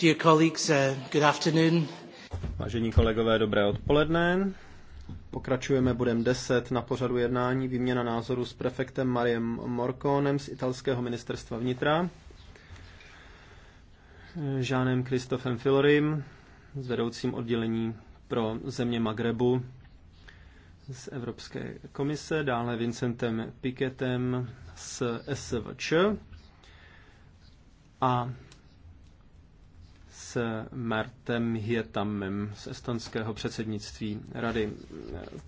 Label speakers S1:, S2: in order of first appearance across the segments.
S1: Dear colleagues, uh, good afternoon. Vážení kolegové, dobré odpoledne. Pokračujeme bodem 10 na pořadu jednání výměna názoru s prefektem Mariem Morkonem z italského ministerstva vnitra, Žánem Kristofem Filorim s vedoucím oddělení pro země Magrebu z Evropské komise, dále Vincentem Piketem z SVČ a s Martem Hietamem z estonského předsednictví rady.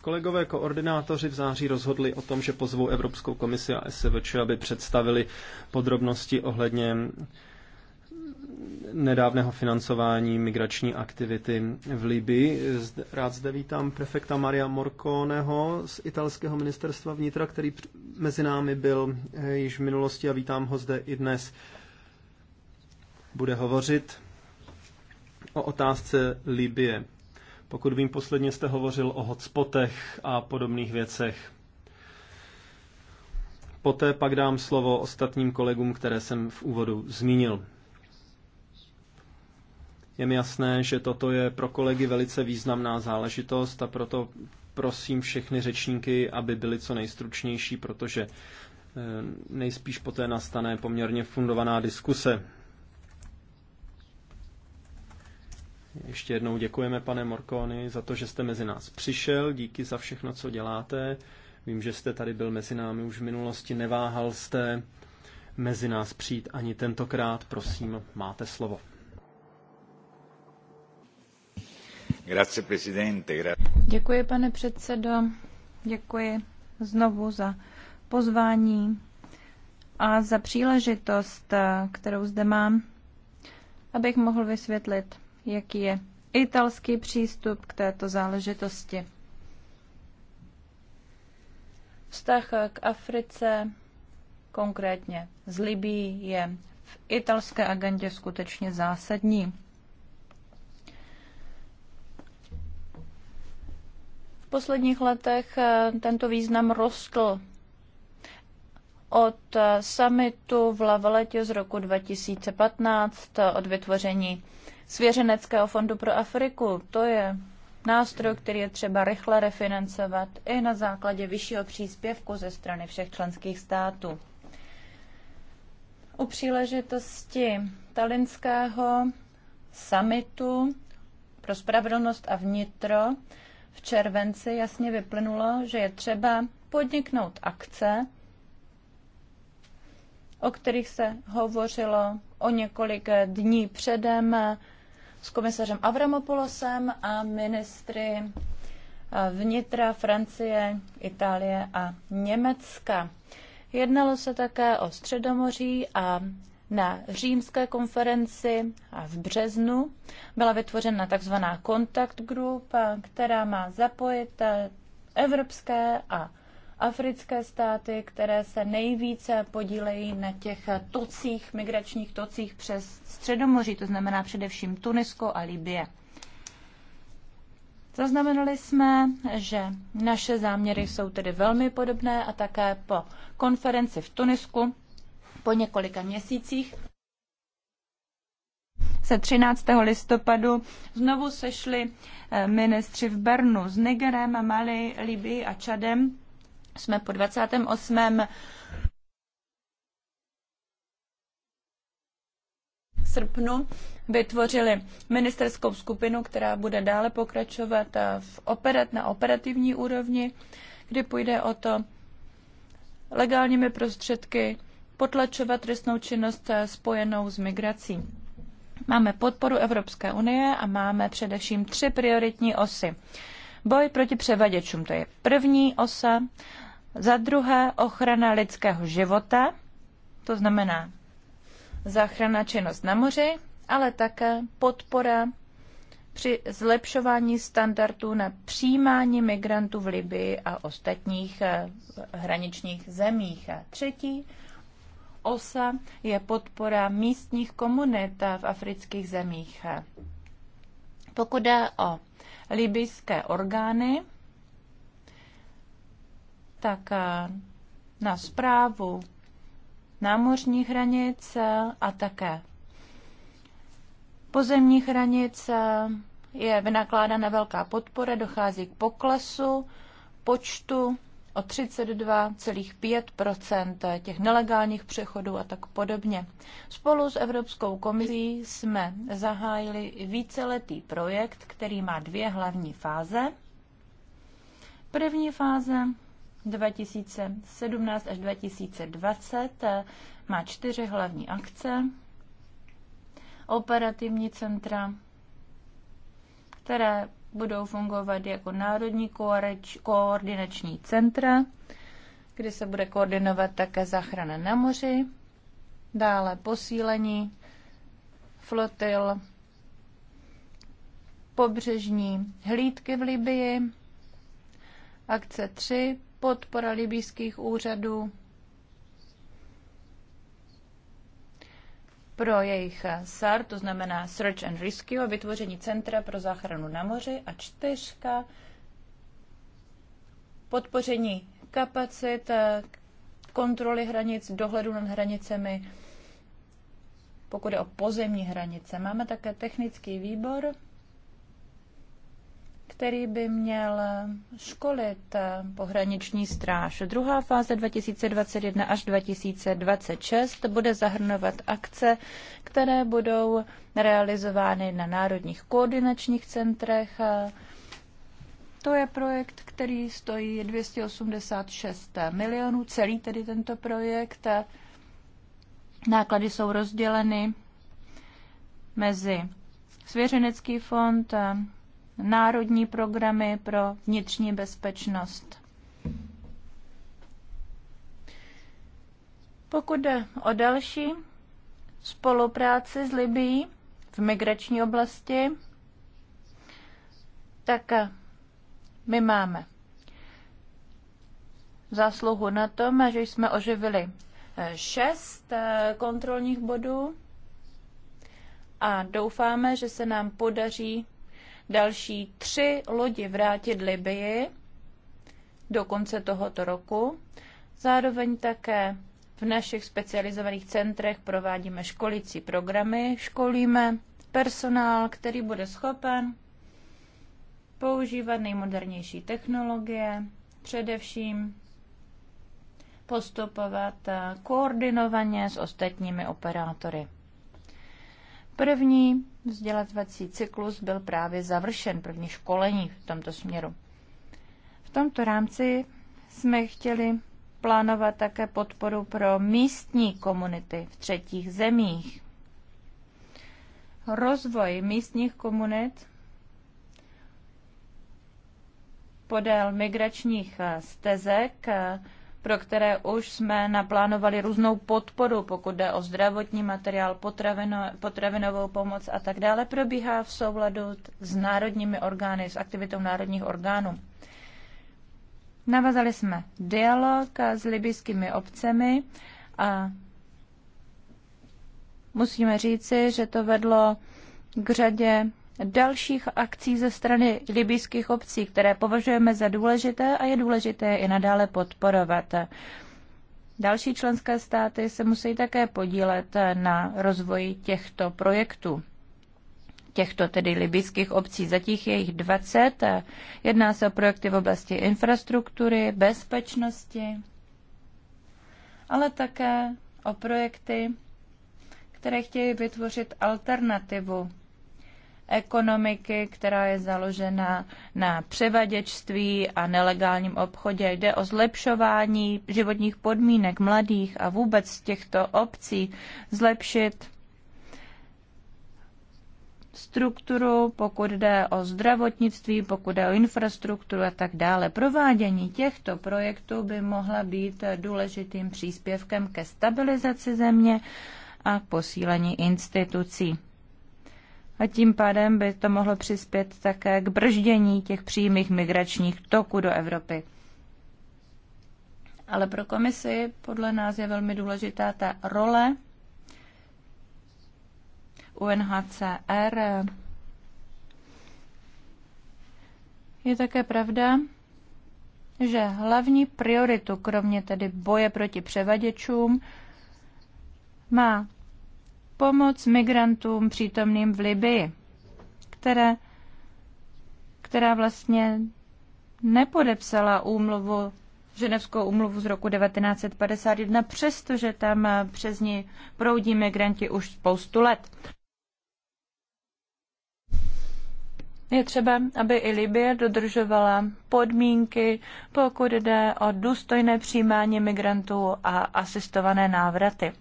S1: Kolegové koordinátoři v září rozhodli o tom, že pozvou Evropskou komisi a SVČ, aby představili podrobnosti ohledně nedávného financování migrační aktivity v Libii. Rád zde vítám prefekta Maria Morconeho z italského ministerstva vnitra, který mezi námi byl eh, již v minulosti a vítám ho zde i dnes. Bude hovořit o otázce Libie. Pokud vím, posledně jste hovořil o hotspotech a podobných věcech. Poté pak dám slovo ostatním kolegům, které jsem v úvodu zmínil. Je mi jasné, že toto je pro kolegy velice významná záležitost a proto prosím všechny řečníky, aby byli co nejstručnější, protože eh, nejspíš poté nastane poměrně fundovaná diskuse. Ještě jednou děkujeme, pane Morkony, za to, že jste mezi nás přišel. Díky za všechno, co děláte. Vím, že jste tady byl mezi námi už v minulosti, neváhal jste mezi nás přijít ani tentokrát. Prosím, máte slovo.
S2: Děkuji, pane předsedo. Děkuji znovu za pozvání a za příležitost, kterou zde mám, abych mohl vysvětlit jaký je italský přístup k této záležitosti. Vztah k Africe, konkrétně z Libii, je v italské agendě skutečně zásadní. V posledních letech eh, tento význam rostl od eh, summitu v Lavaletě z roku 2015, eh, od vytvoření Svěřeneckého fondu pro Afriku. To je nástroj, který je třeba rychle refinancovat i na základě vyššího příspěvku ze strany všech členských států. U příležitosti talinského summitu pro spravedlnost a vnitro v červenci jasně vyplynulo, že je třeba podniknout akce, o kterých se hovořilo o několik dní předem s komisařem Avramopoulosem a ministry eh, vnitra Francie, Itálie a Německa. Jednalo se také o Středomoří a na římské konferenci a v březnu byla vytvořena tzv. kontakt group, eh, která má zapojit eh, evropské a africké státy, které se nejvíce podílejí na těch tocích, migračních tocích přes Středomoří, to znamená především Tunisko a Libie. Zaznamenali jsme, že naše záměry jsou tedy velmi podobné a také po konferenci v Tunisku po několika měsících se 13. listopadu znovu sešli eh, ministři v Bernu s Nigerem, Mali, Libii a Čadem jsme po 28. srpnu vytvořili ministerskou skupinu, která bude dále pokračovat eh, v operat, na operativní úrovni, kdy půjde o to legálními prostředky potlačovat trestnou činnost eh, spojenou s migrací. Máme podporu Evropské unie a máme především tři prioritní osy. Boj proti převaděčům, to je první osa. Za druhé ochrana lidského života, to znamená záchrana činnost na moři, ale také podpora při zlepšování standardů na přijímání migrantů v Libii a ostatních eh, hraničních zemích. A třetí osa je podpora místních komunit v afrických zemích. Pokud jde o libijské orgány, tak eh, na zprávu námořní hranic eh, a také pozemních hranic eh, je vynakládána velká podpora, dochází k poklesu počtu o 32,5 těch nelegálních přechodů a tak podobně. Spolu s Evropskou komisí jsme zahájili víceletý projekt, který má dvě hlavní fáze. První fáze 2017 až 2020 eh, má čtyři hlavní akce. Operativní centra, které budou fungovat jako národní koordinační centra, kde se bude koordinovat také záchrana na moři, dále posílení flotil pobřežní hlídky v Libii, akce 3 podpora libijských úřadů pro jejich SAR, to znamená Search and Rescue, vytvoření Centra pro záchranu na moři a čtyřka, podpoření kapacit, kontroly hranic, dohledu nad hranicemi, pokud je o pozemní hranice. Máme také technický výbor, který by měl školit eh, pohraniční stráž. Druhá fáze 2021 až 2026 bude zahrnovat akce, které budou realizovány na národních koordinačních centrech. Eh, to je projekt, který stojí 286 milionů, celý tedy tento projekt. Eh, náklady jsou rozděleny mezi svěřenecký fond, národní programy pro vnitřní bezpečnost. Pokud jde o další spolupráci s Libií v migrační oblasti, tak eh, my máme zásluhu na tom, že jsme oživili eh, šest eh, kontrolních bodů a doufáme, že se nám podaří další tři lodi vrátit Libii do konce tohoto roku. Zároveň také v našich specializovaných centrech provádíme školicí programy, školíme personál, který bude schopen používat nejmodernější technologie, především postupovat eh, koordinovaně s ostatními operátory. První Vzdělatvací cyklus byl právě završen, první školení v tomto směru. V tomto rámci jsme chtěli plánovat také podporu pro místní komunity v třetích zemích. Rozvoj místních komunit podél migračních stezek pro které už jsme naplánovali různou podporu, pokud jde o zdravotní materiál, potravino, potravinovou pomoc a tak dále, probíhá v souladu s národními orgány, s aktivitou národních orgánů. Navazali jsme dialog s libyskými obcemi a musíme říci, že to vedlo k řadě dalších akcí ze strany libijských obcí, které považujeme za důležité a je důležité i nadále podporovat. Další členské státy se musí také podílet na rozvoji těchto projektů těchto tedy libyských obcí. Zatím je jich 20. Jedná se o projekty v oblasti infrastruktury, bezpečnosti, ale také o projekty, které chtějí vytvořit alternativu ekonomiky, která je založena na převaděčství a nelegálním obchodě. Jde o zlepšování životních podmínek mladých a vůbec těchto obcí zlepšit strukturu, pokud jde o zdravotnictví, pokud jde o infrastrukturu a tak dále. Provádění těchto projektů by mohla být důležitým příspěvkem ke stabilizaci země a posílení institucí a tím pádem by to mohlo přispět také k brždění těch přímých migračních toků do Evropy. Ale pro komisi podle nás je velmi důležitá ta role UNHCR. Je také pravda, že hlavní prioritu, kromě tedy boje proti převaděčům, má pomoc migrantům přítomným v Libii, které, která vlastně nepodepsala úmluvu, ženevskou úmluvu z roku 1951, přestože tam přes ní proudí migranti už spoustu let. Je třeba, aby i Libie dodržovala podmínky, pokud jde o důstojné přijímání migrantů a asistované návraty.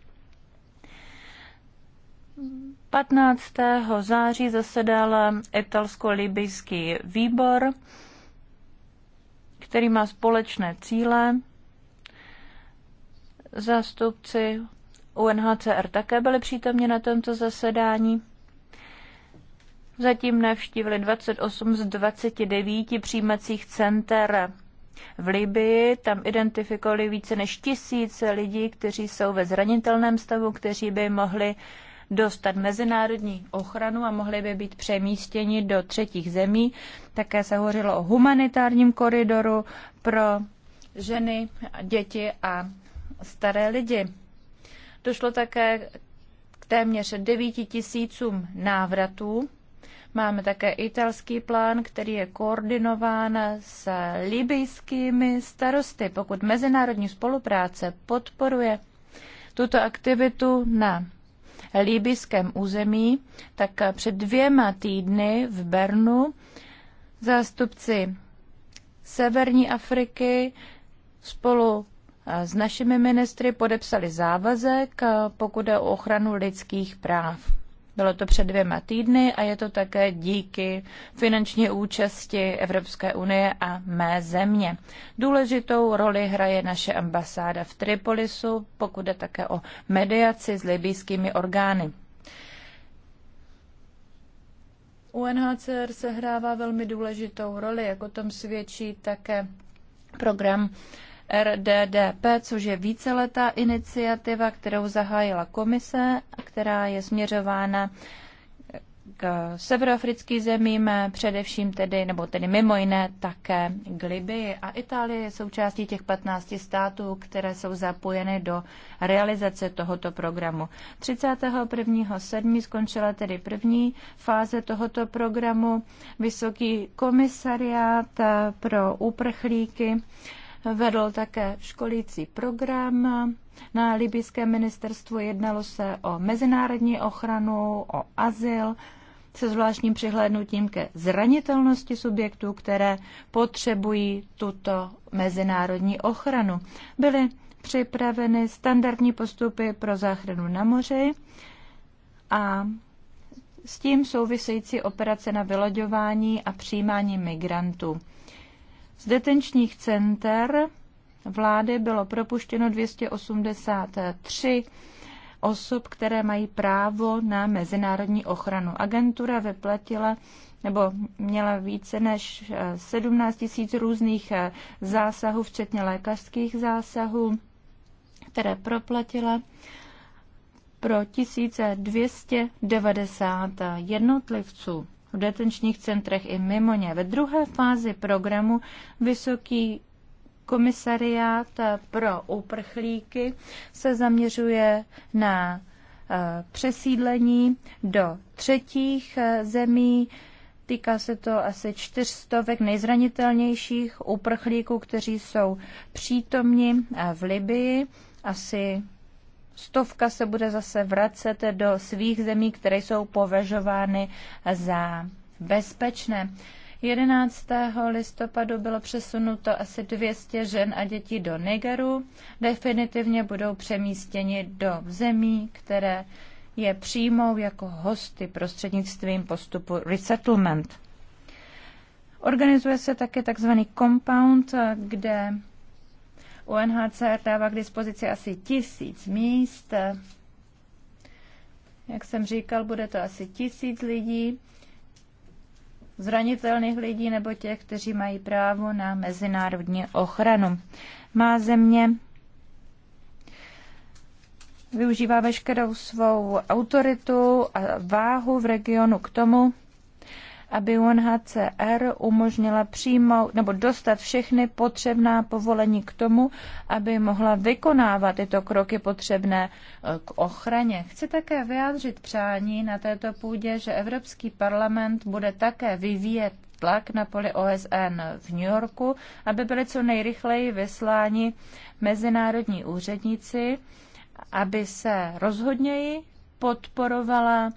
S2: 15. září zasedal italsko-libijský výbor, který má společné cíle. Zástupci UNHCR také byli přítomni na tomto zasedání. Zatím navštívili 28 z 29 přijímacích center v Libii. Tam identifikovali více než tisíce lidí, kteří jsou ve zranitelném stavu, kteří by mohli uh, dostat mezinárodní ochranu a mohli by být přemístěni do třetích zemí. Také se hovořilo o humanitárním koridoru pro ženy, děti a staré lidi. Došlo také k téměř 9 tisícům návratů. Máme také italský plán, který je koordinován s libijskými starosty. Pokud mezinárodní spolupráce podporuje tuto aktivitu na líbyském území, tak před dvěma týdny v Bernu zástupci Severní Afriky spolu eh, s našimi ministry podepsali závazek, eh, pokud je o ochranu lidských práv. Bylo to před dvěma týdny a je to také díky finanční účasti Evropské unie a mé země. Důležitou roli hraje naše ambasáda v Tripolisu, pokud jde také o mediaci s libýskými orgány. UNHCR sehrává velmi důležitou roli, jak o tom svědčí také program RDDP, což je víceletá iniciativa, kterou zahájila komise, která je směřována k severoafrickým zemím, především tedy, nebo tedy mimo jiné také k Libii. A Itálie je součástí těch 15 států, které jsou zapojeny do realizace tohoto programu. 31.7. skončila tedy první fáze tohoto programu. Vysoký komisariát pro uprchlíky vedl také školící program na libyském ministerstvu. Jednalo se o mezinárodní ochranu, o azyl, se zvláštním přihlédnutím ke zranitelnosti subjektů, které potřebují tuto mezinárodní ochranu. Byly připraveny standardní postupy pro záchranu na moři a s tím související operace na vyloďování a přijímání migrantů. Z detenčních center vlády bylo propuštěno 283 osob, které mají právo na mezinárodní ochranu. Agentura vyplatila nebo měla více než 17 eh, tisíc různých eh, zásahů, včetně lékařských zásahů, které proplatila pro 1290 jednotlivců v detenčních centrech i mimo ně. Ve druhé fázi programu Vysoký komisariát pro uprchlíky se zaměřuje na eh, přesídlení do třetích eh, zemí. Týká se to asi čtyřstovek nejzranitelnějších uprchlíků, kteří jsou přítomni eh, v Libii. Asi stovka se bude zase vracet do svých zemí, které jsou považovány za bezpečné. 11. listopadu bylo přesunuto asi 200 žen a dětí do Nigeru. Definitivně budou přemístěni do zemí, které je přijmou jako hosty prostřednictvím postupu resettlement. Organizuje se také tzv. compound, kde UNHCR dává k dispozici asi tisíc míst. Jak jsem říkal, bude to asi tisíc lidí, zranitelných lidí nebo těch, kteří mají právo na mezinárodní ochranu. Má země využívá veškerou svou autoritu a váhu v regionu k tomu, aby UNHCR umožnila přijmout nebo dostat všechny potřebná povolení k tomu, aby mohla vykonávat tyto kroky potřebné eh, k ochraně. Chci také vyjádřit přání na této půdě, že Evropský parlament bude také vyvíjet tlak na poli OSN v New Yorku, aby byly co nejrychleji vysláni mezinárodní úředníci, aby se rozhodněji podporovala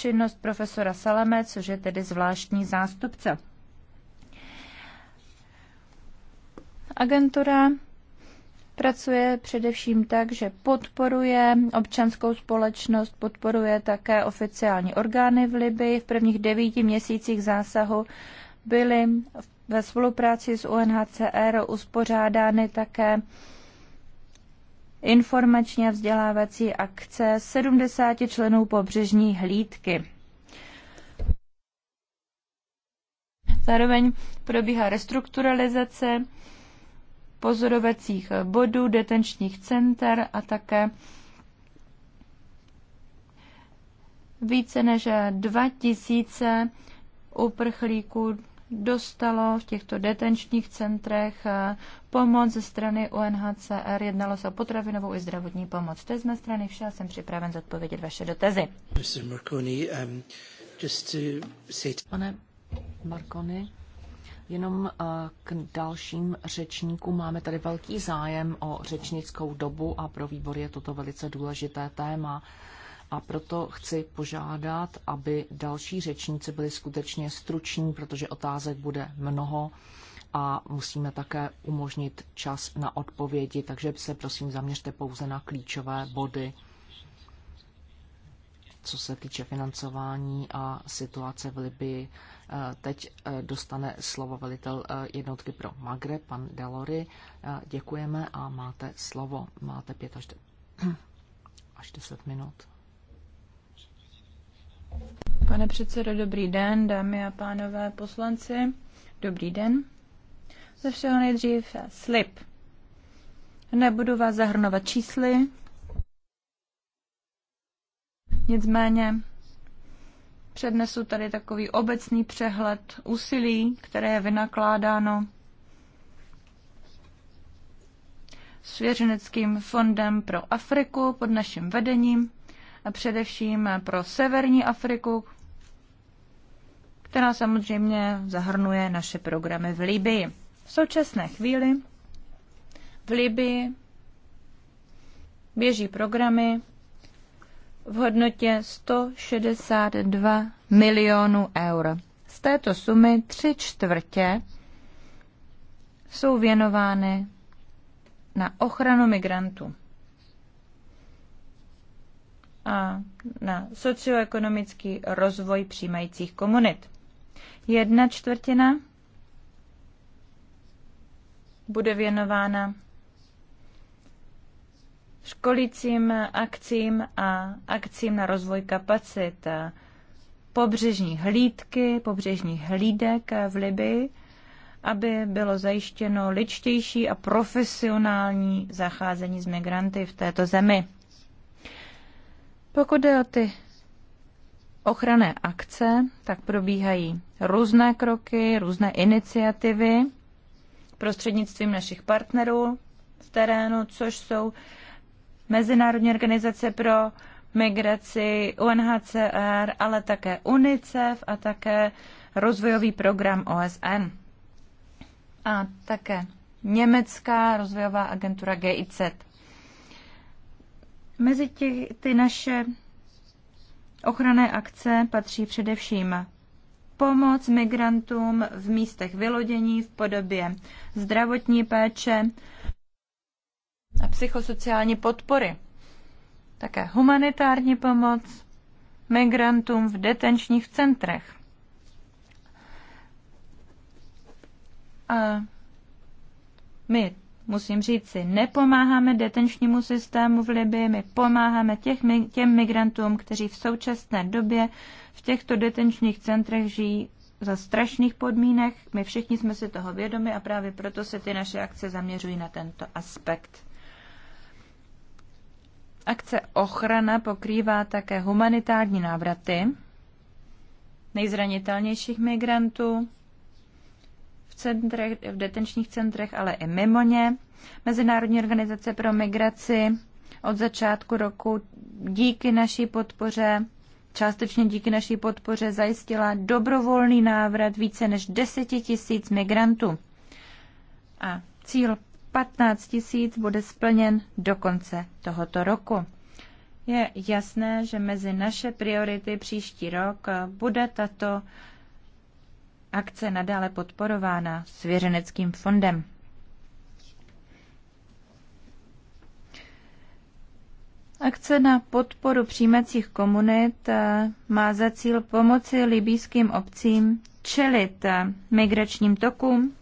S2: činnost profesora Saleme, což je tedy zvláštní zástupce. Agentura pracuje především tak, že podporuje občanskou společnost, podporuje také oficiální orgány v Libii. V prvních devíti měsících zásahu byly ve spolupráci s UNHCR e uspořádány také informační a vzdělávací akce 70 členů pobřežní hlídky. Zároveň probíhá restrukturalizace pozorovacích bodů, detenčních center a také více než 2000 uprchlíků dostalo v těchto detenčních centrech eh, pomoc ze strany UNHCR. Jednalo se o potravinovou i zdravotní pomoc. To je z mé strany vše jsem připraven zodpovědět vaše dotazy.
S3: Um, Pane
S4: Marconi, Jenom eh, k dalším řečníkům. Máme tady velký zájem o řečnickou dobu a pro výbor je toto velice důležité téma a proto chci požádat, aby další řečníci byli skutečně struční, protože otázek bude mnoho a musíme také umožnit čas na odpovědi, takže se prosím zaměřte pouze na klíčové body, co se týče financování a situace v Libii. Eh, teď eh, dostane slovo velitel eh, jednotky pro Magre, pan Delory. Děkujeme a máte slovo. Máte pět až, až deset minut. Pane
S2: předsedo, dobrý den, dámy a pánové poslanci. Dobrý den. Ze všeho nejdřív slib. Nebudu vás zahrnovat čísly, nicméně přednesu tady takový obecný přehled úsilí, které je vynakládáno svěřeneckým fondem pro Afriku pod naším vedením především pro severní Afriku, která samozřejmě zahrnuje naše programy v Libii. V současné chvíli v Libii běží programy v hodnotě 162 milionů eur. Z této sumy tři čtvrtě jsou věnovány na ochranu migrantů a na socioekonomický rozvoj přijímajících komunit. Jedna čtvrtina bude věnována školícím akcím a akcím na rozvoj kapacit pobřežní hlídky, pobřežních hlídek v Libii, aby bylo zajištěno ličtější a profesionální zacházení s migranty v této zemi. Pokud jde o ty ochranné akce, tak probíhají různé kroky, různé iniciativy prostřednictvím našich partnerů v terénu, což jsou Mezinárodní organizace pro migraci, UNHCR, ale také UNICEF a také rozvojový program OSN. A také Německá rozvojová agentura GIZ. Mezi tě, ty naše ochranné akce patří především pomoc migrantům v místech vylodění v podobě zdravotní péče a psychosociální podpory. Také humanitární pomoc migrantům v detenčních centrech. A my musím říct, si, nepomáháme detenčnímu systému v Libii, my pomáháme těch, těm migrantům, kteří v současné době v těchto detenčních centrech žijí za strašných podmínek. My všichni jsme si toho vědomi a právě proto se ty naše akce zaměřují na tento aspekt. Akce ochrana pokrývá také humanitární návraty nejzranitelnějších migrantů, centrech, v detenčních centrech, ale i mimo ně. Mezinárodní organizace pro migraci od začátku roku díky naší podpoře, částečně díky naší podpoře, zajistila dobrovolný návrat více než 10 tisíc migrantů. A cíl 15 tisíc bude splněn do konce tohoto roku. Je jasné, že mezi naše priority příští rok bude tato akce nadále podporována svěřeneckým fondem. Akce na podporu přijímacích komunit eh, má za cíl pomoci libýským obcím čelit eh, migračním tokům,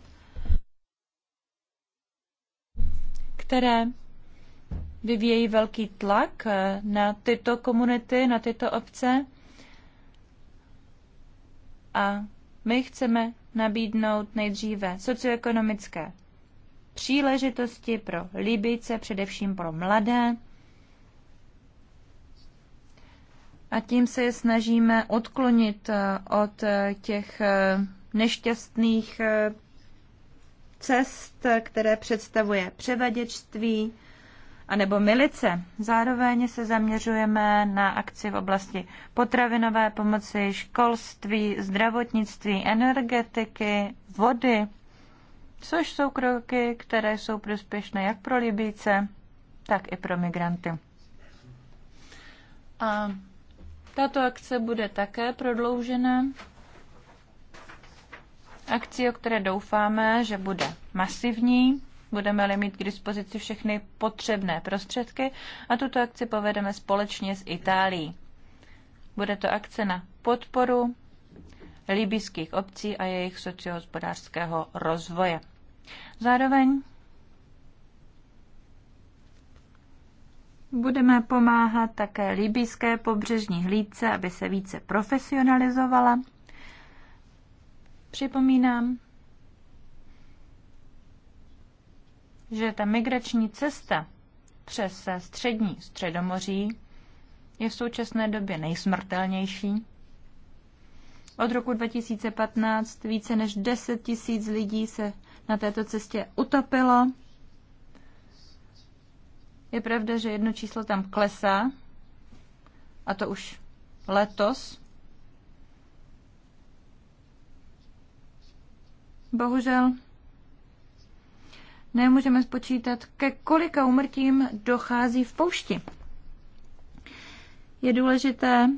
S2: které vyvíjejí velký tlak eh, na tyto komunity, na tyto obce a my chceme nabídnout nejdříve socioekonomické příležitosti pro Libice, především pro mladé. A tím se je snažíme odklonit eh, od eh, těch eh, nešťastných cest, které představuje převaděčství, anebo milice. Zároveň se zaměřujeme na akci v oblasti potravinové pomoci, školství, zdravotnictví, energetiky, vody, což jsou kroky, které jsou prospěšné jak pro Libíce, tak i pro migranty. A tato akce bude také prodloužena Akci, o které doufáme, že bude masivní budeme-li mít k dispozici všechny potřebné prostředky a tuto akci povedeme společně s Itálií. Bude to akce na podporu libyských obcí a jejich sociohospodářského rozvoje. Zároveň budeme pomáhat také libyské pobřežní hlídce, aby se více profesionalizovala. Připomínám, že ta migrační cesta přes střední středomoří je v současné době nejsmrtelnější. Od roku 2015 více než 10 tisíc lidí se na této cestě utopilo. Je pravda, že jedno číslo tam klesá, a to už letos. Bohužel nemůžeme spočítat, ke kolika umrtím dochází v poušti. Je důležité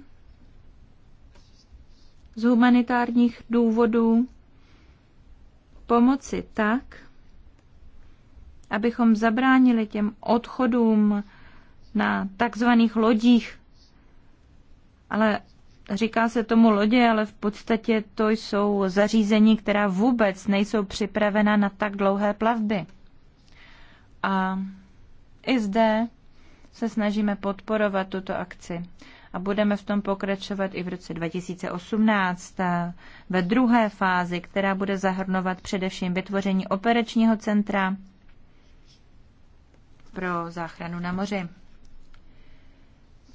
S2: z humanitárních důvodů pomoci tak, abychom zabránili těm odchodům na takzvaných lodích. Ale říká se tomu lodě, ale v podstatě to jsou zařízení, která vůbec nejsou připravena na tak dlouhé plavby. A i zde se snažíme podporovat tuto akci a budeme v tom pokračovat i v roce 2018 ve druhé fázi, která bude zahrnovat především vytvoření operačního centra pro záchranu na moři.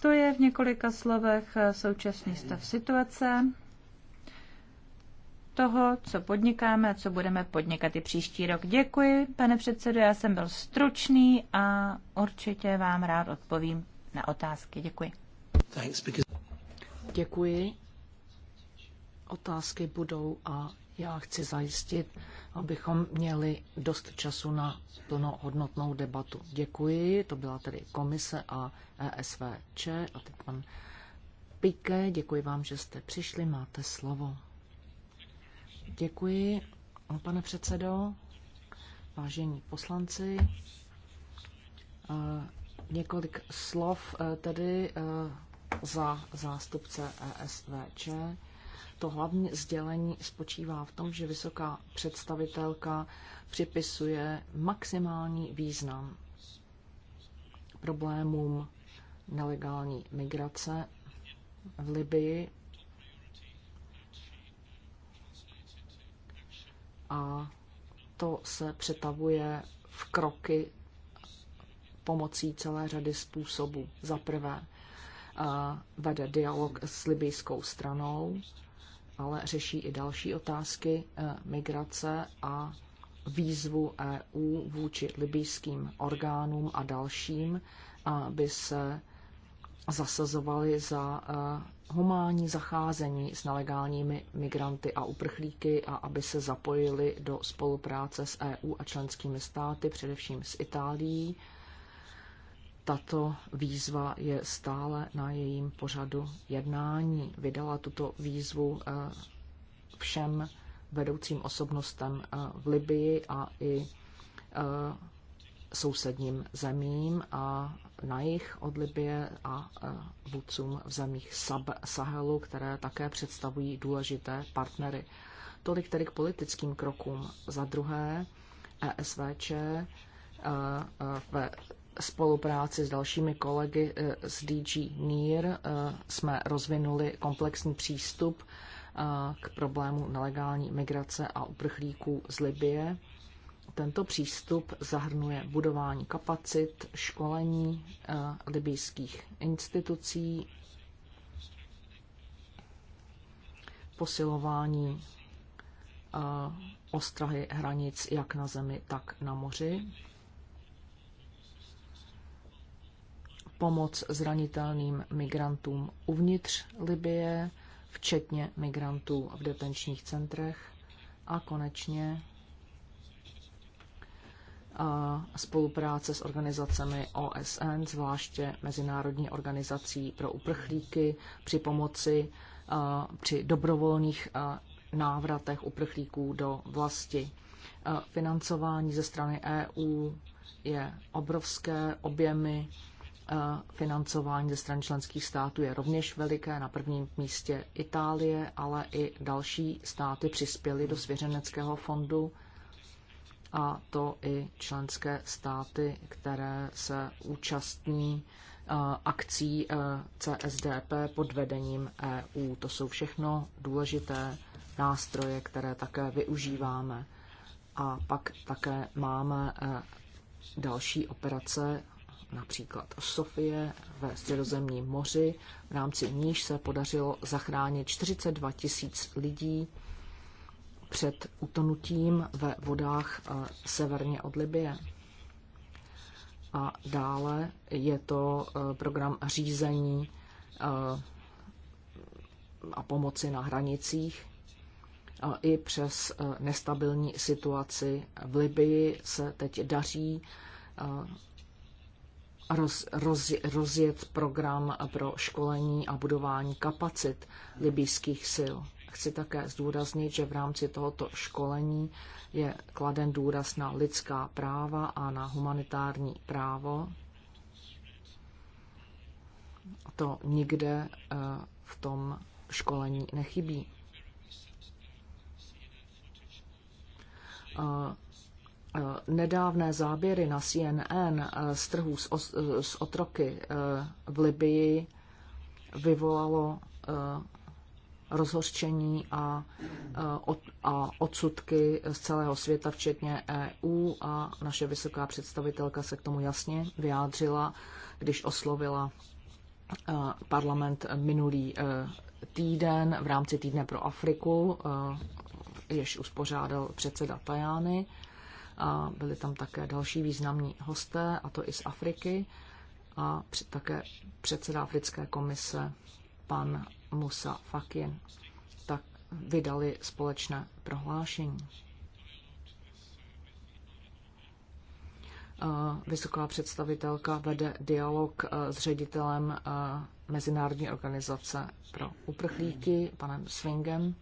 S2: To je v několika slovech současný stav situace toho, co podnikáme a co budeme podnikat i příští rok. Děkuji, pane předsedo, já jsem byl stručný a určitě vám rád odpovím na otázky.
S4: Děkuji. Děkuji. Otázky budou a já chci zajistit, abychom měli dost času na plnohodnotnou debatu. Děkuji, to byla tedy komise a ESVČ a teď pan Píke, děkuji vám, že jste přišli, máte slovo. Děkuji, pane předsedo, vážení poslanci. Eh, několik slov eh, tedy eh, za zástupce ESVČ. To hlavní sdělení spočívá v tom, že vysoká představitelka připisuje maximální význam problémům nelegální migrace v Libii a to se přetavuje v kroky pomocí celé řady způsobů. Za prvé eh, vede dialog s libijskou stranou, ale řeší i další otázky eh, migrace a výzvu EU vůči libijským orgánům a dalším, aby se zasazovali za eh, humánní zacházení s nelegálními migranty a uprchlíky a aby se zapojili do spolupráce s EU a členskými státy, především s Itálií. Tato výzva je stále na jejím pořadu jednání. Vydala tuto výzvu eh, všem vedoucím osobnostem eh, v Libii a i eh, sousedním zemím a na jich od Libie a vůdcům v zemích Sahelu, které také představují důležité partnery. Tolik tedy k politickým krokům. Za druhé, ESVČ e, e, ve spolupráci s dalšími kolegy e, z DG NIR jsme rozvinuli komplexní přístup k problému nelegální migrace a uprchlíků z Libie tento přístup zahrnuje budování kapacit, školení eh, libijských institucí, posilování eh, ostrahy hranic jak na zemi, tak na moři, pomoc zranitelným migrantům uvnitř Libie, včetně migrantů v detenčních centrech a konečně spolupráce s organizacemi OSN, zvláště Mezinárodní organizací pro uprchlíky, při pomoci při dobrovolných návratech uprchlíků do vlasti. Financování ze strany EU je obrovské, objemy financování ze strany členských států je rovněž veliké. Na prvním místě Itálie, ale i další státy přispěly do svěřeneckého fondu a to i členské státy, které se účastní eh, akcí eh, CSDP pod vedením EU. To jsou všechno důležité nástroje, které také využíváme. A pak také máme eh, další operace, například Sofie ve Středozemním moři, v rámci níž se podařilo zachránit 42 tisíc lidí před utonutím ve vodách eh, severně od Libie. A dále je to eh, program řízení eh, a pomoci na hranicích. I přes nestabilní situaci v Libii se teď daří roz, roz, rozjet program pro školení a budování kapacit libijských sil chci také zdůraznit, že v rámci tohoto školení je kladen důraz na lidská práva a na humanitární právo. To nikde eh, v tom školení nechybí. Eh, eh, nedávné záběry na CNN z trhů s otroky v Libii vyvolalo rozhořčení a, eh, a odsudky z celého světa, včetně EU a naše vysoká představitelka se k tomu jasně vyjádřila, když oslovila eh, parlament minulý eh, týden v rámci týdne pro Afriku, jež uspořádal předseda Tajány. A byli tam také další významní hosté, a to i z Afriky, a také předseda Africké komise, pan Musa Fakin, tak vydali společné prohlášení. Eh, vysoká představitelka vede dialog eh, s ředitelem eh, Mezinárodní organizace pro uprchlíky, panem Swingem.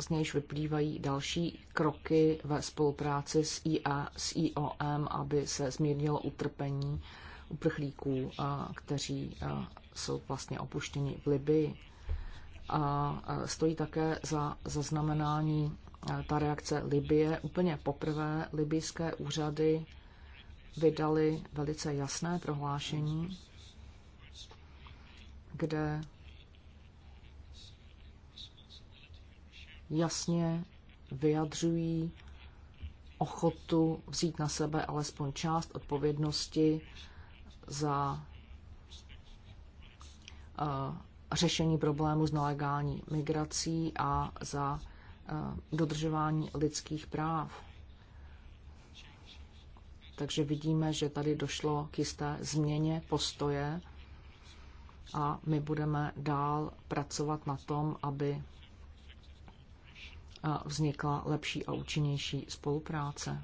S4: z nějž vyplývají další kroky ve spolupráci s, IA, s IOM, aby se zmírnilo utrpení uprchlíků, kteří jsou vlastně opuštěni v Libii. A stojí také za zaznamenání ta reakce Libie. Úplně poprvé libijské úřady vydali velice jasné prohlášení, kde jasně vyjadřují ochotu vzít na sebe alespoň část odpovědnosti za eh, řešení problému s nelegální migrací a za eh, dodržování lidských práv. Takže vidíme, že tady došlo k jisté změně postoje a my budeme dál pracovat na tom, aby eh, vznikla lepší a účinnější spolupráce.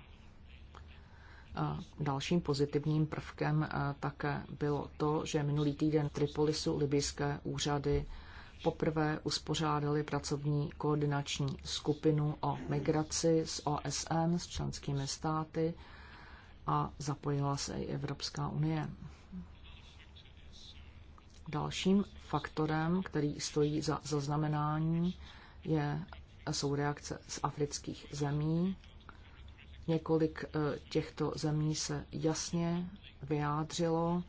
S4: Dalším pozitivním prvkem eh, také bylo to, že minulý týden Tripolisu libijské úřady poprvé uspořádali pracovní koordinační skupinu o migraci s OSN, s členskými státy a zapojila se i Evropská unie. Dalším faktorem, který stojí za zaznamenání, je, jsou reakce z afrických zemí Několik eh, těchto zemí se jasně vyjádřilo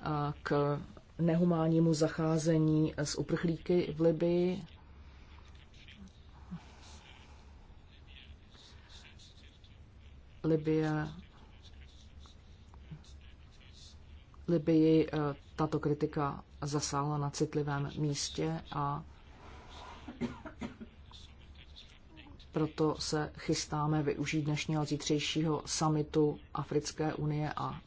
S4: eh, k nehumánnímu zacházení s uprchlíky v Libii. Libie Libii eh, tato kritika zasáhla na citlivém místě a proto se chystáme využít dnešního a zítřejšího samitu Africké unie a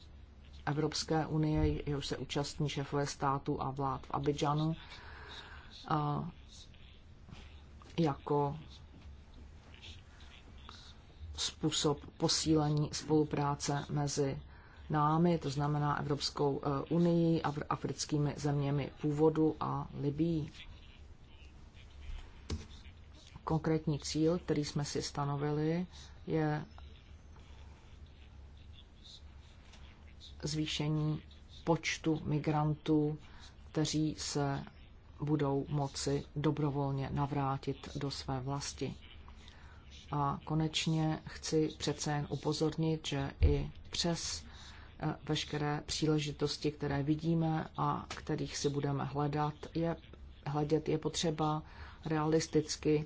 S4: Evropské unie, jehož se účastní šéfové států a vlád v Abidžanu, jako způsob posílení spolupráce mezi námi, to znamená Evropskou eh, unii, a africkými zeměmi původu a Libií konkrétní cíl, který jsme si stanovili, je zvýšení počtu migrantů, kteří se budou moci dobrovolně navrátit do své vlasti. A konečně chci přece jen upozornit, že i přes eh, veškeré příležitosti, které vidíme a kterých si budeme hledat, je, hledět je potřeba realisticky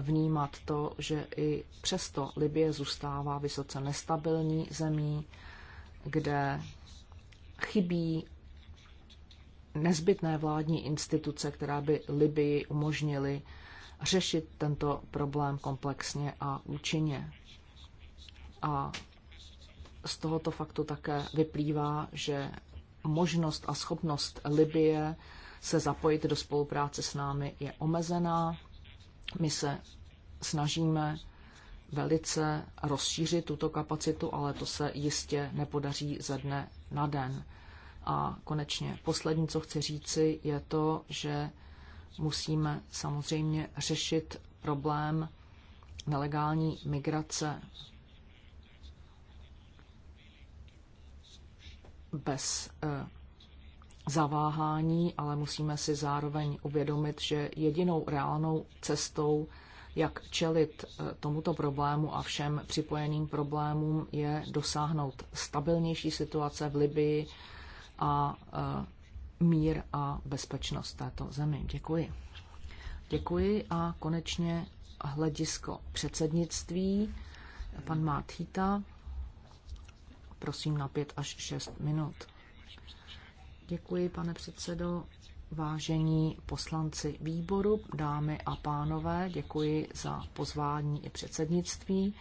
S4: vnímat to, že i přesto Libie zůstává vysoce nestabilní zemí, kde chybí nezbytné vládní instituce, která by Libii umožnily řešit tento problém komplexně a účinně. A z tohoto faktu také vyplývá, že možnost a schopnost Libie se zapojit do spolupráce s námi je omezená my se snažíme velice rozšířit tuto kapacitu, ale to se jistě nepodaří ze dne na den. A konečně poslední, co chci říci, je to, že musíme samozřejmě řešit problém nelegální migrace bez eh, zaváhání, ale musíme si zároveň uvědomit, že jedinou reálnou cestou, jak čelit eh, tomuto problému a všem připojeným problémům, je dosáhnout stabilnější situace v Libii a eh, mír a bezpečnost této zemi. Děkuji. Děkuji a konečně hledisko předsednictví. Pan Mátýta, prosím na pět až šest minut. Děkuji, pane předsedo. Vážení poslanci výboru, dámy a pánové, děkuji za pozvání i předsednictví.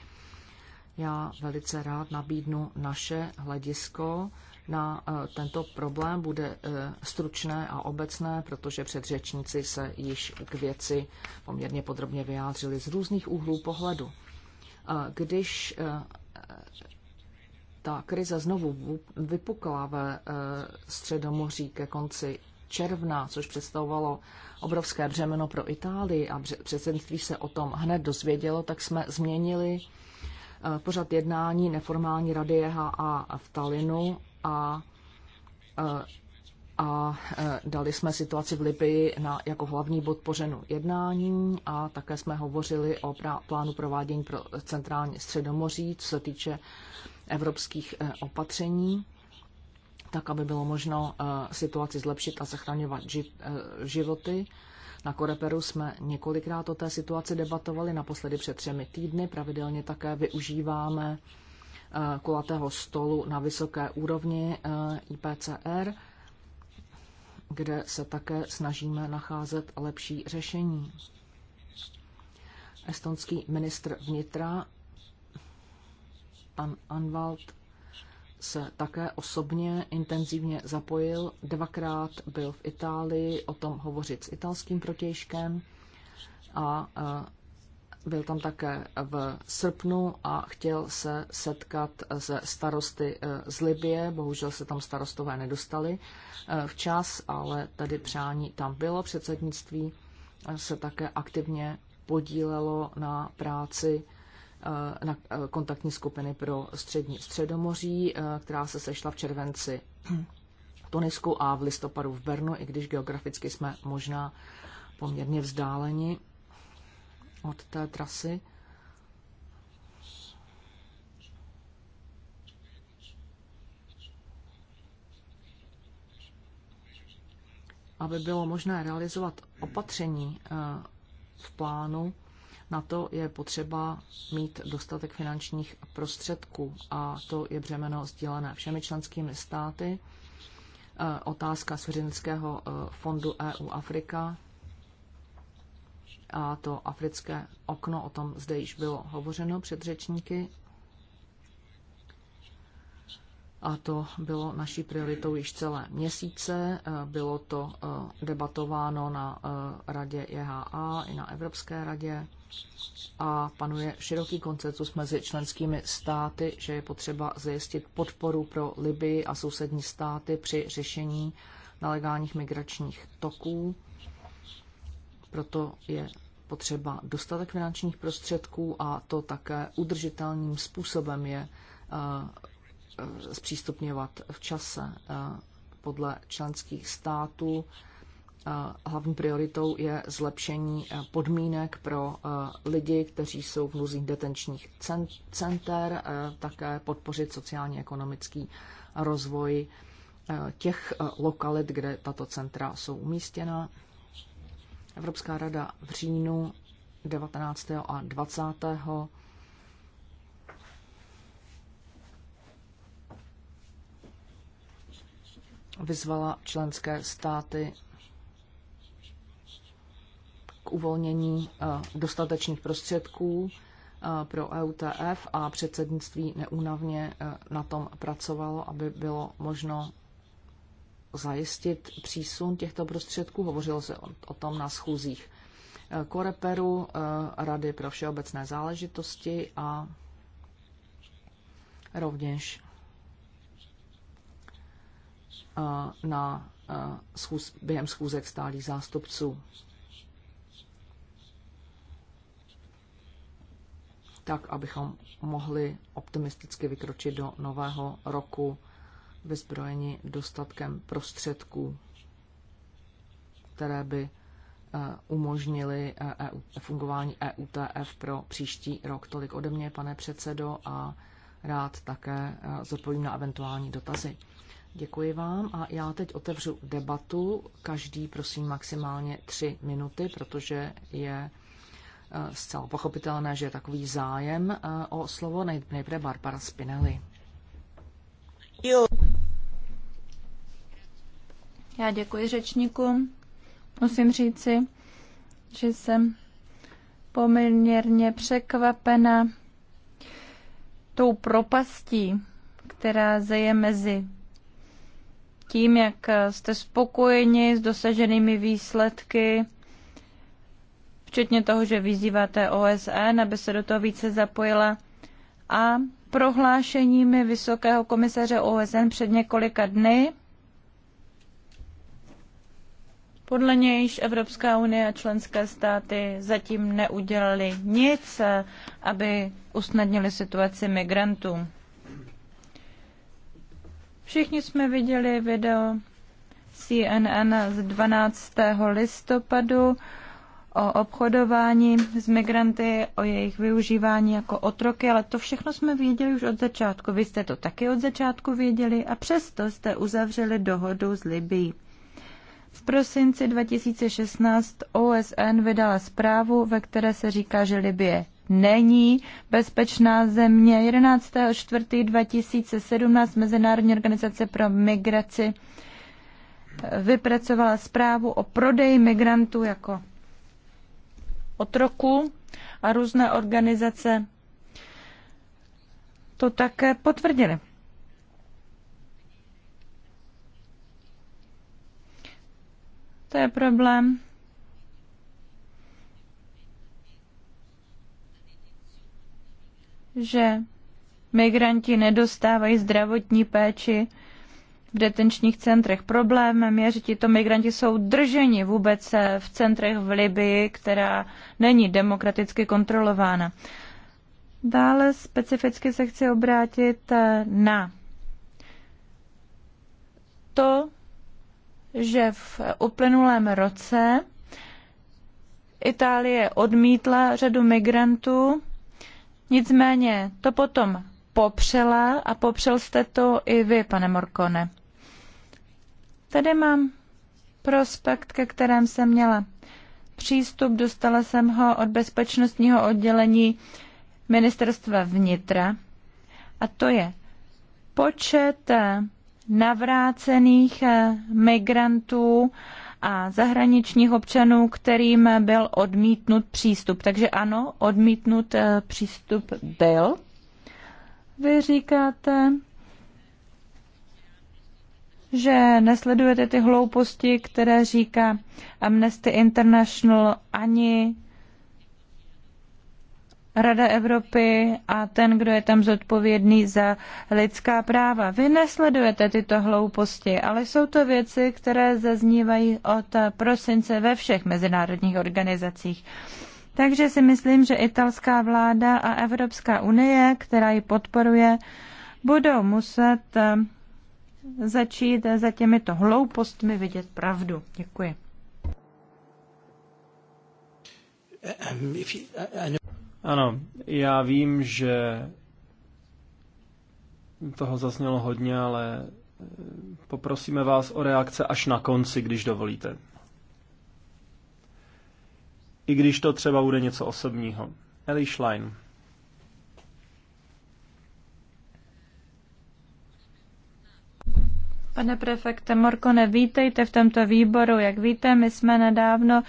S4: Já velice rád nabídnu naše hledisko na eh, tento problém. Bude eh, stručné a obecné, protože předřečníci se již k věci poměrně podrobně vyjádřili z různých úhlů pohledu. Eh, když ta krize znovu vypukla ve eh, Středomoří ke konci června, což představovalo obrovské břemeno pro Itálii a předsednictví se o tom hned dozvědělo, tak jsme změnili eh, pořad jednání neformální rady EHA v Talinu a, eh, a, a dali jsme situaci v Libii na, jako hlavní bod pořenu jednání a také jsme hovořili o plánu provádění pro centrální středomoří, co se týče uh, evropských eh, opatření, tak aby bylo možno eh, situaci zlepšit a zachraňovat eh, životy. Na Koreperu jsme několikrát o té situaci debatovali, naposledy před třemi týdny. Pravidelně také využíváme kulatého stolu na vysoké úrovni IPCR, kde se také snažíme nacházet lepší řešení. Estonský ministr vnitra Pan Anwald se také osobně intenzivně zapojil. Dvakrát byl v Itálii o tom hovořit s italským protějškem a byl tam také v srpnu a chtěl se setkat se starosty e, z Libie. Bohužel se tam starostové nedostali e, včas, ale tady přání tam bylo. Předsednictví se také aktivně podílelo na práci na eh, kontaktní skupiny pro střední středomoří, eh, která se sešla v červenci v Tunisku a v listopadu v Bernu, i když geograficky jsme možná poměrně vzdáleni od té trasy. Aby bylo možné realizovat opatření eh, v plánu, na to je potřeba mít dostatek finančních prostředků a to je břemeno sdílené všemi členskými státy. E, otázka Svěřenského e, fondu EU Afrika a to africké okno, o tom zde již bylo hovořeno před řečníky. A to bylo naší prioritou již celé měsíce. E, bylo to debatováno na radě EHA i na Evropské radě a panuje široký koncensus mezi členskými státy, že je potřeba zajistit podporu pro Libii a sousední státy při řešení nelegálních migračních toků. Proto je potřeba dostatek finančních prostředků a to také udržitelným způsobem je eh, eh, zpřístupňovat v čase eh, podle členských států hlavní prioritou je zlepšení eh, podmínek pro eh, lidi, kteří jsou v různých detenčních center, eh, také podpořit sociálně-ekonomický rozvoj těch lokalit, kde tato centra jsou umístěna. Evropská rada v říjnu 19. a 20. vyzvala členské státy k uvolnění eh, dostatečných prostředků eh, pro EUTF a předsednictví neúnavně eh, na tom pracovalo, aby bylo možno zajistit přísun těchto prostředků. Hovořilo se o tom na schůzích Koreperu, Rady pro všeobecné záležitosti a rovněž na schůz, během schůzek stálých zástupců. tak abychom mohli optimisticky vykročit do nového roku vyzbrojeni dostatkem prostředků, které by eh, umožnili eh, e fungování EUTF pro příští rok. Tolik ode mě, pane předsedo, a rád také eh, zodpovím na eventuální dotazy. Děkuji vám a já teď otevřu debatu. Každý, prosím, maximálně tři minuty, protože je Eh, zcela pochopitelné, že je takový zájem eh, o slovo. Nejprve Barbara Spinelli. Jo. Já děkuji řečníku.
S2: Musím říci, že jsem poměrně překvapena tou propastí, která zeje mezi tím, jak jste spokojeni s dosaženými výsledky včetně toho, že vyzýváte OSN, aby se do toho více zapojila a prohlášeními vysokého komisaře OSN před několika dny, podle nějž Evropská unie a členské státy zatím neudělali nic, aby usnadnili situaci migrantům. Všichni jsme viděli video CNN z 12. listopadu, o obchodování s migranty, o jejich využívání jako otroky, ale to všechno jsme věděli už od začátku. Vy jste to taky od začátku věděli a přesto jste uzavřeli dohodu s Libií. V prosinci 2016 OSN vydala zprávu, ve které se říká, že Libie není bezpečná země. 11. 2017 Mezinárodní organizace pro migraci vypracovala zprávu o prodeji migrantů jako otroků a různé organizace to také potvrdily. To je problém. že migranti nedostávají zdravotní péči v detenčních centrech. Problémem je, že tito migranti jsou drženi vůbec v centrech v Libii, která není demokraticky kontrolována. Dále specificky se chci obrátit eh, na to, že v uplynulém roce Itálie odmítla řadu migrantů, nicméně to potom popřela a popřel jste to i vy, pane Morkone. Tady mám prospekt, ke kterém jsem měla přístup. Dostala jsem ho od bezpečnostního oddělení ministerstva vnitra. A to je počet eh, navrácených eh, migrantů a zahraničních občanů, kterým byl odmítnut přístup. Takže ano, odmítnut eh, přístup byl. Vy říkáte, že nesledujete ty hlouposti, které říká Amnesty International ani Rada Evropy a ten, kdo je tam zodpovědný za lidská práva. Vy nesledujete tyto hlouposti, ale jsou to věci, které zaznívají od prosince ve všech mezinárodních organizacích. Takže si myslím, že italská vláda a Evropská unie, která ji podporuje, budou muset začít za těmito hloupostmi vidět pravdu. Děkuji.
S1: Ano, já vím, že toho zaznělo hodně, ale eh, poprosíme vás o reakce až na konci, když dovolíte. I když to třeba bude něco osobního. Eli Schlein.
S2: Pane prefekte Morkone, vítejte v tomto výboru. Jak víte, my jsme nedávno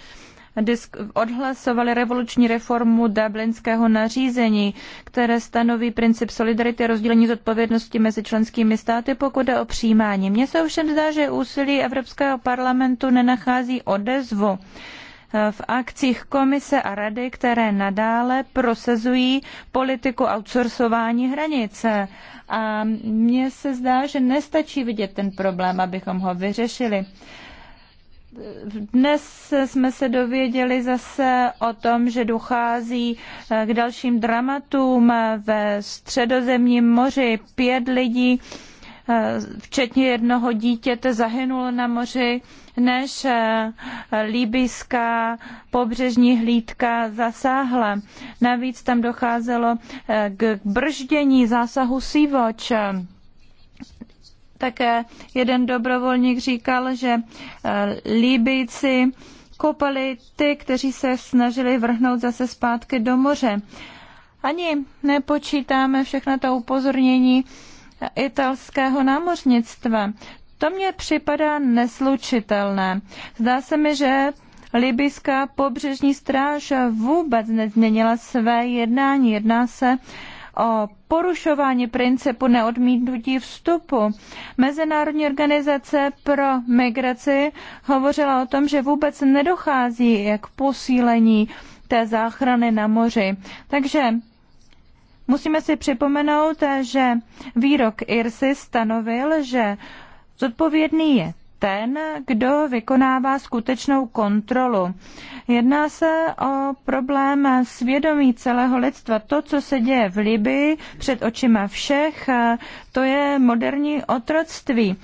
S2: odhlasovali revoluční reformu dublinského nařízení, které stanoví princip solidarity a rozdělení zodpovědnosti mezi členskými státy, pokud jde o přijímání. Mně se ovšem zdá, že úsilí Evropského parlamentu nenachází odezvu v akcích komise a rady, které nadále prosazují politiku outsourcování hranice. A mně se zdá, že nestačí vidět ten problém, abychom ho vyřešili. Dnes jsme se dověděli zase o tom, že dochází eh, k dalším dramatům eh, ve středozemním moři. Pět lidí Eh, včetně jednoho dítěte, zahynulo na moři, než eh, líbyská pobřežní hlídka zasáhla. Navíc tam docházelo eh, k brždění zásahu sívoč. Také jeden dobrovolník říkal, že Líbíci kopali ty, kteří se snažili vrhnout zase zpátky do moře. Ani nepočítáme všechna ta upozornění, italského námořnictva. To mně připadá neslučitelné. Zdá se mi, že libyská pobřežní stráž vůbec nezměnila své jednání. Jedná se o porušování principu neodmítnutí vstupu. Mezinárodní organizace pro migraci hovořila o tom, že vůbec nedochází k posílení té záchrany na moři. Takže Musíme si připomenout, že výrok IRSI stanovil, že zodpovědný je ten, kdo vykonává skutečnou kontrolu. Jedná se o problém svědomí celého lidstva. To, co se děje v Libii před očima všech, to je moderní otroctví.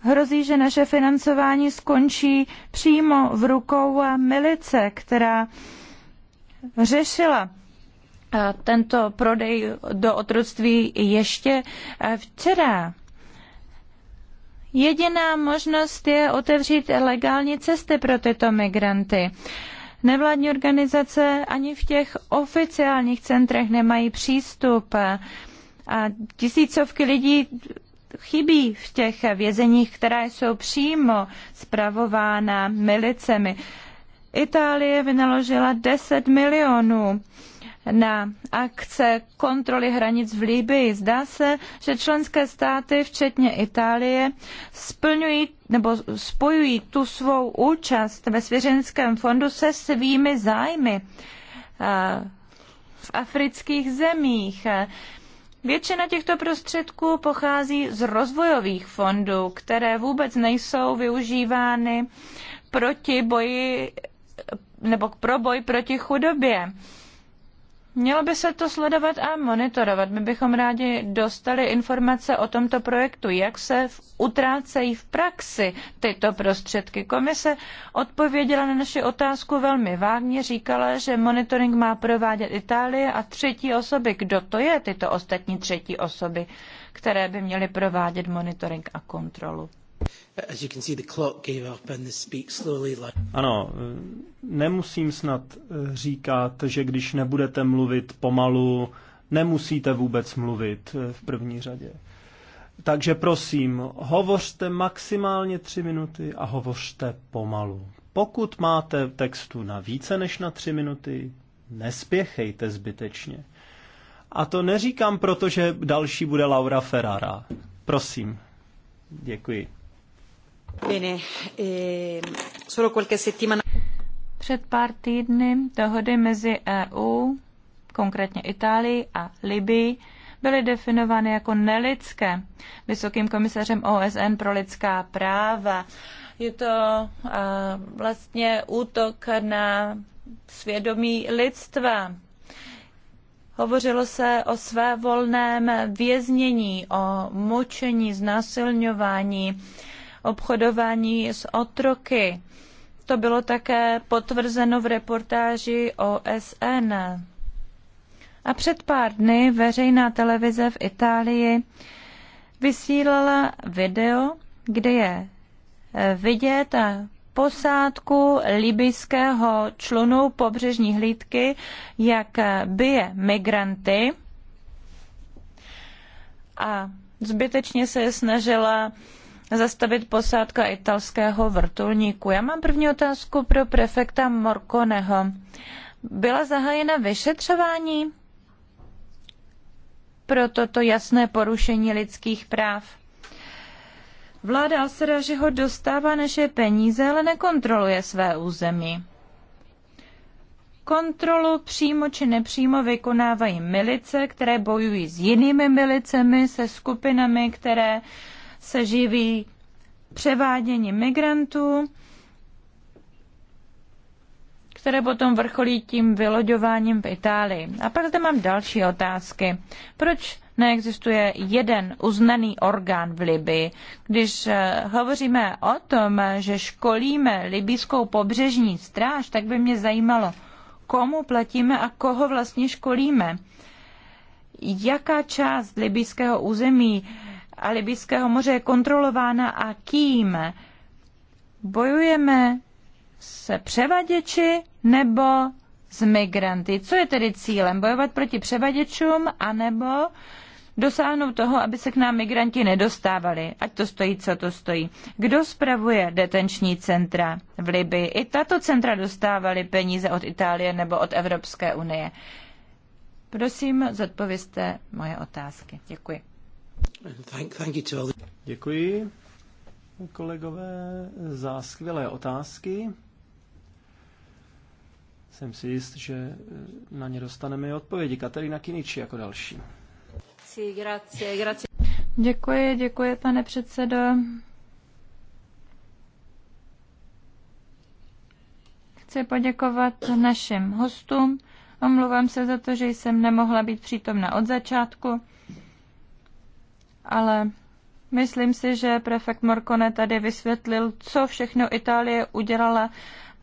S2: Hrozí, že naše financování skončí přímo v rukou milice, která řešila tento prodej do otroctví ještě e, včera. Jediná možnost je otevřít legální cesty pro tyto migranty. Nevládní organizace ani v těch oficiálních centrech nemají přístup e, a tisícovky lidí chybí v těch vězeních, která jsou přímo spravována milicemi. Itálie vynaložila 10 milionů na akce kontroly hranic v Líbii. Zdá se, že členské státy, včetně Itálie, splňují nebo spojují tu svou účast ve svěřenském fondu se svými zájmy eh, v afrických zemích. Většina těchto prostředků pochází z rozvojových fondů, které vůbec nejsou využívány proti boji nebo pro boj proti chudobě. Mělo by se to sledovat a monitorovat. My bychom rádi dostali informace o tomto projektu, jak se v, utrácejí v praxi tyto prostředky. Komise odpověděla na naši otázku velmi vágně, říkala, že monitoring má provádět Itálie a třetí osoby. Kdo to je, tyto ostatní třetí osoby, které by měly provádět monitoring a kontrolu?
S1: Ano, nemusím snad eh, říkat, že když nebudete mluvit pomalu, nemusíte vůbec mluvit eh, v první řadě. Takže prosím, hovořte maximálně tři minuty a hovořte pomalu. Pokud máte textu na více než na tři minuty, nespěchejte zbytečně. A to neříkám proto, že další bude Laura Ferrara. Prosím. Děkuji.
S4: Ehm,
S2: Před pár týdny dohody mezi EU, konkrétně Itálii a Libii, byly definovány jako nelidské. Vysokým komisařem OSN pro lidská práva. Je to uh, vlastně útok na svědomí lidstva. Hovořilo se o své volném věznění, o mučení, znásilňování. Uh, obchodování s otroky. To bylo také potvrzeno v reportáži OSN. A před pár dny veřejná televize v Itálii vysílala video, kde je eh, vidět posádku libyského člunu pobřežní hlídky, jak eh, bije migranty a zbytečně se snažila zastavit posádka italského vrtulníku. Já mám první otázku pro prefekta Morkoneho. Byla zahájena vyšetřování pro toto jasné porušení lidských práv? Vláda Asada, že ho dostává naše peníze, ale nekontroluje své území. Kontrolu přímo či nepřímo vykonávají milice, které bojují s jinými milicemi, se skupinami, které se živí převádění migrantů, které potom vrcholí tím vyloďováním v Itálii. A pak zde mám další otázky. Proč neexistuje jeden uznaný orgán v Libii? Když eh, hovoříme o tom, že školíme libijskou pobřežní stráž, tak by mě zajímalo, komu platíme a koho vlastně školíme. Jaká část libijského území a Libijského moře je kontrolována a kým? Bojujeme se převaděči nebo s migranty? Co je tedy cílem? Bojovat proti převaděčům anebo dosáhnout toho, aby se k nám migranti nedostávali, ať to stojí, co to stojí. Kdo spravuje detenční centra v Libii? I tato centra dostávaly peníze od Itálie nebo od Evropské unie. Prosím, zodpovězte moje otázky. Děkuji.
S1: Děkuji, kolegové, za skvělé otázky. Jsem si jist, že eh, na ně dostaneme i odpovědi. Katerina Kiniči jako další. Děkuji, děkuji,
S2: pane předsedo. Chci poděkovat našim hostům. Omluvám se za to, že jsem nemohla být přítomna od začátku ale myslím si, že prefekt Morcone tady vysvětlil, co všechno Itálie udělala,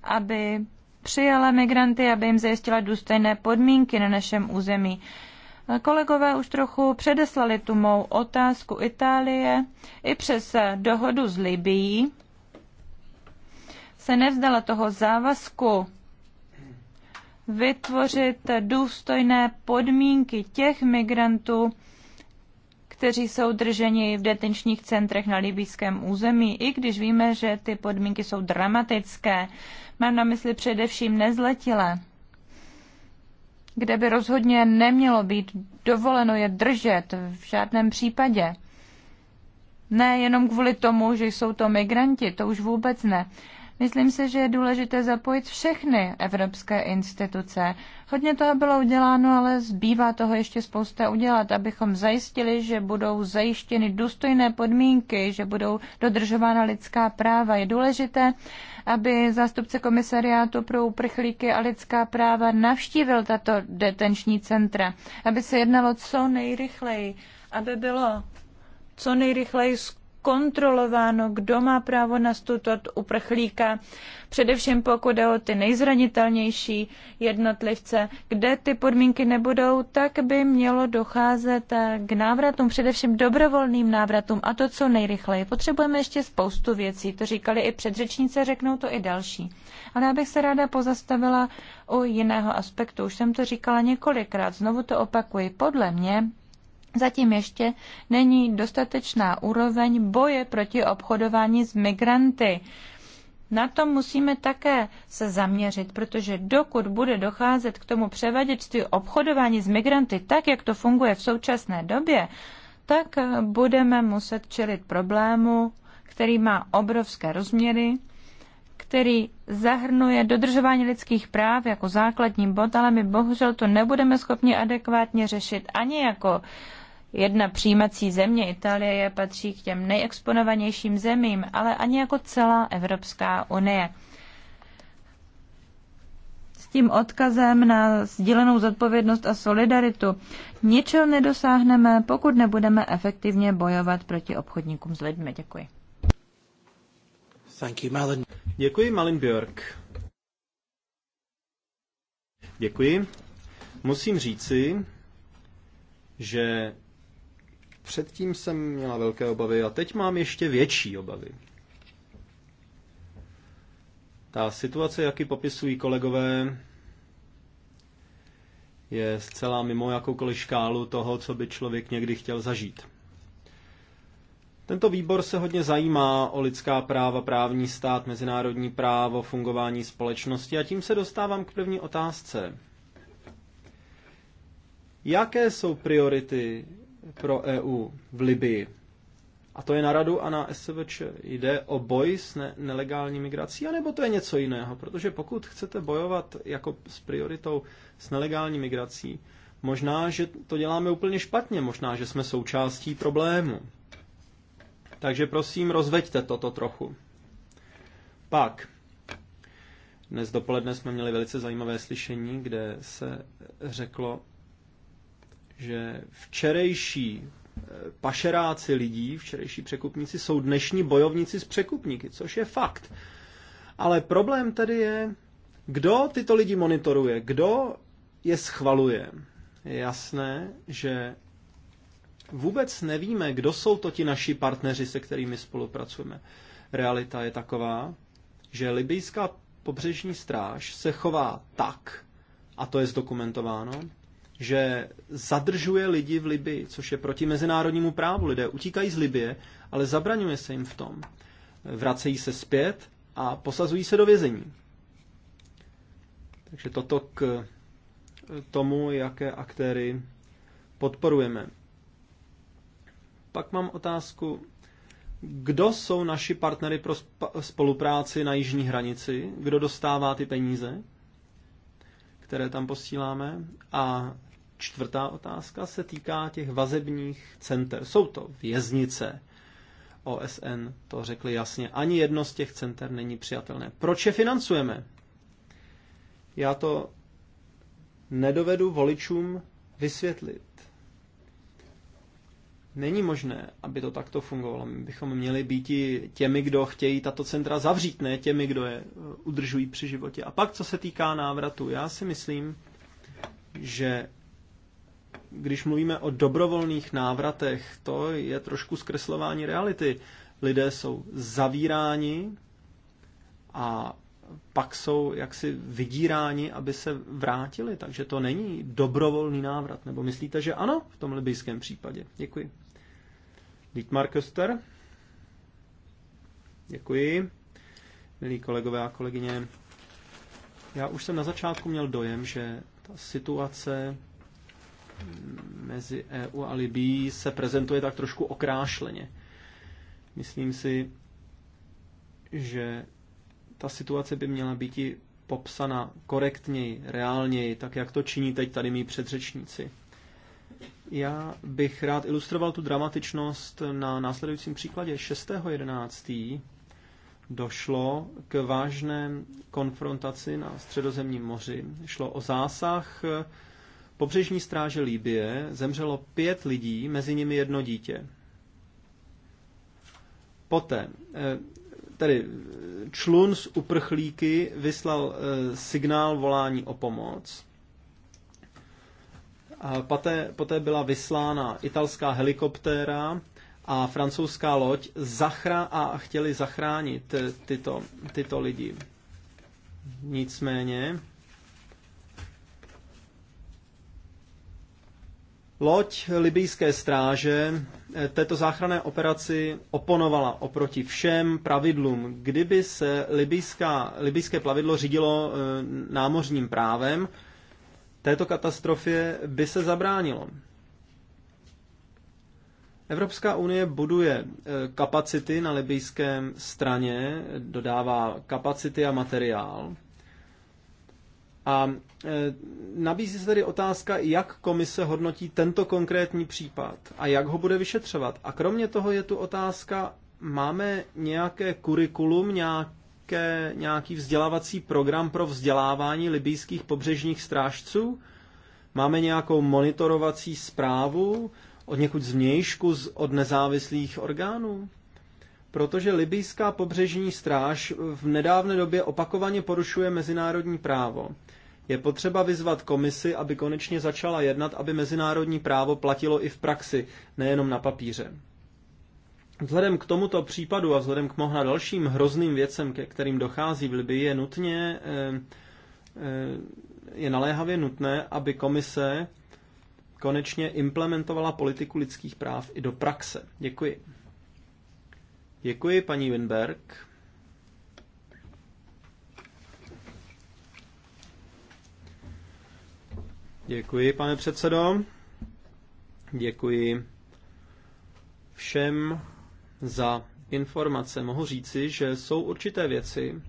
S2: aby přijala migranty, aby jim zajistila důstojné podmínky na našem území. Kolegové už trochu předeslali tu mou otázku Itálie. I přes dohodu s Libií se nevzdala toho závazku vytvořit důstojné podmínky těch migrantů, kteří jsou drženi v detenčních centrech na libyském území, i když víme, že ty podmínky jsou dramatické. Mám na mysli především nezletilé, kde by rozhodně nemělo být dovoleno je držet v žádném případě. Ne jenom kvůli tomu, že jsou to migranti, to už vůbec ne. Myslím si, že je důležité zapojit všechny evropské instituce. Hodně toho bylo uděláno, ale zbývá toho ještě spousta udělat, abychom zajistili, že budou zajištěny důstojné podmínky, že budou dodržována lidská práva. Je důležité, aby zástupce komisariátu pro uprchlíky a lidská práva navštívil tato detenční centra, aby se jednalo co nejrychleji, aby bylo co nejrychleji kontrolováno, kdo má právo na od uprchlíka, především pokud jde o ty nejzranitelnější jednotlivce, kde ty podmínky nebudou, tak by mělo docházet eh, k návratům, především dobrovolným návratům a to co nejrychleji. Potřebujeme ještě spoustu věcí, to říkali i předřečnice, řeknou to i další. Ale já bych se ráda pozastavila u jiného aspektu. Už jsem to říkala několikrát, znovu to opakuji. Podle mě Zatím ještě není dostatečná úroveň boje proti obchodování s migranty. Na to musíme také se zaměřit, protože dokud bude docházet k tomu převaděčství obchodování s migranty tak, jak to funguje v současné době, tak budeme muset čelit problému, který má obrovské rozměry, který zahrnuje dodržování lidských práv jako základní bod, ale my bohužel to nebudeme schopni adekvátně řešit ani jako uh, jedna přijímací země, Itálie, je patří k těm nejexponovanějším zemím, ale ani jako celá Evropská unie. S tím odkazem na sdílenou zodpovědnost a solidaritu ničeho nedosáhneme, pokud nebudeme efektivně bojovat proti obchodníkům s lidmi. Děkuji.
S1: Thank you, Malin. Děkuji, Malin Björk. Děkuji. Musím říci, že Předtím jsem měla velké obavy a teď mám ještě větší obavy. Ta situace, jak ji popisují kolegové, je zcela mimo jakoukoliv škálu toho, co by člověk někdy chtěl zažít. Tento výbor se hodně zajímá o lidská práva, právní stát, mezinárodní právo, fungování společnosti a tím se dostávám k první otázce. Jaké jsou priority pro EU v Libii. A to je na radu a na SVČ. Jde o boj s ne- nelegální migrací, anebo to je něco jiného? Protože pokud chcete bojovat jako s prioritou s nelegální migrací, možná, že to děláme úplně špatně, možná, že jsme součástí problému. Takže prosím, rozveďte toto trochu. Pak, dnes dopoledne jsme měli velice zajímavé slyšení, kde se řeklo, že včerejší eh, pašeráci lidí, včerejší překupníci, jsou dnešní bojovníci s překupníky, což je fakt. Ale problém tedy je, kdo tyto lidi monitoruje, kdo je schvaluje. Je jasné, že vůbec nevíme, kdo jsou to ti naši partneři, se kterými spolupracujeme. Realita je taková, že libijská pobřežní stráž se chová tak, a to je zdokumentováno, že zadržuje lidi v Libii, což je proti mezinárodnímu právu. Lidé utíkají z Libie, ale zabraňuje se jim v tom. Vracejí se zpět a posazují se do vězení. Takže toto k tomu, jaké aktéry podporujeme. Pak mám otázku, kdo jsou naši partnery pro spolupráci na jižní hranici? Kdo dostává ty peníze, které tam posíláme? A čtvrtá otázka se týká těch vazebních center. Jsou to věznice. OSN to řekli jasně. Ani jedno z těch center není přijatelné. Proč je financujeme? Já to nedovedu voličům vysvětlit. Není možné, aby to takto fungovalo. My bychom měli být těmi, kdo chtějí tato centra zavřít, ne těmi, kdo je eh, udržují při životě. A pak, co se týká návratu, já si myslím, že když mluvíme o dobrovolných návratech, to je trošku zkreslování reality. Lidé jsou zavíráni a pak jsou jaksi vydíráni, aby se vrátili. Takže to není dobrovolný návrat. Nebo myslíte, že ano v tom libijském případě? Děkuji. Dietmar Köster. Děkuji. Milí kolegové a kolegyně, já už jsem na začátku měl dojem, že ta situace mezi EU a Libií se prezentuje tak trošku okrášleně. Myslím si, že ta situace by měla být i popsana korektněji, reálněji, tak jak to činí teď tady mý předřečníci. Já bych rád ilustroval tu dramatičnost na následujícím příkladě. 6.11. došlo k vážné konfrontaci na středozemním moři. Šlo o zásah pobřežní stráže Líbie zemřelo pět lidí, mezi nimi jedno dítě. Poté, eh, tedy člun z uprchlíky vyslal eh, signál volání o pomoc. A poté, poté byla vyslána italská helikoptéra a francouzská loď zachra a chtěli zachránit eh, tyto, tyto lidi. Nicméně Loď libijské stráže eh, této záchranné operaci oponovala oproti všem pravidlům. Kdyby se libijská, libijské plavidlo řídilo eh, námořním právem, této katastrofě by se zabránilo. Evropská unie buduje eh, kapacity na libijském straně, dodává kapacity a materiál a e, nabízí se tedy otázka, jak komise hodnotí tento konkrétní případ a jak ho bude vyšetřovat. A kromě toho je tu otázka, máme nějaké kurikulum, nějaké, nějaký vzdělávací program pro vzdělávání libijských pobřežních strážců? Máme nějakou monitorovací zprávu od někud zvnějšku od nezávislých orgánů? protože libijská pobřežní stráž v nedávné době opakovaně porušuje mezinárodní právo. Je potřeba vyzvat komisi, aby konečně začala jednat, aby mezinárodní právo platilo i v praxi, nejenom na papíře. Vzhledem k tomuto případu a vzhledem k mnoha dalším hrozným věcem, ke kterým dochází v Libii, je nutně eh, eh, je naléhavě nutné, aby komise konečně implementovala politiku lidských práv i do praxe. Děkuji. Děkuji, paní Winberg. Děkuji, pane předsedo. Děkuji všem za informace. Mohu říci, že jsou určité věci,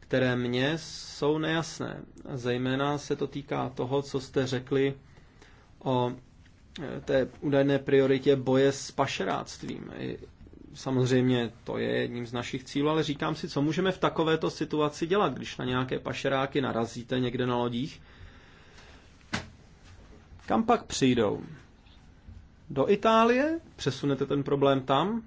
S1: které mně jsou nejasné. Zejména se to týká toho, co jste řekli o eh, té údajné prioritě boje s pašeráctvím. Samozřejmě to je jedním z našich cílů, ale říkám si, co můžeme v takovéto situaci dělat, když na nějaké pašeráky narazíte někde na lodích. Kam pak přijdou? Do Itálie? Přesunete ten problém tam?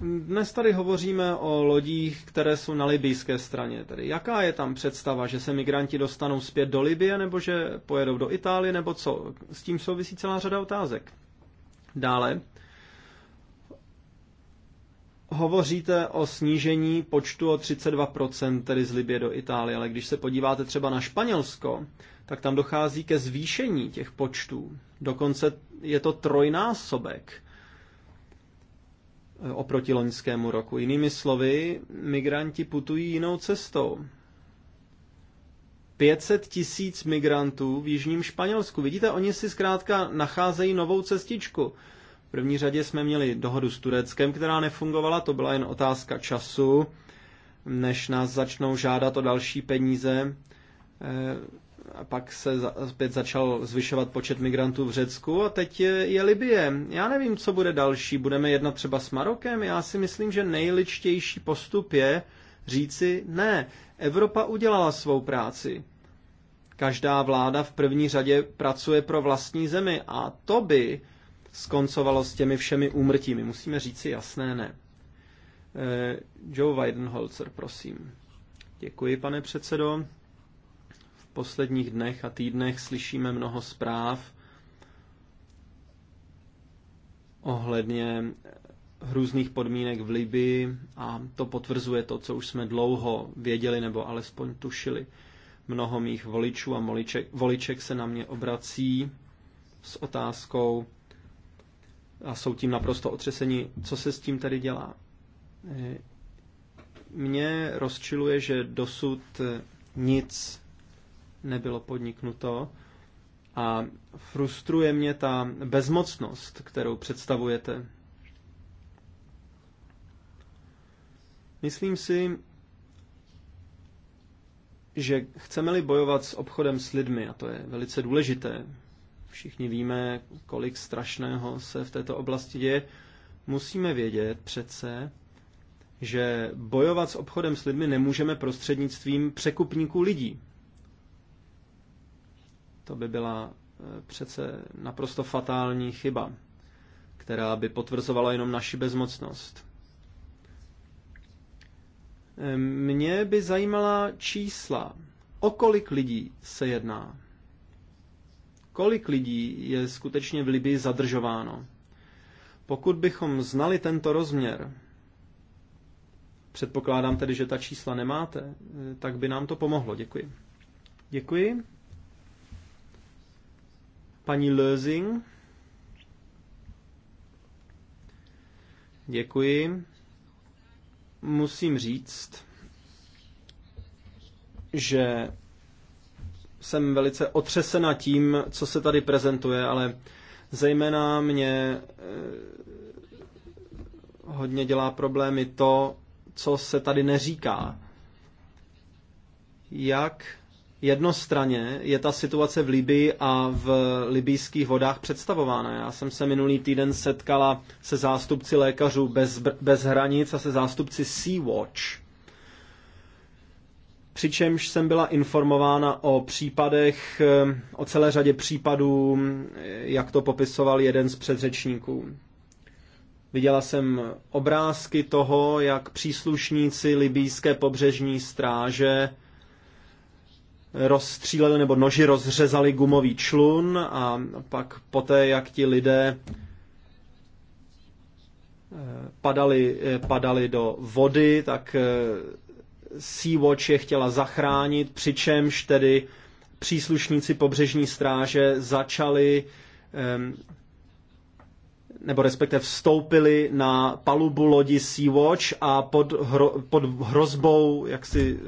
S1: Dnes tady hovoříme o lodích, které jsou na libijské straně. Tedy jaká je tam představa, že se migranti dostanou zpět do Libie, nebo že pojedou do Itálie, nebo co? S tím souvisí celá řada otázek. Dále, hovoříte o snížení počtu o 32%, tedy z Libie do Itálie, ale když se podíváte třeba na Španělsko, tak tam dochází ke zvýšení těch počtů. Dokonce je to trojnásobek Eh, oproti loňskému roku. Jinými slovy, migranti putují jinou cestou. 500 tisíc migrantů v jižním Španělsku. Vidíte, oni si zkrátka nacházejí novou cestičku. V první řadě jsme měli dohodu s Tureckem, která nefungovala, to byla jen otázka času, než nás začnou žádat o další peníze. Eh, a pak se zpět začal zvyšovat počet migrantů v Řecku a teď je, je Libie. Já nevím, co bude další. Budeme jednat třeba s Marokem? Já si myslím, že nejličtější postup je říci ne. Evropa udělala svou práci. Každá vláda v první řadě pracuje pro vlastní zemi a to by skoncovalo s těmi všemi úmrtími. Musíme říci jasné ne. Eh, Joe Weidenholzer, prosím. Děkuji, pane předsedo posledních dnech a týdnech slyšíme mnoho zpráv ohledně hrůzných podmínek v Libii a to potvrzuje to, co už jsme dlouho věděli nebo alespoň tušili. Mnoho mých voličů a moliček, voliček se na mě obrací s otázkou a jsou tím naprosto otřeseni, co se s tím tady dělá. E, mě rozčiluje, že dosud nic nebylo podniknuto. A frustruje mě ta bezmocnost, kterou představujete. Myslím si, že chceme-li bojovat s obchodem s lidmi, a to je velice důležité, všichni víme, kolik strašného se v této oblasti děje, musíme vědět přece, že bojovat s obchodem s lidmi nemůžeme prostřednictvím překupníků lidí. To by byla eh, přece naprosto fatální chyba, která by potvrzovala jenom naši bezmocnost. Mě by zajímala čísla. O kolik lidí se jedná? Kolik lidí je skutečně v Libii zadržováno? Pokud bychom znali tento rozměr, předpokládám tedy, že ta čísla nemáte, eh, tak by nám to pomohlo. Děkuji. Děkuji. Paní Lösing. Děkuji. Musím říct, že jsem velice otřesena tím, co se tady prezentuje, ale zejména mě eh, hodně dělá problémy to, co se tady neříká. Jak jednostraně je ta situace v Libii a v libijských vodách představována. Já jsem se minulý týden setkala se zástupci lékařů bez, bez hranic a se zástupci Sea-Watch. Přičemž jsem byla informována o případech, eh, o celé řadě případů, eh, jak to popisoval jeden z předřečníků. Viděla jsem obrázky toho, jak příslušníci libýské pobřežní stráže rozstříleli nebo noži rozřezali gumový člun a pak poté, jak ti lidé eh, padali, eh, padali do vody, tak eh, Sea-Watch je chtěla zachránit, přičemž tedy příslušníci pobřežní stráže začali nebo respektive vstoupili na palubu lodi Sea-Watch a pod, hro, pod hrozbou jaksi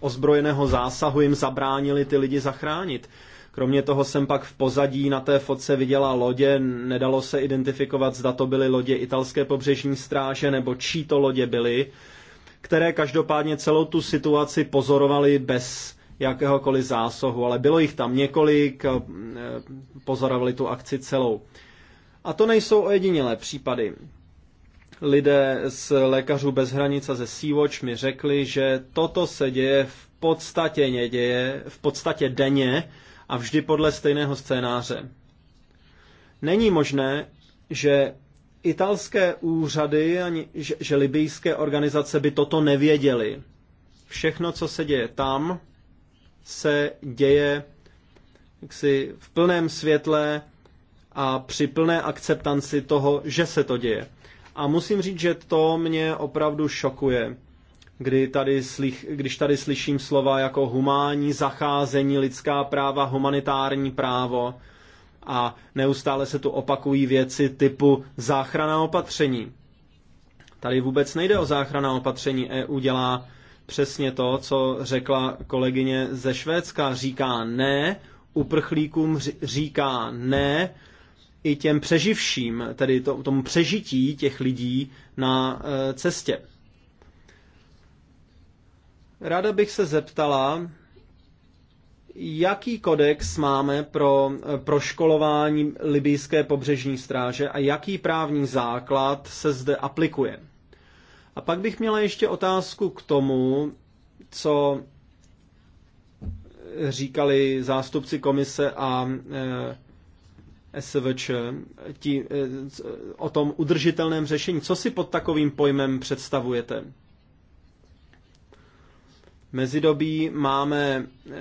S1: ozbrojeného zásahu jim zabránili ty lidi zachránit. Kromě toho jsem pak v pozadí na té fotce viděla lodě, nedalo se identifikovat, zda to byly lodě italské pobřežní stráže nebo čí to lodě byly, které každopádně celou tu situaci pozorovali bez jakéhokoliv zásahu, ale bylo jich tam několik, eh, pozorovali tu akci celou. A to nejsou ojedinělé případy. Lidé z Lékařů bez hranic a ze Sea-Watch mi řekli, že toto se děje v podstatě neděje, v podstatě denně a vždy podle stejného scénáře. Není možné, že italské úřady ani že, že libijské organizace by toto nevěděly. Všechno, co se děje tam, se děje jaksi v plném světle a při plné akceptanci toho, že se to děje. A musím říct, že to mě opravdu šokuje, kdy tady slych, když tady slyším slova jako humánní zacházení, lidská práva, humanitární právo a neustále se tu opakují věci typu záchrana opatření. Tady vůbec nejde o záchrana opatření. EU dělá přesně to, co řekla kolegyně ze Švédska. Říká ne, uprchlíkům říká ne, i těm přeživším, tedy to, tomu přežití těch lidí na e, cestě. Ráda bych se zeptala, jaký kodex máme pro e, proškolování libijské pobřežní stráže a jaký právní základ se zde aplikuje. A pak bych měla ještě otázku k tomu, co říkali zástupci komise a e, SVČ, tí, eh, o tom udržitelném řešení. Co si pod takovým pojmem představujete? Mezidobí máme eh,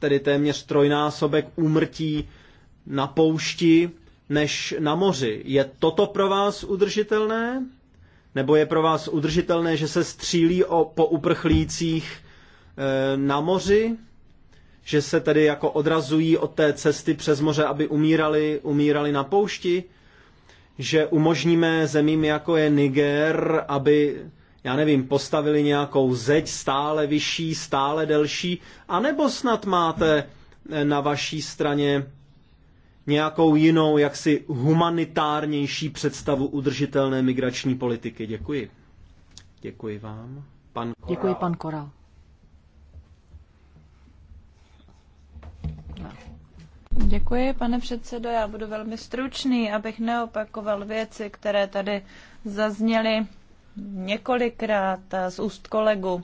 S1: tedy téměř trojnásobek úmrtí na poušti než na moři. Je toto pro vás udržitelné? Nebo je pro vás udržitelné, že se střílí o, po uprchlících e, na moři? že se tedy jako odrazují od té cesty přes moře, aby umírali, umírali na poušti, že umožníme zemím, jako je Niger, aby, já nevím, postavili nějakou zeď stále vyšší, stále delší, anebo snad máte eh, na vaší straně nějakou jinou, jaksi humanitárnější představu udržitelné migrační politiky. Děkuji. Děkuji vám. Pan Koral. Děkuji, pan
S4: Koral.
S2: Děkuji, pane předsedo. Já budu velmi stručný, abych neopakoval věci, které tady zazněly několikrát z úst kolegu.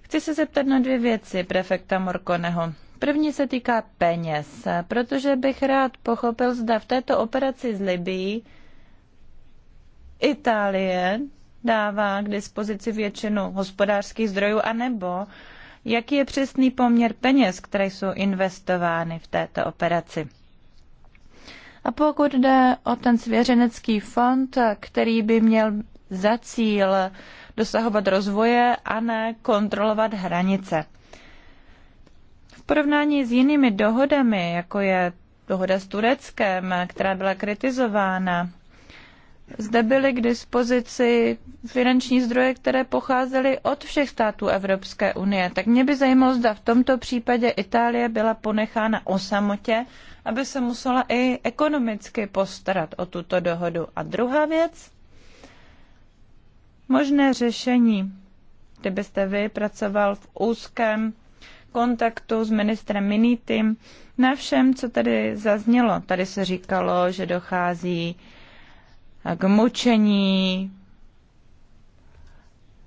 S2: Chci se zeptat na dvě věci prefekta Morkoneho. První se týká peněz, protože bych rád pochopil, zda v této operaci z Libii Itálie dává k dispozici většinu hospodářských zdrojů, anebo Jaký je přesný poměr peněz, které jsou investovány v této operaci? A pokud jde o ten svěřenecký fond, který by měl za cíl dosahovat rozvoje a ne kontrolovat hranice. V porovnání s jinými dohodami, jako je dohoda s Tureckem, která byla kritizována, zde byly k dispozici finanční zdroje, které pocházely od všech států Evropské unie. Tak mě by zajímalo, zda v tomto případě Itálie byla ponechána o samotě, aby se musela i ekonomicky postarat o tuto dohodu. A druhá věc, možné řešení, kdybyste vy pracoval v úzkém kontaktu s ministrem Minitym na všem, co tady zaznělo. Tady se říkalo, že dochází k mučení,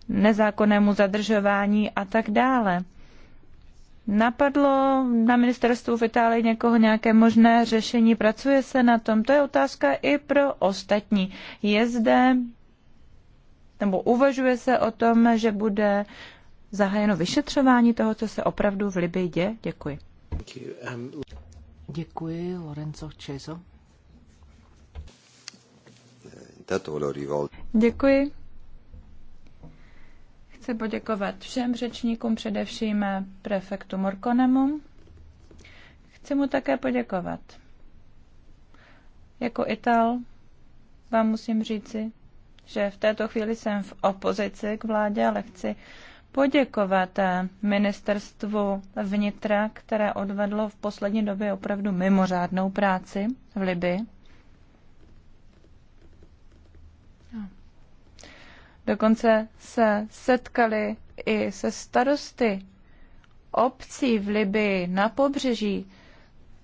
S2: nezákonnému zadržování a tak dále. Napadlo na ministerstvu v Itálii někoho nějaké možné řešení? Pracuje se na tom? To je otázka i pro ostatní. Je zde, nebo uvažuje se o tom, že bude zahájeno vyšetřování toho, co se opravdu v Libii děje? Děkuji.
S4: Děkuji, Lorenzo Čezo.
S2: Děkuji. Chci poděkovat všem řečníkům, především prefektu Morkonemu. Chci mu také poděkovat. Jako Ital vám musím říci, že v této chvíli jsem v opozici k vládě, ale chci poděkovat ministerstvu vnitra, které odvedlo v poslední době opravdu mimořádnou práci v Libii. Dokonce se setkali i se starosty obcí v Libii na pobřeží.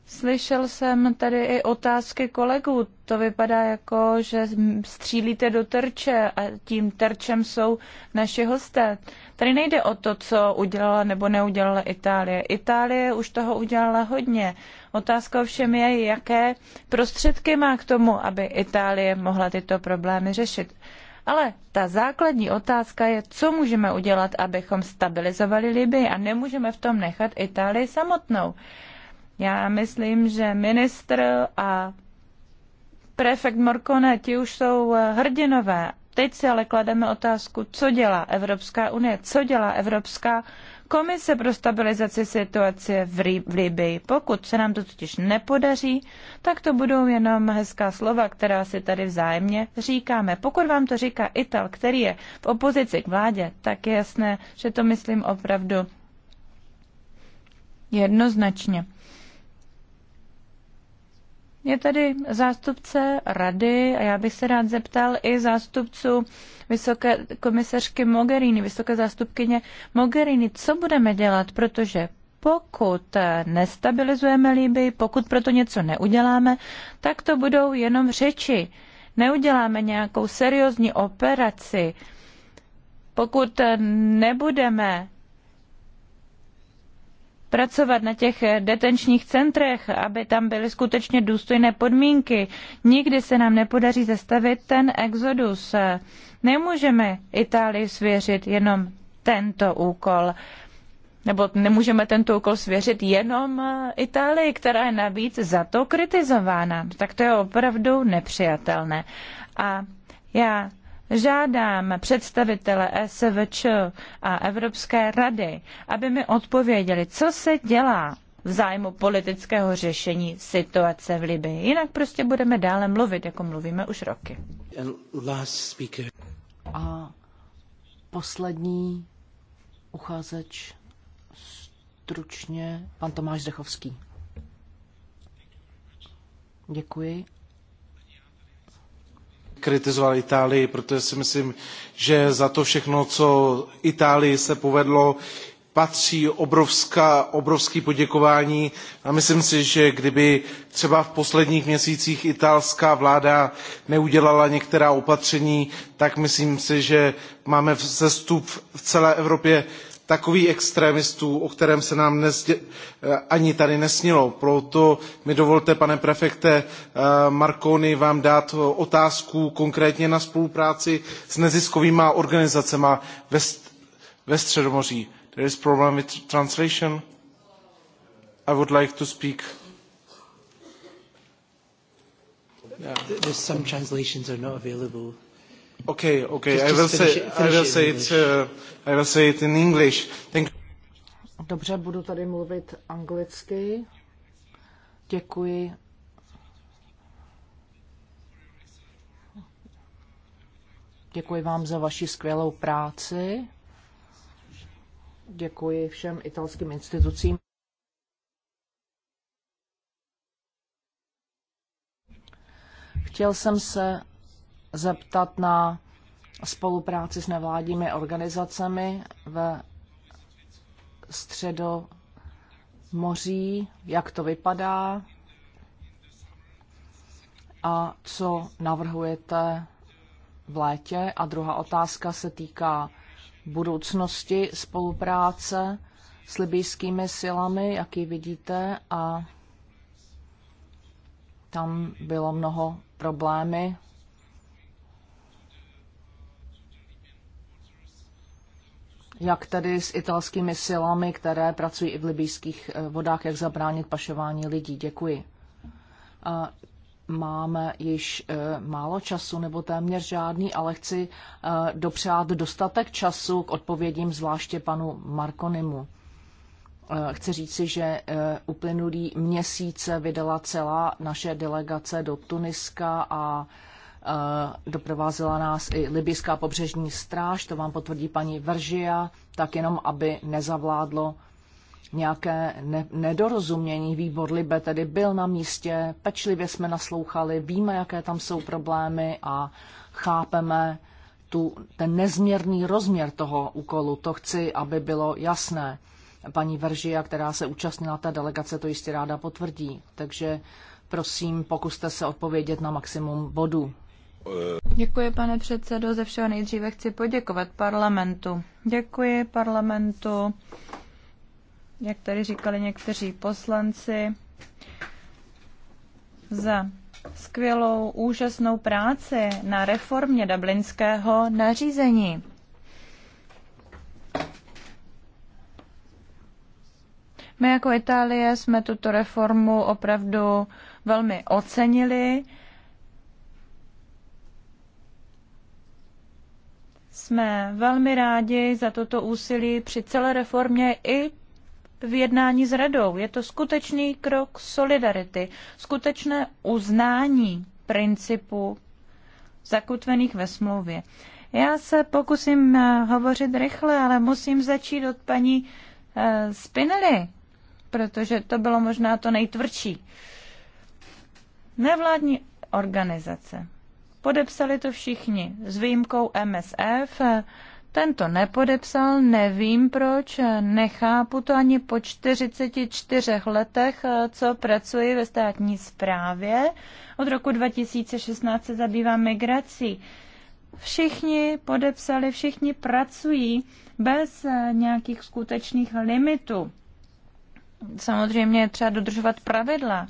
S2: Slyšel jsem tady i otázky kolegů. To vypadá jako, že střílíte do terče a tím terčem jsou naši hosté. Tady nejde o to, co udělala nebo neudělala Itálie. Itálie už toho udělala hodně. Otázka ovšem je, jaké prostředky má k tomu, aby Itálie mohla tyto problémy řešit. Ale ta základní otázka je, co můžeme udělat, abychom stabilizovali Libii a nemůžeme v tom nechat Itálii samotnou. Já myslím, že ministr a prefekt Morcone, ti už jsou eh, hrdinové. Teď si ale klademe otázku, co dělá Evropská unie, co dělá Evropská Komise pro stabilizaci situace v, v Libii. Pokud se nám to totiž nepodaří, tak to budou jenom hezká slova, která si tady vzájemně říkáme. Pokud vám to říká Ital, který je v opozici k vládě, tak je jasné, že to myslím opravdu jednoznačně. Je tady zástupce rady a já bych se rád zeptal i zástupců vysoké komisařky Mogherini, vysoké zástupkyně Mogherini, co budeme dělat, protože pokud nestabilizujeme Líby, pokud proto něco neuděláme, tak to budou jenom řeči. Neuděláme nějakou seriózní operaci, pokud nebudeme pracovat na těch detenčních centrech, aby tam byly skutečně důstojné podmínky. Nikdy se nám nepodaří zastavit ten exodus. Nemůžeme Itálii svěřit jenom tento úkol. Nebo nemůžeme tento úkol svěřit jenom Itálii, která je navíc za to kritizována. Tak to je opravdu nepřijatelné. A já Žádám představitele SVČ a Evropské rady, aby mi odpověděli, co se dělá v zájmu politického řešení situace v Libii. Jinak prostě budeme dále mluvit, jako mluvíme už roky.
S4: A poslední uchazeč stručně, pan Tomáš Zdechovský. Děkuji
S3: kritizoval Itálii, protože si myslím, že za to všechno, co Itálii se povedlo, patří obrovská, obrovský poděkování a myslím si, že kdyby třeba v posledních měsících italská vláda neudělala některá opatření, tak myslím si, že máme vzestup v celé Evropě takových extremistů, o kterém se nám dnes eh, ani tady nesnilo. Proto mi dovolte, pane prefekte eh, Marconi, vám dát eh, otázku konkrétně na spolupráci s neziskovými organizacemi ve, ve Středomoří. There is problem with translation. I would like to speak. Yeah. There's some translations are not available. Okay, okay. Just, I will finish, say, I will say it. Uh, I will say it in English. Thank.
S4: Dobře, budu tady mluvit anglicky. Děkuji. Děkuji vám za vaši skvělou práci. Děkuji všem italským institucím. Chtěl jsem se zeptat na spolupráci s nevládními organizacemi ve středomoří, jak to vypadá a co navrhujete v létě. A druhá otázka se týká budoucnosti spolupráce s libijskými silami, jaký vidíte, a tam bylo mnoho problémy jak tedy s italskými silami, které pracují i v libijských eh, vodách, jak zabránit pašování lidí. Děkuji. Máme již eh, málo času, nebo téměř žádný, ale chci eh, dopřát dostatek času k odpovědím zvláště panu Markonimu. Chci říci, že uplynulý měsíce vydala celá naše delegace do Tuniska a Eh, doprovázela nás i libyská pobřežní stráž, to vám potvrdí paní Veržia, tak jenom, aby nezavládlo nějaké ne- nedorozumění. Výbor Libe tedy byl na místě, pečlivě jsme naslouchali, víme, jaké tam jsou problémy a chápeme tu, ten nezměrný rozměr toho úkolu. To chci, aby bylo jasné. Paní Veržia, která se účastnila té delegace, to jistě ráda potvrdí. Takže prosím, pokuste se odpovědět na maximum bodů. Děkuji, pane předsedo. Ze všeho nejdříve
S2: chci poděkovat parlamentu. Děkuji parlamentu, jak tady říkali někteří poslanci, za skvělou, úžasnou práci na reformě dublinského nařízení. My jako Itálie jsme tuto reformu opravdu velmi ocenili. Jsme velmi rádi za toto úsilí při celé reformě i v jednání s radou. Je to skutečný krok solidarity, skutečné uznání principu zakutvených ve smlouvě. Já se pokusím eh, hovořit rychle, ale musím začít od paní eh, Spinelli, protože to bylo možná to nejtvrdší. Nevládní organizace. Podepsali to všichni s výjimkou MSF. Ten to nepodepsal, nevím proč, nechápu to ani po 44 letech, co pracuji ve státní správě. Od roku 2016 se zabývám migrací. Všichni podepsali, všichni pracují bez nějakých skutečných limitů. Samozřejmě je třeba dodržovat pravidla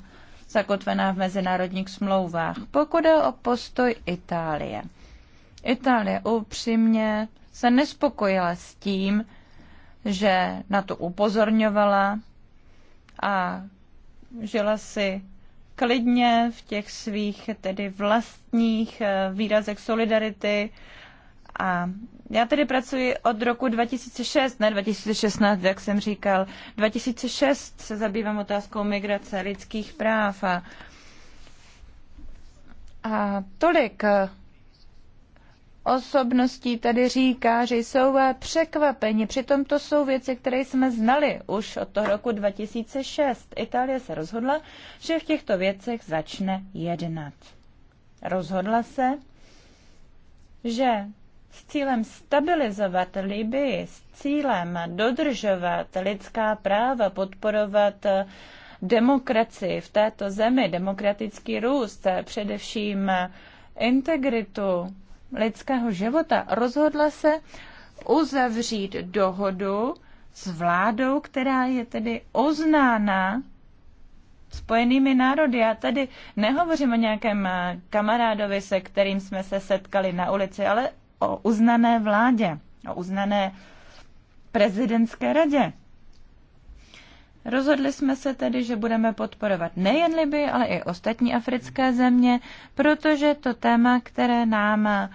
S2: zakotvená v mezinárodních smlouvách. Pokud je o postoj Itálie. Itálie upřímně se nespokojila s tím, že na to upozorňovala a žila si klidně v těch svých tedy vlastních eh, výrazech solidarity a já tedy pracuji od roku 2006, ne 2016, jak jsem říkal. 2006 se zabývám otázkou migrace lidských práv a, a tolik osobností tady říká, že jsou překvapeni. Přitom to jsou věci, které jsme znali už od toho roku 2006. Itálie se rozhodla, že v těchto věcech začne jednat. Rozhodla se, že s cílem stabilizovat Libii, s cílem dodržovat lidská práva, podporovat eh, demokracii v této zemi, demokratický růst, eh, především eh, integritu lidského života, rozhodla se uzavřít dohodu s vládou, která je tedy oznána spojenými národy. Já tady nehovořím o nějakém kamarádovi, se kterým jsme se setkali na ulici, ale o uznané vládě, o uznané prezidentské radě. Rozhodli jsme se tedy, že budeme podporovat nejen Liby, ale i ostatní africké země, protože to téma, které nám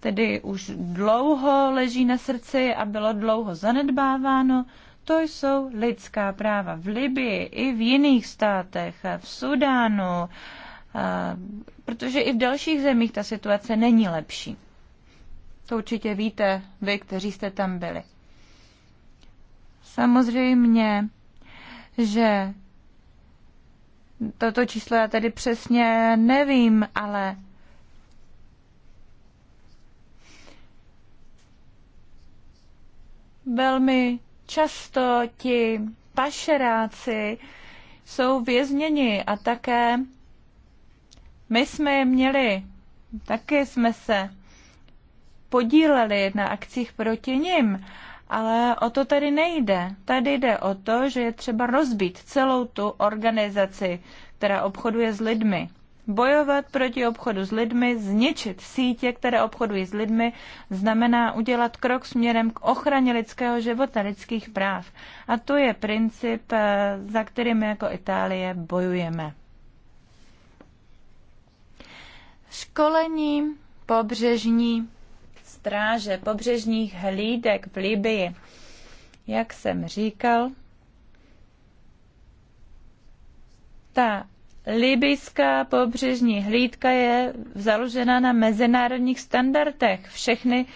S2: tedy už dlouho leží na srdci a bylo dlouho zanedbáváno, to jsou lidská práva v Libii i v jiných státech, v Sudánu, protože i v dalších zemích ta situace není lepší. To určitě víte, vy, kteří jste tam byli. Samozřejmě, že toto číslo já tedy přesně nevím, ale velmi často ti pašeráci jsou vězněni a také my jsme je měli, taky jsme se podíleli na akcích proti nim. Ale o to tady nejde. Tady jde o to, že je třeba rozbít celou tu organizaci, která obchoduje s lidmi. Bojovat proti obchodu s lidmi, zničit sítě, které obchodují s lidmi, znamená udělat krok směrem k ochraně lidského života, lidských práv. A to je princip, eh, za kterým jako Itálie bojujeme. Školení pobřežní stráže, pobřežních hlídek v Libii. Jak jsem říkal, ta libyská pobřežní hlídka je založena na mezinárodních standardech. Všechny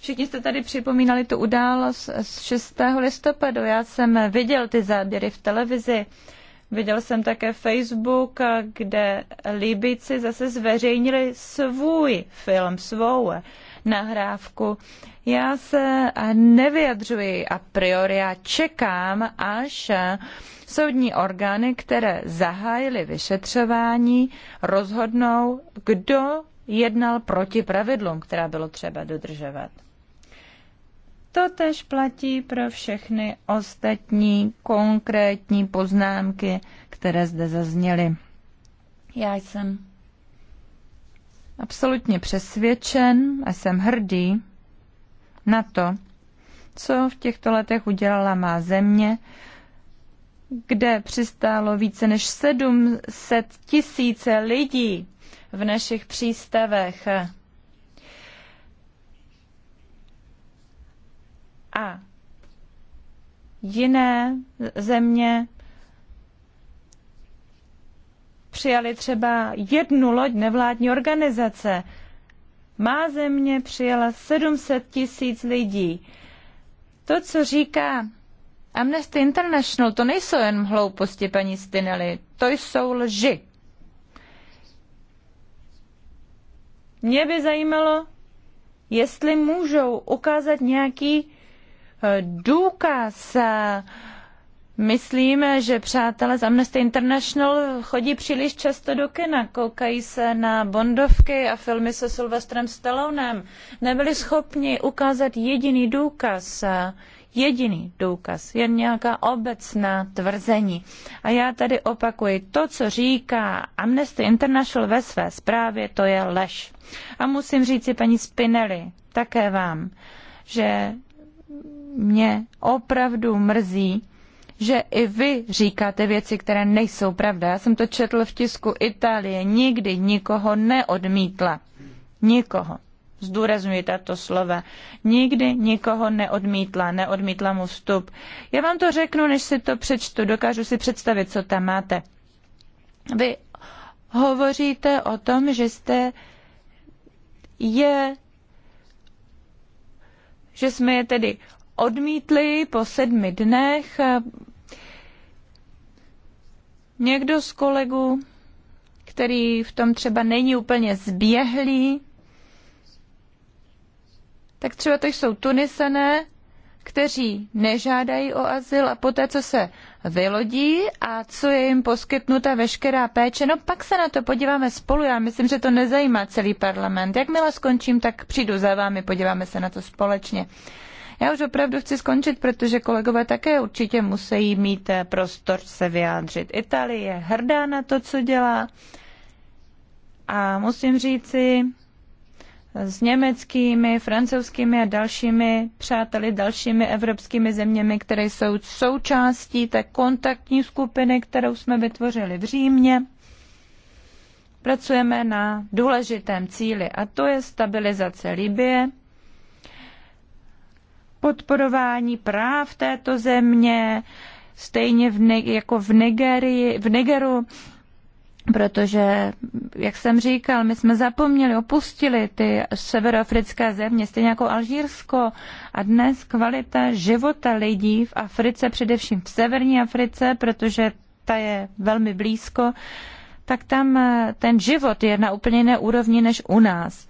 S2: Všichni jste tady připomínali tu událost z 6. listopadu. Já jsem viděl ty záběry v televizi. Viděl jsem také Facebook, kde Libici zase zveřejnili svůj film, svou nahrávku. Já se nevyjadřuji a priori, a čekám, až soudní orgány, které zahájily vyšetřování, rozhodnou, kdo jednal proti pravidlům, která bylo třeba dodržovat. To tež platí pro všechny ostatní konkrétní poznámky, které zde zazněly. Já jsem absolutně přesvědčen a jsem hrdý na to, co v těchto letech udělala má země, kde přistálo více než 700 tisíce lidí v našich přístavech. A jiné země přijali třeba jednu loď nevládní organizace. Má země přijala 700 tisíc lidí. To, co říká Amnesty International, to nejsou jen hlouposti, paní Stinelli, to jsou lži. Mě by zajímalo, jestli můžou ukázat nějaký eh, důkaz, eh, Myslím, že přátelé z Amnesty International chodí příliš často do kina, koukají se na bondovky a filmy se Sylvestrem Stallonem. Nebyli schopni ukázat jediný důkaz, jediný důkaz, jen nějaká obecná tvrzení. A já tady opakuji, to, co říká Amnesty International ve své zprávě, to je lež. A musím říct si paní Spinelli, také vám, že mě opravdu mrzí, že i vy říkáte věci, které nejsou pravda. Já jsem to četl v tisku Itálie. Nikdy nikoho neodmítla. Nikoho. Zdůraznuji tato slova. Nikdy nikoho neodmítla, neodmítla mu vstup. Já vám to řeknu, než si to přečtu. Dokážu si představit, co tam máte. Vy hovoříte o tom, že jste je že jsme je tedy odmítli po sedmi dnech. Někdo z kolegů, který v tom třeba není úplně zběhlý, tak třeba to jsou tunisené, kteří nežádají o azyl a poté, co se vylodí a co je jim poskytnuta veškerá péče, no pak se na to podíváme spolu. Já myslím, že to nezajímá celý parlament. Jakmile skončím, tak přijdu za vámi, podíváme se na to společně. Já už opravdu chci skončit, protože kolegové také určitě musí mít eh, prostor se vyjádřit. Itálie je hrdá na to, co dělá. A musím říci, eh, s německými, francouzskými a dalšími přáteli, dalšími evropskými zeměmi, které jsou součástí té kontaktní skupiny, kterou jsme vytvořili v Římě. Pracujeme na důležitém cíli a to je stabilizace Libie podporování práv této země, stejně v ne- jako v Nigerii, v Nigeru, protože, jak jsem říkal, my jsme zapomněli, opustili ty severoafrické země, stejně jako Alžírsko a dnes kvalita života lidí v Africe, především v severní Africe, protože ta je velmi blízko, tak tam eh, ten život je na úplně jiné úrovni než u nás.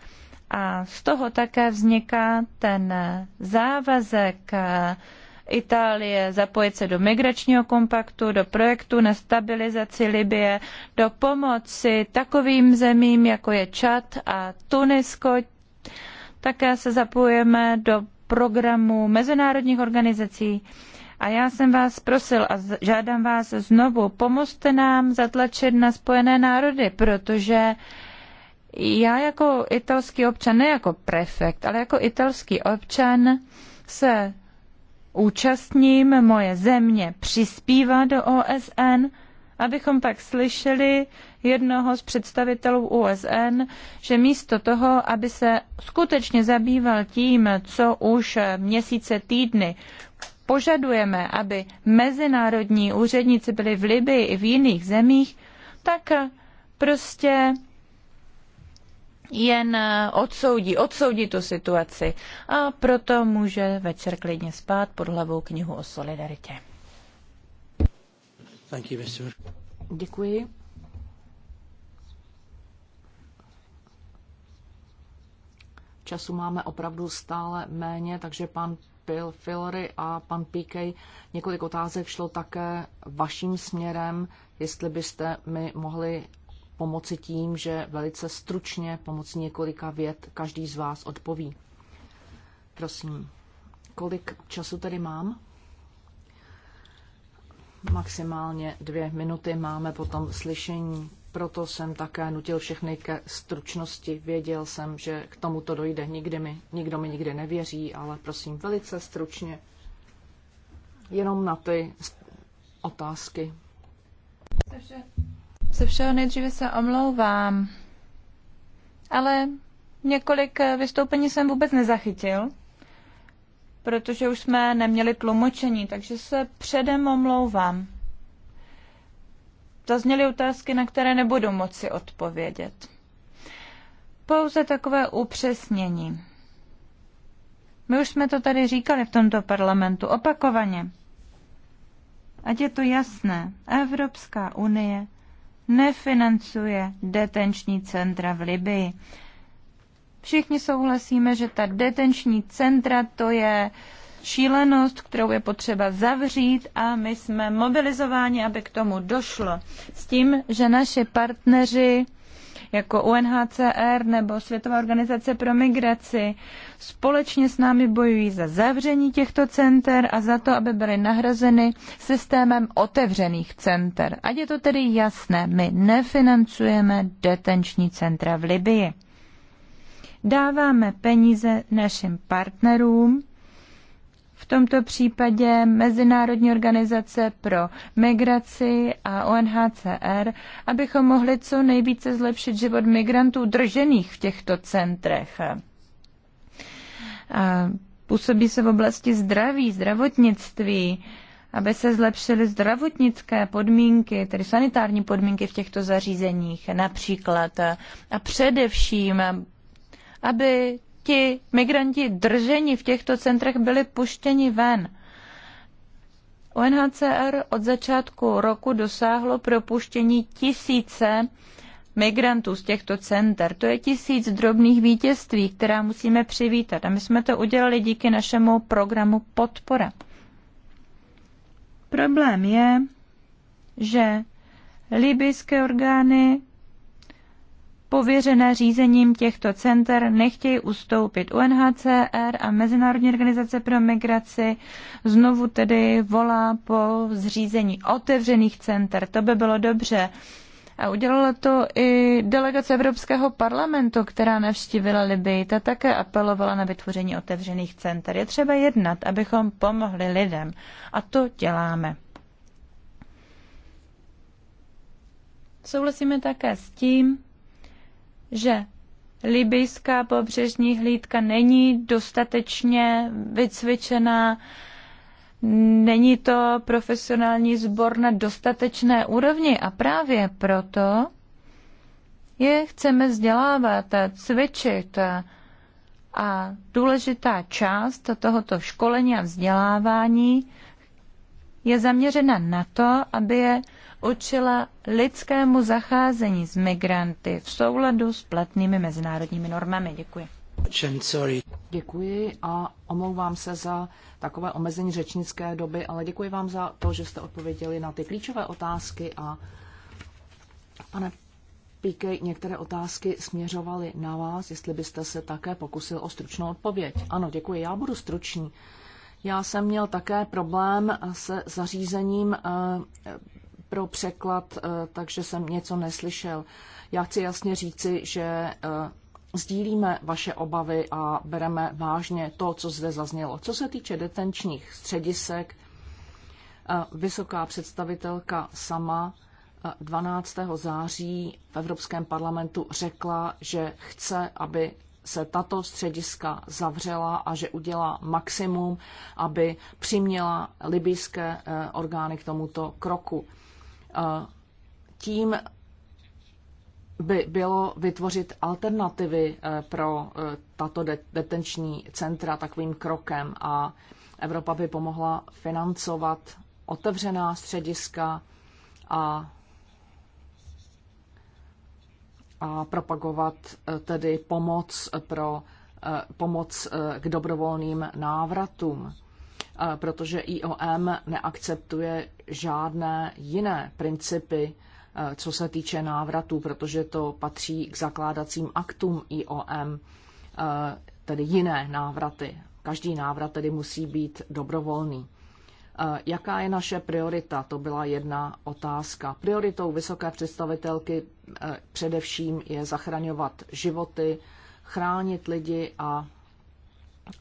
S2: A z toho také vzniká ten závazek Itálie zapojit se do migračního kompaktu, do projektu na stabilizaci Libie, do pomoci takovým zemím, jako je Čad a Tunisko. Také se zapojujeme do programu mezinárodních organizací. A já jsem vás prosil a žádám vás znovu, pomozte nám zatlačit na Spojené národy, protože já jako italský občan, ne jako prefekt, ale jako italský občan se účastním, moje země přispívá do OSN, abychom pak slyšeli jednoho z představitelů OSN, že místo toho, aby se skutečně zabýval tím, co už měsíce, týdny požadujeme, aby mezinárodní úředníci byli v Libii i v jiných zemích, tak prostě jen eh, odsoudí, odsoudí tu situaci a proto může večer klidně spát pod hlavou knihu o solidaritě.
S4: Děkuji. Času máme opravdu stále méně, takže pan Pil Filry a pan Píkej. Několik otázek šlo také vaším směrem, jestli byste mi mohli pomoci tím, že velice stručně pomocí několika vět každý z vás odpoví. Prosím, kolik času tady mám? Maximálně dvě minuty máme potom slyšení, proto jsem také nutil všechny ke stručnosti. Věděl jsem, že k tomuto dojde. Nikdy mi, nikdo mi nikdy nevěří, ale prosím, velice stručně. Jenom na ty otázky. Takže ze všeho nejdříve se omlouvám,
S2: ale několik eh, vystoupení jsem vůbec nezachytil, protože už jsme neměli tlumočení, takže se předem omlouvám. Zazněly otázky, na které nebudu moci odpovědět. Pouze takové upřesnění. My už jsme to tady říkali v tomto parlamentu opakovaně. Ať je to jasné, Evropská unie nefinancuje detenční centra v Libii. Všichni souhlasíme, že ta detenční centra to je šílenost, kterou je potřeba zavřít a my jsme mobilizováni, aby k tomu došlo. S tím, že naši partneři jako UNHCR nebo Světová organizace pro migraci, společně s námi bojují za zavření těchto center a za to, aby byly nahrazeny systémem otevřených center. Ať je to tedy jasné, my nefinancujeme detenční centra v Libii. Dáváme peníze našim partnerům, v tomto případě Mezinárodní organizace pro migraci a ONHCR, abychom mohli co nejvíce zlepšit život migrantů držených v těchto centrech. působí se v oblasti zdraví, zdravotnictví, aby se zlepšily zdravotnické podmínky, tedy sanitární podmínky v těchto zařízeních například. A především, aby ti migranti drženi v těchto centrech byli puštěni ven. UNHCR od začátku roku dosáhlo propuštění tisíce migrantů z těchto center. To je tisíc drobných vítězství, která musíme přivítat. A my jsme to udělali díky našemu programu Podpora. Problém je, že libijské orgány pověřené řízením těchto center nechtějí ustoupit. UNHCR a Mezinárodní organizace pro migraci znovu tedy volá po zřízení otevřených center. To by bylo dobře. A udělala to i delegace Evropského parlamentu, která navštívila Libii. Ta také apelovala na vytvoření otevřených center. Je třeba jednat, abychom pomohli lidem. A to děláme. Souhlasíme také s tím, že libyjská pobřežní hlídka není dostatečně vycvičená, není to profesionální sbor na dostatečné úrovni a právě proto je chceme vzdělávat, cvičit a důležitá část tohoto školení a vzdělávání je zaměřena na to, aby je učila lidskému zacházení s migranty v
S4: souladu s platnými mezinárodními normami. Děkuji. Děkuji a omlouvám se za takové omezení řečnické doby, ale děkuji vám za to, že jste odpověděli na ty klíčové otázky a pane Píkej, některé otázky směřovaly na vás, jestli byste se také pokusil o stručnou odpověď. Ano, děkuji, já budu stručný. Já jsem měl také problém se zařízením eh, pro překlad, eh, takže jsem něco neslyšel. Já chci jasně říci, že eh, sdílíme vaše obavy a bereme vážně to, co zde zaznělo. Co se týče detenčních středisek, eh, vysoká představitelka sama 12. září v Evropském parlamentu řekla, že chce, aby se tato střediska zavřela a že udělá maximum, aby přiměla libijské orgány k tomuto kroku. Eh, tím by bylo vytvořit alternativy eh, pro eh, tato detenční centra takovým krokem a Evropa by pomohla financovat otevřená střediska a, a propagovat tedy pomoc pro pomoc k dobrovolným návratům protože IOM neakceptuje žádné jiné principy, eh, co se týče návratu, protože to patří k zakládacím aktům IOM, eh, tedy jiné návraty. Každý návrat tedy musí být dobrovolný. Eh, jaká je naše priorita? To byla jedna otázka. Prioritou vysoké představitelky především je zachraňovat životy, chránit lidi a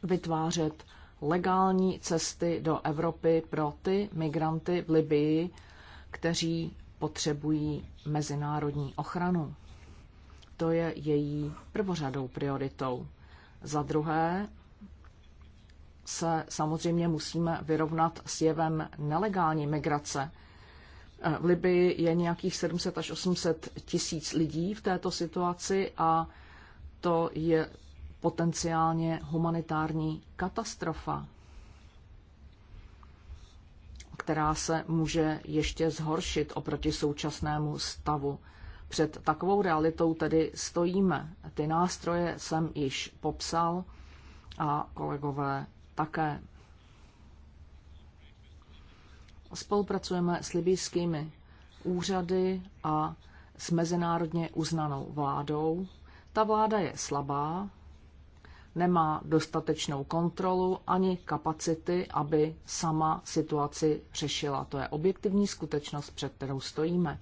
S4: vytvářet legální cesty do Evropy pro ty migranty v Libii, kteří potřebují mezinárodní ochranu. To je její prvořadou prioritou. Za druhé se samozřejmě musíme vyrovnat s jevem nelegální migrace. V Libii je nějakých 700 až 800 tisíc lidí v této situaci a to je potenciálně humanitární katastrofa, která se může ještě zhoršit oproti současnému stavu. Před takovou realitou tedy stojíme. Ty nástroje jsem již popsal a kolegové také. Spolupracujeme s libijskými úřady a s mezinárodně uznanou vládou. Ta vláda je slabá, nemá dostatečnou kontrolu ani kapacity, aby sama situaci řešila. To je objektivní skutečnost, před kterou stojíme.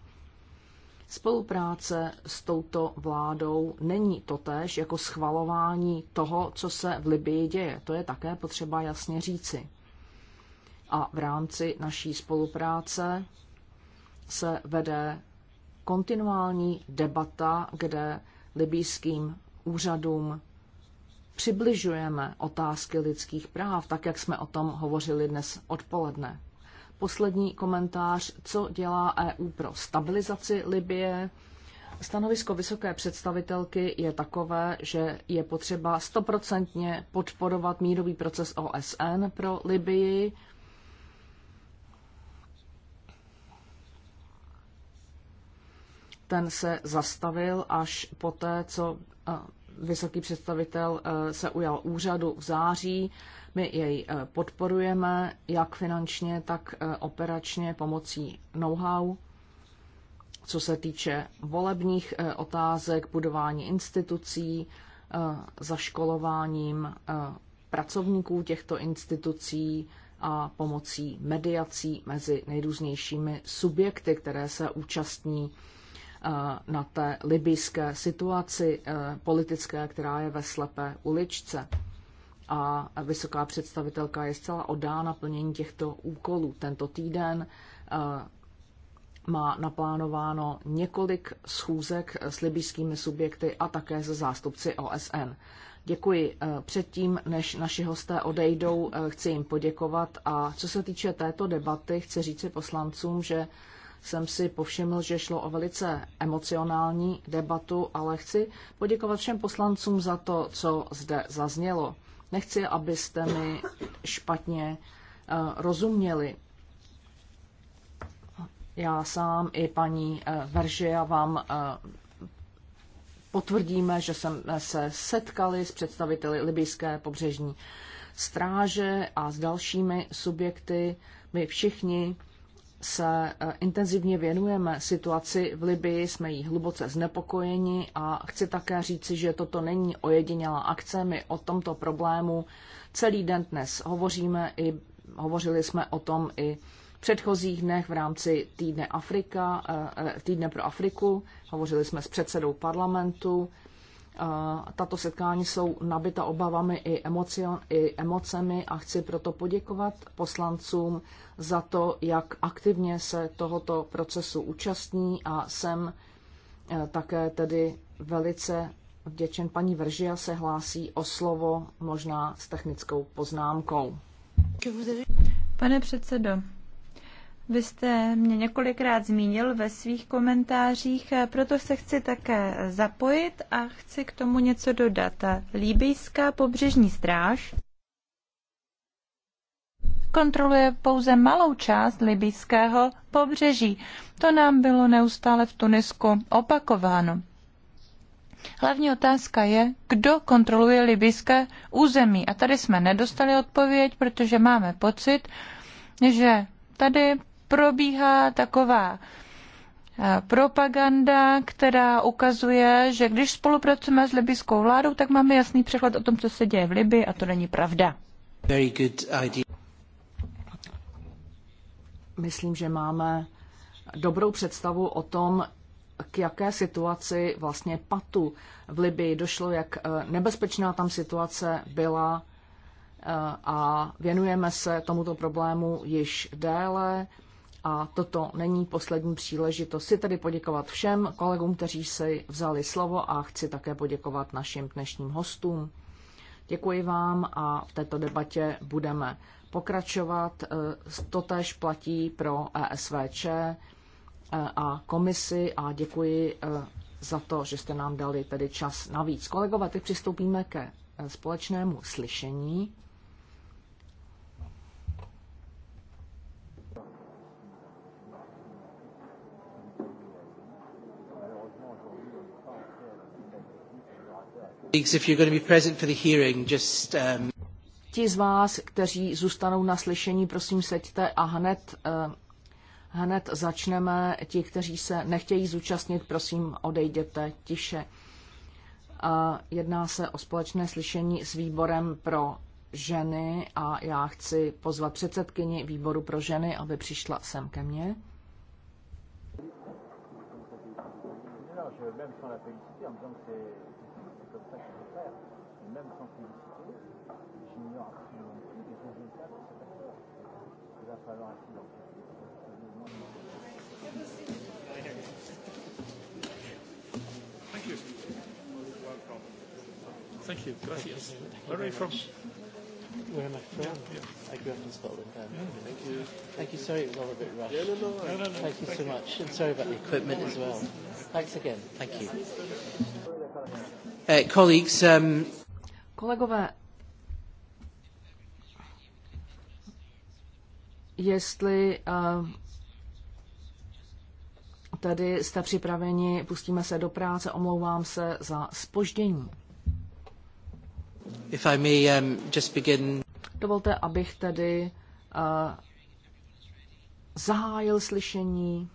S4: Spolupráce s touto vládou není totéž jako schvalování toho, co se v Libii děje. To je také potřeba jasně říci. A v rámci naší spolupráce se vede kontinuální debata, kde libijským úřadům přibližujeme otázky lidských práv, tak jak jsme o tom hovořili dnes odpoledne. Poslední komentář, co dělá EU pro stabilizaci Libie. Stanovisko vysoké představitelky je takové, že je potřeba stoprocentně podporovat mírový proces OSN pro Libii. Ten se zastavil až poté, co eh, vysoký představitel eh, se ujal úřadu v září. My jej eh, podporujeme jak finančně, tak eh, operačně pomocí know-how. Co se týče volebních otázek, budování institucí, zaškolováním pracovníků těchto institucí a pomocí mediací mezi nejrůznějšími subjekty, které se účastní Eh, na té libijské situaci eh, politické, která je ve slepé uličce. A vysoká představitelka je zcela odána plnění těchto úkolů. Tento týden eh, má naplánováno několik schůzek s libijskými subjekty a také se zástupci OSN. Děkuji. Předtím, než naši hosté odejdou, chci jim poděkovat. A co se týče této debaty, chci říci poslancům, že jsem si povšiml, že šlo o velice emocionální debatu, ale chci poděkovat všem poslancům za to, co zde zaznělo. Nechci, abyste mi špatně eh, rozuměli. Já sám i paní eh, Veržia vám eh, potvrdíme, že jsme se setkali s představiteli libijské pobřežní stráže a s dalšími subjekty. My všichni se eh, intenzivně věnujeme situaci v Libii, jsme jí hluboce znepokojeni a chci také říci, že toto není ojedinělá akce. My o tomto problému celý den dnes hovoříme i hovořili jsme o tom i v předchozích dnech v rámci týdne, Afrika, eh, eh, týdne pro Afriku. Hovořili jsme s předsedou parlamentu, tato setkání jsou nabita obavami i, emocion, i emocemi a chci proto poděkovat poslancům za to, jak aktivně se tohoto procesu účastní a jsem eh, také tedy velice vděčen. Paní Vržia se hlásí o slovo možná s technickou poznámkou.
S2: Pane předsedo, vy jste mě několikrát zmínil ve svých komentářích, eh, proto se chci také zapojit a chci k tomu něco dodat. Líbijská pobřežní stráž kontroluje pouze malou část libyjského pobřeží. To nám bylo neustále v Tunisku opakováno. Hlavní otázka je, kdo kontroluje libyjské území. A tady jsme nedostali odpověď, protože máme pocit, že tady probíhá taková eh, propaganda, která ukazuje, že když spolupracujeme s libyskou vládou, tak máme jasný přehled o tom, co se děje v Libii a to není pravda.
S3: Very good idea.
S4: Myslím, že máme dobrou představu o tom, k jaké situaci vlastně patu v Libii došlo, jak eh, nebezpečná tam situace byla eh, a věnujeme se tomuto problému již déle a toto není poslední příležitost. Chci tedy poděkovat všem kolegům, kteří si vzali slovo a chci také poděkovat našim dnešním hostům. Děkuji vám a v této debatě budeme pokračovat. Eh, Totež platí pro ESVČ eh, a komisi a děkuji eh, za to, že jste nám dali tedy čas navíc. Kolegové, teď přistoupíme ke společnému slyšení. Um, Ti z vás, kteří zůstanou na slyšení, prosím seďte a hned, eh, hned začneme. Ti, kteří se nechtějí zúčastnit, prosím odejděte tiše. Eh, jedná se o společné slyšení s výborem pro ženy a já chci pozvat předsedkyni výboru pro ženy, aby přišla sem ke mně.
S5: je ça qu'il faut faire. Et même quand il j'ignore absolument plus les résultats de cette action. Il va falloir ainsi l'en
S2: Thank you. Thank you. Where are you from? Where
S3: am I from? Yeah, yeah. I grew up in Scotland. yeah. Thank you. Thank you. Sorry, it was all a bit rushed. Yeah, no, no, no, no, no. Thank you thank so you. much, and sorry about the equipment as well. Thanks again. Thank you. Uh, um,
S4: Kolegové, jestli tedy uh, tady jste připraveni, pustíme se do práce, omlouvám se za spoždění.
S3: If I may, um, just begin...
S4: Dovolte, abych tedy uh, zahájil slyšení.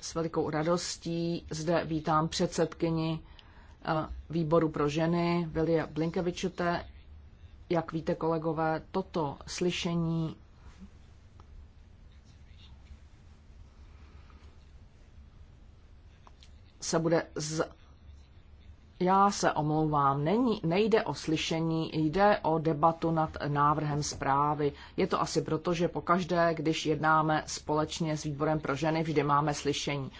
S4: s velikou radostí zde vítám předsedkyni eh, výboru pro ženy Vilie Blinkevičute. Jak víte, kolegové, toto slyšení se bude z já se omlouvám, není, nejde o slyšení, jde o debatu nad návrhem zprávy. Je to asi proto, že pokaždé, když jednáme společně s výborem pro ženy, vždy máme slyšení.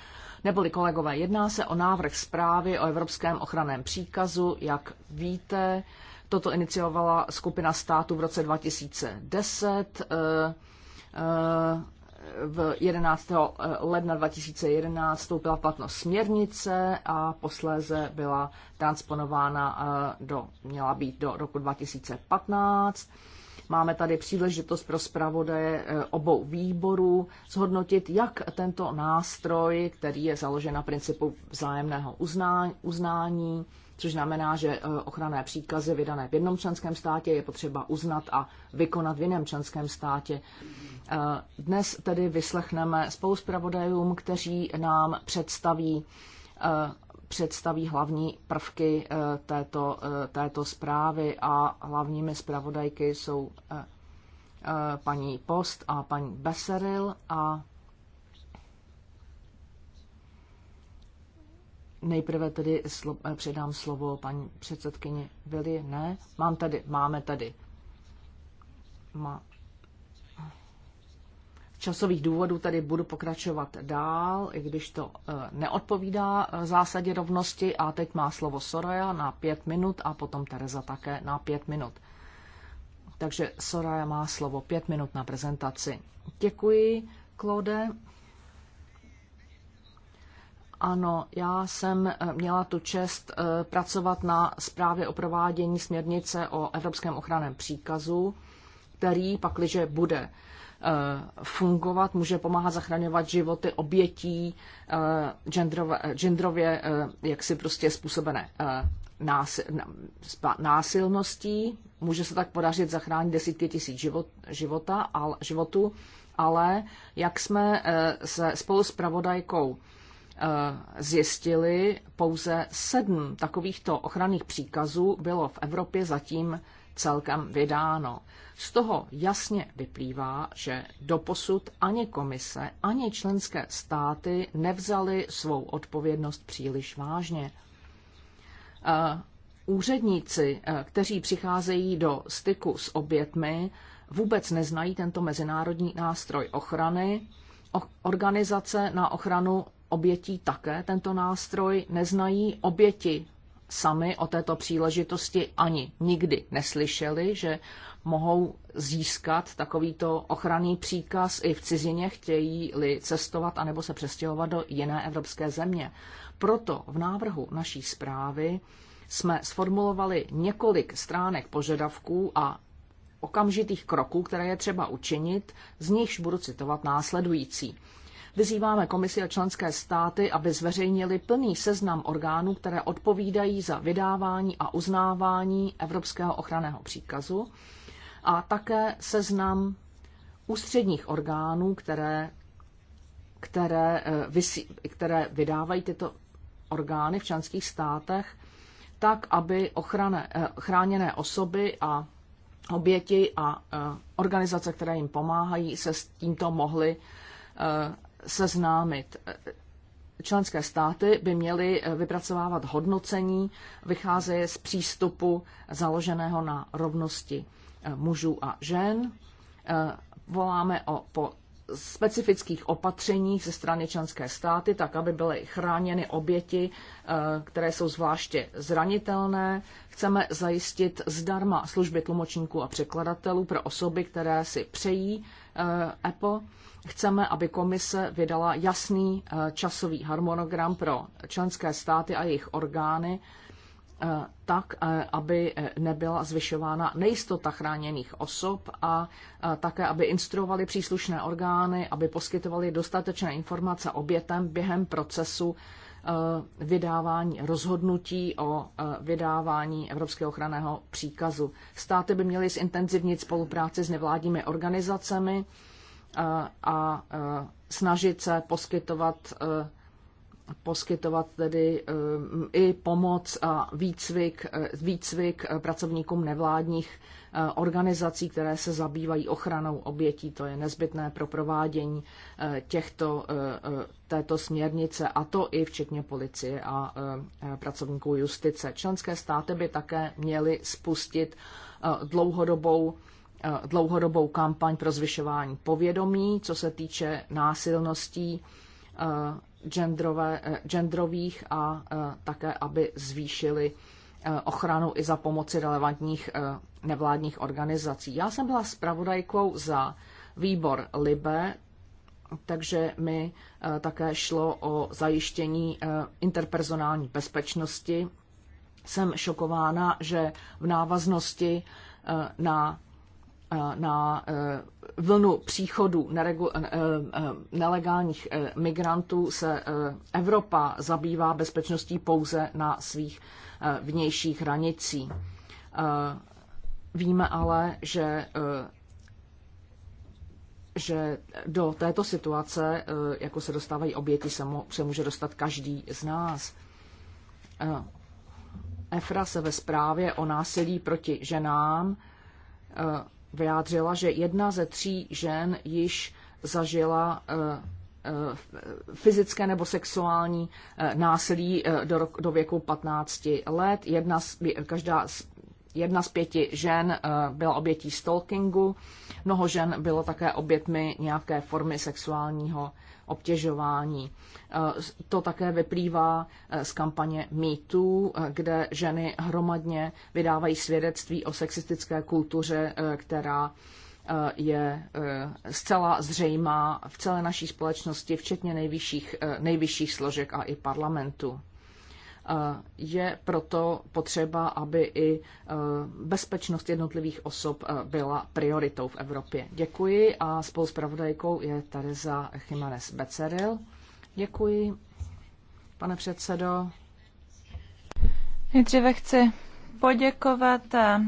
S4: Neboli kolegové, jedná se o návrh zprávy o Evropském ochraném příkazu. Jak víte, toto iniciovala skupina států v roce 2010. E, e, v 11. Eh, ledna 2011 vstoupila v platnost směrnice a posléze byla transponována eh, do, měla být do roku 2015. Máme tady příležitost pro zpravodaje eh, obou výborů zhodnotit, jak tento nástroj, který je založen na principu vzájemného uznání, uznání což znamená, že e, ochranné příkazy vydané v jednom členském státě je potřeba uznat a vykonat v jiném členském státě. E, dnes tedy vyslechneme spoluspravodajům, kteří nám představí e, představí hlavní prvky této, této zprávy a hlavními zpravodajky jsou paní Post a paní Beseril a Nejprve tedy slo, eh, předám slovo paní předsedkyni Vili. Ne, mám tady, máme tady. Má. časových důvodů tady budu pokračovat dál, i když to eh, neodpovídá eh, zásadě rovnosti. A teď má slovo Soraya na pět minut a potom Tereza také na pět minut. Takže Soraya má slovo pět minut na prezentaci. Děkuji, Claude. Ano, já jsem eh, měla tu čest eh, pracovat na zprávě o provádění směrnice o Evropském ochranném příkazu, který pakliže bude eh, fungovat, může pomáhat zachraňovat životy obětí genderově, jaksi prostě způsobené násilností. Může se tak podařit zachránit desítky tisíc život, života, ale, životu, ale jak jsme se spolu s pravodajkou Eh, zjistili pouze sedm takovýchto ochranných příkazů bylo v Evropě zatím celkem vydáno. Z toho jasně vyplývá, že doposud ani komise, ani členské státy nevzali svou odpovědnost příliš vážně. Eh, úředníci, eh, kteří přicházejí do styku s obětmi, vůbec neznají tento mezinárodní nástroj ochrany, organizace na ochranu obětí také tento nástroj, neznají oběti sami o této příležitosti ani nikdy neslyšeli, že mohou získat takovýto ochranný příkaz i v cizině, chtějí-li cestovat anebo se přestěhovat do jiné evropské země. Proto v návrhu naší zprávy jsme sformulovali několik stránek požadavků a okamžitých kroků, které je třeba učinit, z nichž budu citovat následující. Vyzýváme komisi a členské státy, aby zveřejnili plný seznam orgánů, které odpovídají za vydávání a uznávání Evropského ochranného příkazu a také seznam ústředních orgánů, které, které, eh, které vydávají tyto orgány v členských státech, tak, aby ochrane, eh, chráněné osoby a oběti a eh, organizace, které jim pomáhají, se s tímto mohly seznámit. Členské státy by měly vypracovávat hodnocení, vycházeje z přístupu založeného na rovnosti eh, mužů a žen. Eh, Voláme o, po specifických opatřeních ze strany členské státy, tak aby byly chráněny oběti, eh, které jsou zvláště zranitelné. Chceme zajistit zdarma služby tlumočníků a překladatelů pro osoby, které si přejí EPO Chceme, aby komise vydala jasný eh, časový harmonogram pro členské státy a jejich orgány, eh, tak, eh, aby nebyla zvyšována nejistota chráněných osob a také, aby instruovali příslušné orgány, aby poskytovali dostatečné informace obětem během procesu vydávání rozhodnutí o vydávání Evropského ochranného příkazu. Státy by měly zintenzivnit spolupráci s nevládními organizacemi, a e, snažit se poskytovat, e, poskytovat tedy e, i pomoc a výcvik, výcvik pracovníkům nevládních organizací, které se zabývají ochranou obětí. To je nezbytné pro provádění těchto, této směrnice, a to i včetně policie a pracovníků justice. Členské státy by také měly spustit dlouhodobou Eh, dlouhodobou kampaň pro zvyšování povědomí, co se týče násilností eh, eh, genderových a také, aby zvýšili ochranu i za pomoci relevantních nevládních organizací. Já jsem byla spravodajkou za výbor LIBE, takže mi také šlo o zajištění interpersonální bezpečnosti. Jsem šokována, že v návaznosti na na e, vlnu příchodu e, e, nelegálních migrantů se Evropa zabývá bezpečností pouze na svých vnějších hranicích. Víme ale, že že do této situace, jako se dostávají oběti, se, se může dostat každý z nás. Efra se ve zprávě o násilí proti ženám vyjádřila, že jedna ze tří žen již zažila eh, eh, fyzické nebo sexuální eh, násilí do, roku, do věku 15 let. Jedna z, každá z, jedna z pěti žen byla obětí stalkingu. Mnoho žen bylo také obětmi nějaké formy sexuálního obtěžování. Eh, to také vyplývá eh, z kampaně MeToo, eh, kde ženy hromadně vydávají svědectví o sexistické kultuře, která je zcela zřejmá v celé naší společnosti, včetně nejvyšších, nejvyšších složek a i parlamentu je proto potřeba, aby i e, bezpečnost jednotlivých osob e, byla prioritou v Evropě. Děkuji a spolu s pravodajkou je Teresa Jiménez Beceril. Děkuji, pane předsedo. Nejdříve chci poděkovat
S2: e,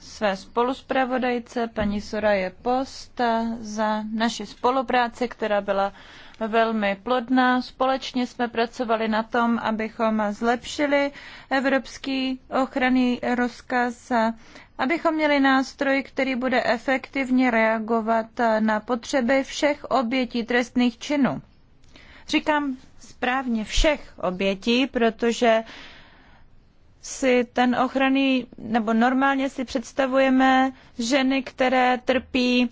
S2: své spoluspravodajce paní Soraje Post za naši spolupráci, která byla velmi plodná. Společně jsme pracovali na tom, abychom zlepšili evropský ochranný rozkaz, abychom měli nástroj, který bude efektivně reagovat na potřeby všech obětí trestných činů. Říkám správně všech obětí, protože si ten ochranný, nebo normálně si představujeme ženy, které trpí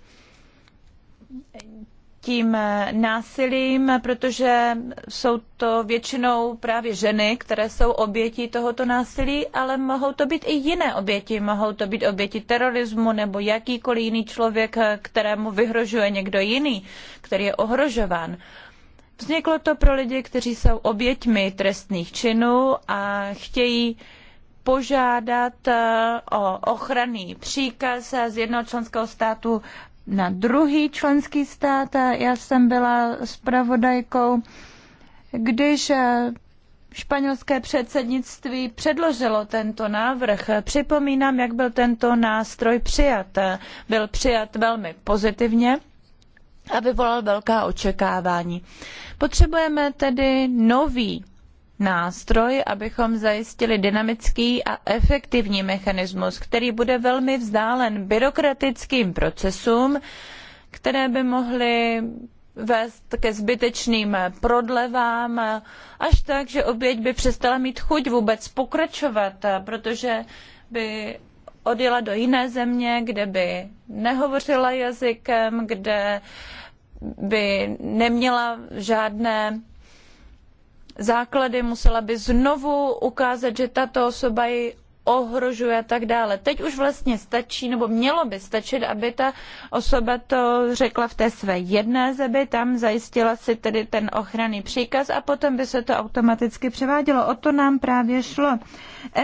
S2: tím násilím, protože jsou to většinou právě ženy, které jsou obětí tohoto násilí, ale mohou to být i jiné oběti. Mohou to být oběti terorismu nebo jakýkoliv jiný člověk, kterému vyhrožuje někdo jiný, který je ohrožován. Vzniklo to pro lidi, kteří jsou oběťmi trestných činů a chtějí požádat eh, o ochranný příkaz z jednoho členského státu na druhý členský stát. A já jsem byla zpravodajkou, když španělské předsednictví předložilo tento návrh. Připomínám, jak byl tento nástroj přijat. Byl přijat velmi pozitivně a vyvolal velká očekávání. Potřebujeme tedy nový nástroj, abychom zajistili dynamický a efektivní mechanismus, který bude velmi vzdálen byrokratickým procesům, které by mohly vést ke zbytečným prodlevám, až tak, že oběť by přestala mít chuť vůbec pokračovat, protože by odjela do jiné země, kde by nehovořila jazykem, kde by neměla žádné základy, musela by znovu ukázat, že tato osoba ji ohrožuje a tak dále. Teď už vlastně stačí, nebo mělo by stačit, aby ta osoba to řekla v té své jedné zemi, tam zajistila si tedy ten ochranný příkaz a potom by se to automaticky převádělo. O to nám právě šlo.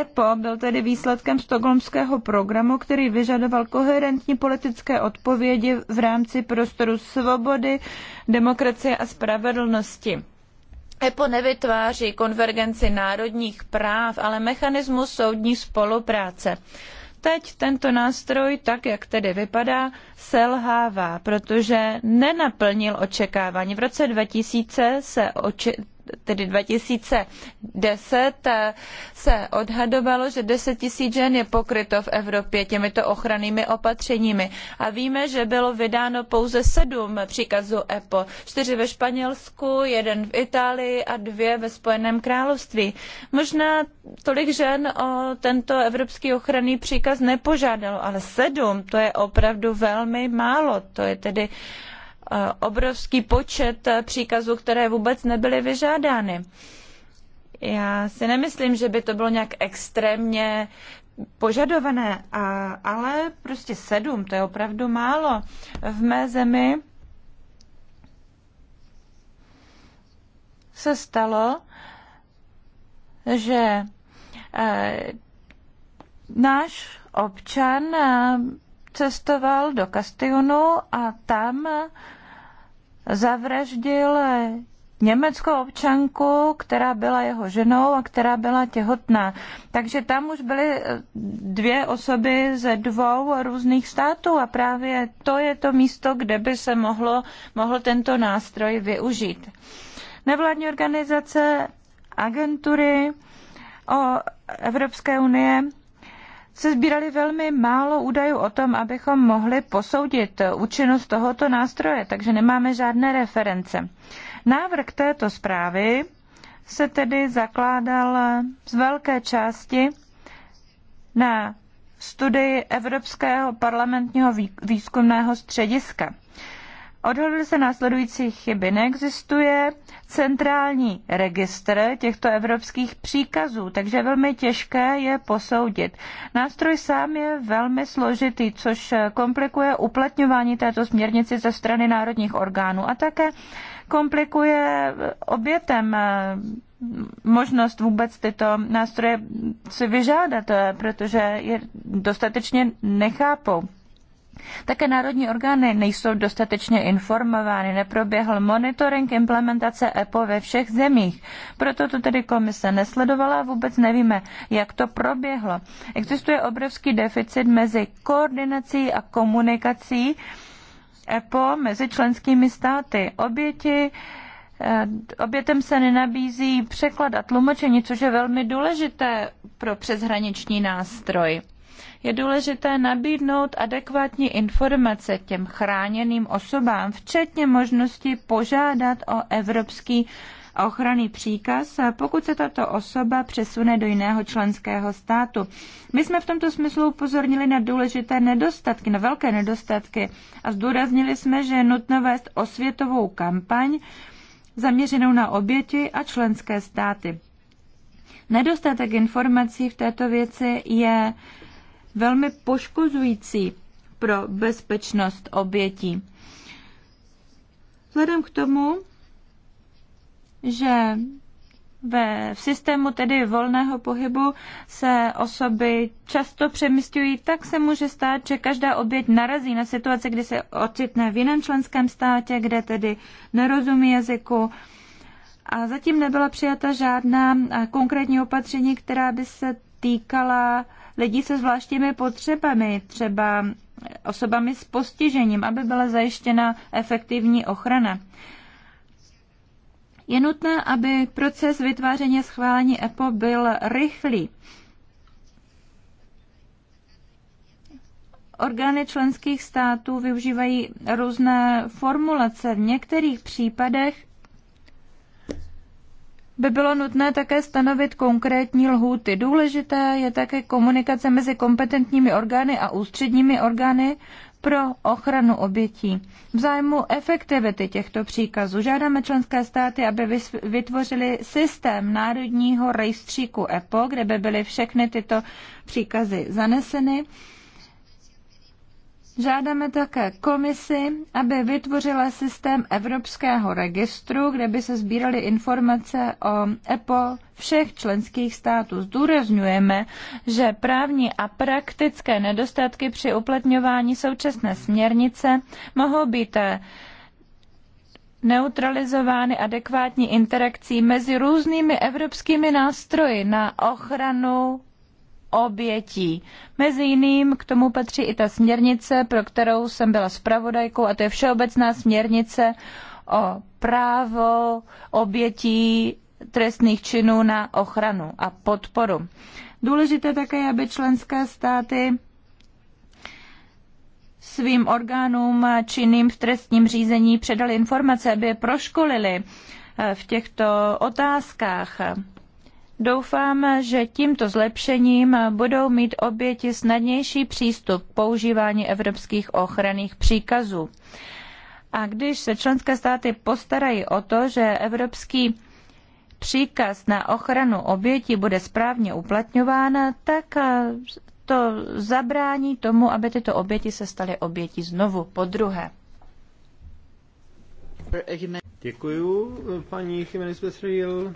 S2: EPO byl tedy výsledkem stokholmského programu, který vyžadoval koherentní politické odpovědi v rámci prostoru svobody, demokracie a spravedlnosti. EPO nevytváří konvergenci národních práv, ale mechanismus soudní spolupráce. Teď tento nástroj, tak jak tedy vypadá, selhává, protože nenaplnil očekávání. V roce 2000 se tedy 2010, eh, se odhadovalo, že 10 tisíc žen je pokryto v Evropě těmito ochrannými opatřeními. A víme, že bylo vydáno pouze sedm příkazů EPO. Čtyři ve Španělsku, jeden v Itálii a dvě ve Spojeném království. Možná tolik žen o tento evropský ochranný příkaz nepožádalo, ale sedm, to je opravdu velmi málo. To je tedy Eh, obrovský počet eh, příkazů, které vůbec nebyly vyžádány. Já si nemyslím, že by to bylo nějak extrémně požadované, a, ale prostě sedm, to je opravdu málo. V mé zemi se stalo, že e, náš občan cestoval do Kastionu a tam e, zavraždil německou občanku, která byla jeho ženou a která byla těhotná. Takže tam už byly eh, dvě osoby ze dvou různých států a právě to je to místo, kde by se mohlo, mohl tento nástroj využít. Nevládní organizace, agentury o Evropské unie se sbírali velmi málo údajů o tom, abychom mohli posoudit účinnost tohoto nástroje, takže nemáme žádné reference. Návrh této zprávy se tedy zakládal z velké části na studii Evropského parlamentního výzkumného střediska. Odhalily se následující chyby. Neexistuje centrální registr těchto evropských příkazů, takže je velmi těžké je posoudit. Nástroj sám je velmi složitý, což komplikuje uplatňování této směrnice ze strany národních orgánů a také komplikuje obětem eh, možnost vůbec tyto nástroje si vyžádat, eh, protože je dostatečně nechápou. Také národní orgány nejsou dostatečně informovány, neproběhl monitoring implementace EPO ve všech zemích. Proto to tedy komise nesledovala a vůbec nevíme, jak to proběhlo. Existuje obrovský deficit mezi koordinací a komunikací EPO mezi členskými státy. Oběti eh, Obětem se nenabízí překlad a tlumočení, což je velmi důležité pro přeshraniční nástroj je důležité nabídnout adekvátní informace těm chráněným osobám, včetně možnosti požádat o evropský ochranný příkaz, pokud se tato osoba přesune do jiného členského státu. My jsme v tomto smyslu upozornili na důležité nedostatky, na velké nedostatky a zdůraznili jsme, že je nutno vést osvětovou kampaň zaměřenou na oběti a členské státy. Nedostatek informací v této věci je velmi poškozující pro bezpečnost obětí. Vzhledem k tomu, že ve, v systému tedy volného pohybu se osoby často přemysťují, tak se může stát, že každá oběť narazí na situaci, kdy se ocitne v jiném členském státě, kde tedy nerozumí jazyku. A zatím nebyla přijata žádná konkrétní opatření, která by se týkala lidí se zvláštními potřebami, třeba osobami s postižením, aby byla zajištěna efektivní ochrana. Je nutné, aby proces vytváření schválení EPO byl rychlý. Orgány členských států využívají různé formulace. V některých případech by bylo nutné také stanovit konkrétní lhůty. Důležité je také komunikace mezi kompetentními orgány a ústředními orgány pro ochranu obětí. V zájmu efektivity těchto příkazů žádáme členské státy, aby vytvořili systém národního rejstříku EPO, kde by byly všechny tyto příkazy zaneseny Žádáme také komisi, aby vytvořila systém evropského registru, kde by se sbíraly informace o EPO všech členských států. Zdůrazňujeme, že právní a praktické nedostatky při uplatňování současné směrnice mohou být eh, neutralizovány adekvátní interakcí mezi různými evropskými nástroji na ochranu obětí. Mezi jiným k tomu patří i ta směrnice, pro kterou jsem byla zpravodajkou, a to je Všeobecná směrnice o právo obětí trestných činů na ochranu a podporu. Důležité také, aby členské státy svým orgánům činným v trestním řízení předali informace, aby je proškolili eh, v těchto otázkách. Doufám, že tímto zlepšením budou mít oběti snadnější přístup k používání evropských ochranných příkazů. A když se členské státy postarají o to, že evropský příkaz na ochranu oběti bude správně uplatňován, tak eh, to zabrání tomu, aby tyto oběti se staly oběti znovu po druhé.
S1: Děkuji, paní Jiménez Besril.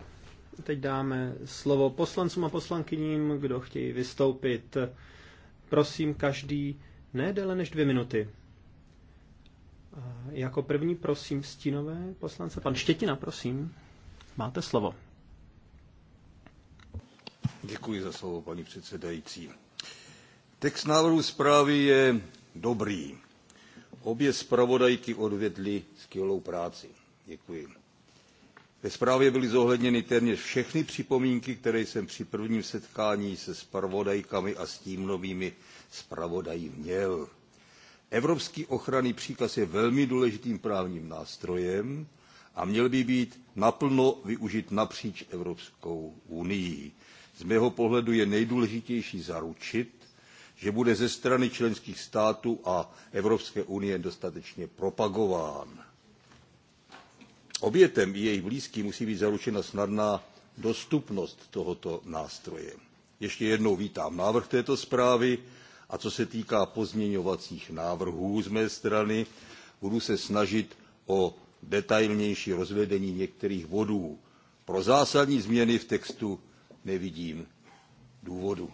S1: Teď dáme slovo poslancům a poslankyním, kdo chtějí vystoupit. Prosím, každý ne déle než dvě minuty. A jako první prosím stínové poslance. Pan Štětina, prosím, máte slovo.
S6: Děkuji za slovo, paní předsedající. Text návrhu zprávy je dobrý. Obě zpravodajky odvedly skvělou práci. Děkuji. Ve zprávě byly zohledněny téměř všechny připomínky, které jsem při prvním setkání se spravodajkami a novými spravodají měl. Evropský ochranný příkaz je velmi důležitým právním nástrojem a měl by být naplno využit napříč Evropskou unii. Z mého pohledu je nejdůležitější zaručit, že bude ze strany členských států a Evropské unie dostatečně propagován. Obětem i jejich blízkým musí být zaručena snadná dostupnost tohoto nástroje. Ještě jednou vítám návrh této zprávy a co se týká pozměňovacích návrhů z mé strany, budu se snažit o detailnější rozvedení některých bodů. Pro zásadní změny v textu nevidím důvodu.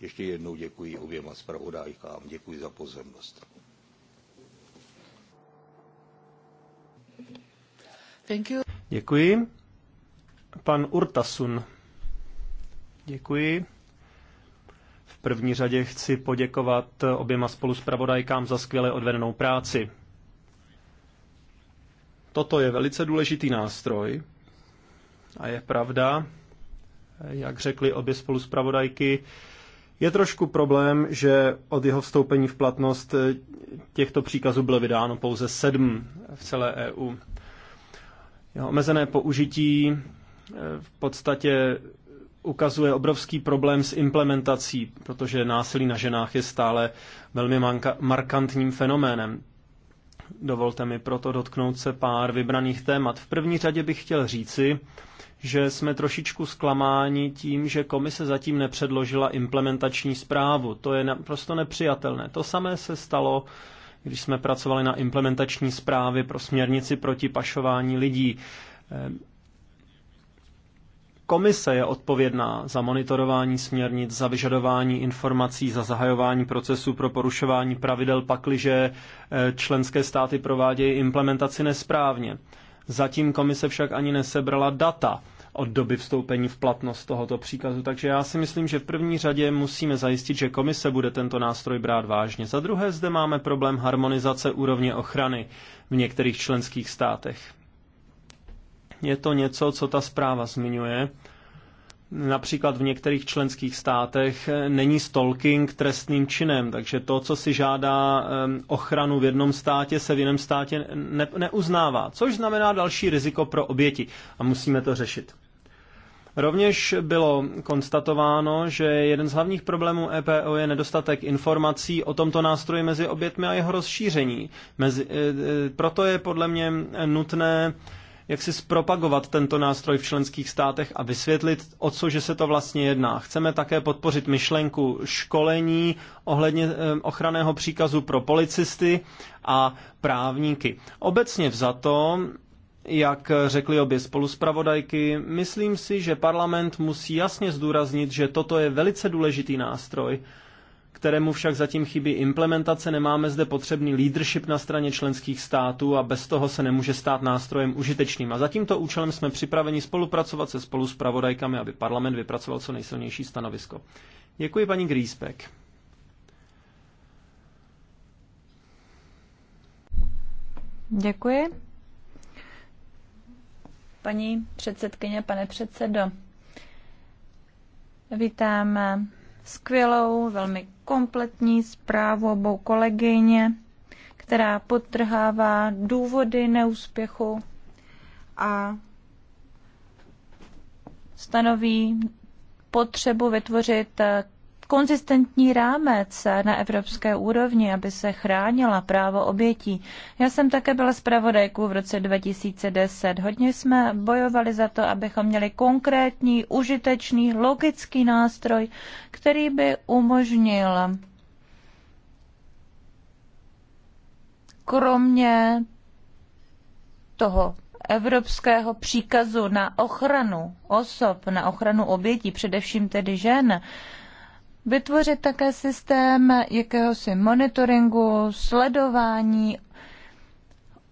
S6: Ještě jednou děkuji oběma zpravodajkám. Děkuji za pozornost.
S5: Thank you.
S1: Děkuji. Pan Urtasun. Děkuji. V první řadě chci poděkovat oběma spoluspravodajkám za skvěle odvedenou práci. Toto je velice důležitý nástroj a je pravda, jak řekly obě spoluspravodajky, je trošku problém, že od jeho vstoupení v platnost těchto příkazů bylo vydáno pouze sedm v celé EU. Jo, omezené použití eh, v podstatě ukazuje obrovský problém s implementací, protože násilí na ženách je stále velmi markantním fenoménem. Dovolte mi proto dotknout se pár vybraných témat. V první řadě bych chtěl říci, že jsme trošičku zklamáni tím, že komise zatím nepředložila implementační zprávu. To je naprosto nepřijatelné. To samé se stalo když jsme pracovali na implementační zprávy pro směrnici proti pašování lidí. Eh, komise je odpovědná za monitorování směrnic, za vyžadování informací, za zahajování procesu pro porušování pravidel, pakliže eh, členské státy provádějí implementaci nesprávně. Zatím komise však ani nesebrala data od doby vstoupení v platnost tohoto příkazu. Takže já si myslím, že v první řadě musíme zajistit, že komise bude tento nástroj brát vážně. Za druhé zde máme problém harmonizace úrovně ochrany v některých členských státech. Je to něco, co ta zpráva zmiňuje Například v některých členských státech není stalking trestným činem, takže to, co si žádá ochranu v jednom státě, se v jiném státě ne- neuznává, což znamená další riziko pro oběti a musíme to řešit. Rovněž bylo konstatováno, že jeden z hlavních problémů EPO je nedostatek informací o tomto nástroji mezi obětmi a jeho rozšíření. Mezi, e, e, proto je podle mě nutné jak si zpropagovat tento nástroj v členských státech a vysvětlit, o co že se to vlastně jedná. Chceme také podpořit myšlenku školení ohledně eh, ochranného příkazu pro policisty a právníky. Obecně vzato jak řekli obě spoluspravodajky, myslím si, že parlament musí jasně zdůraznit, že toto je velice důležitý nástroj kterému však zatím chybí implementace, nemáme zde potřebný leadership na straně členských států a bez toho se nemůže stát nástrojem užitečným. A za tímto účelem jsme připraveni spolupracovat se spolu s pravodajkami, aby parlament vypracoval co nejsilnější stanovisko. Děkuji paní Griesbeck.
S2: Děkuji. Paní předsedkyně, pane předsedo, vítám skvělou, velmi kompletní zprávu obou kolegyně, která podtrhává důvody neúspěchu a stanoví potřebu vytvořit konzistentní rámec na evropské úrovni, aby se chránila právo obětí. Já jsem také byla zpravodajkou v roce 2010. Hodně jsme bojovali za to, abychom měli konkrétní, užitečný, logický nástroj, který by umožnil kromě toho evropského příkazu na ochranu osob, na ochranu obětí, především tedy žen, vytvořit také systém jakéhosi monitoringu, sledování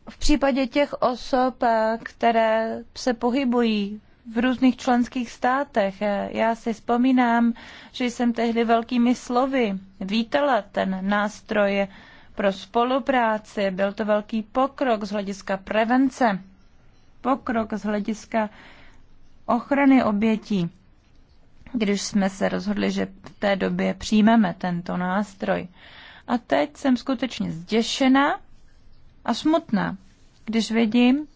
S2: v případě těch osob, které se pohybují v různých členských státech. Já si vzpomínám, že jsem tehdy velkými slovy vítala ten nástroj pro spolupráci. Byl to velký pokrok z hlediska prevence, pokrok z hlediska ochrany obětí když jsme se rozhodli, že v té době přijmeme tento nástroj. A teď jsem skutečně zděšená a smutná, když vidím,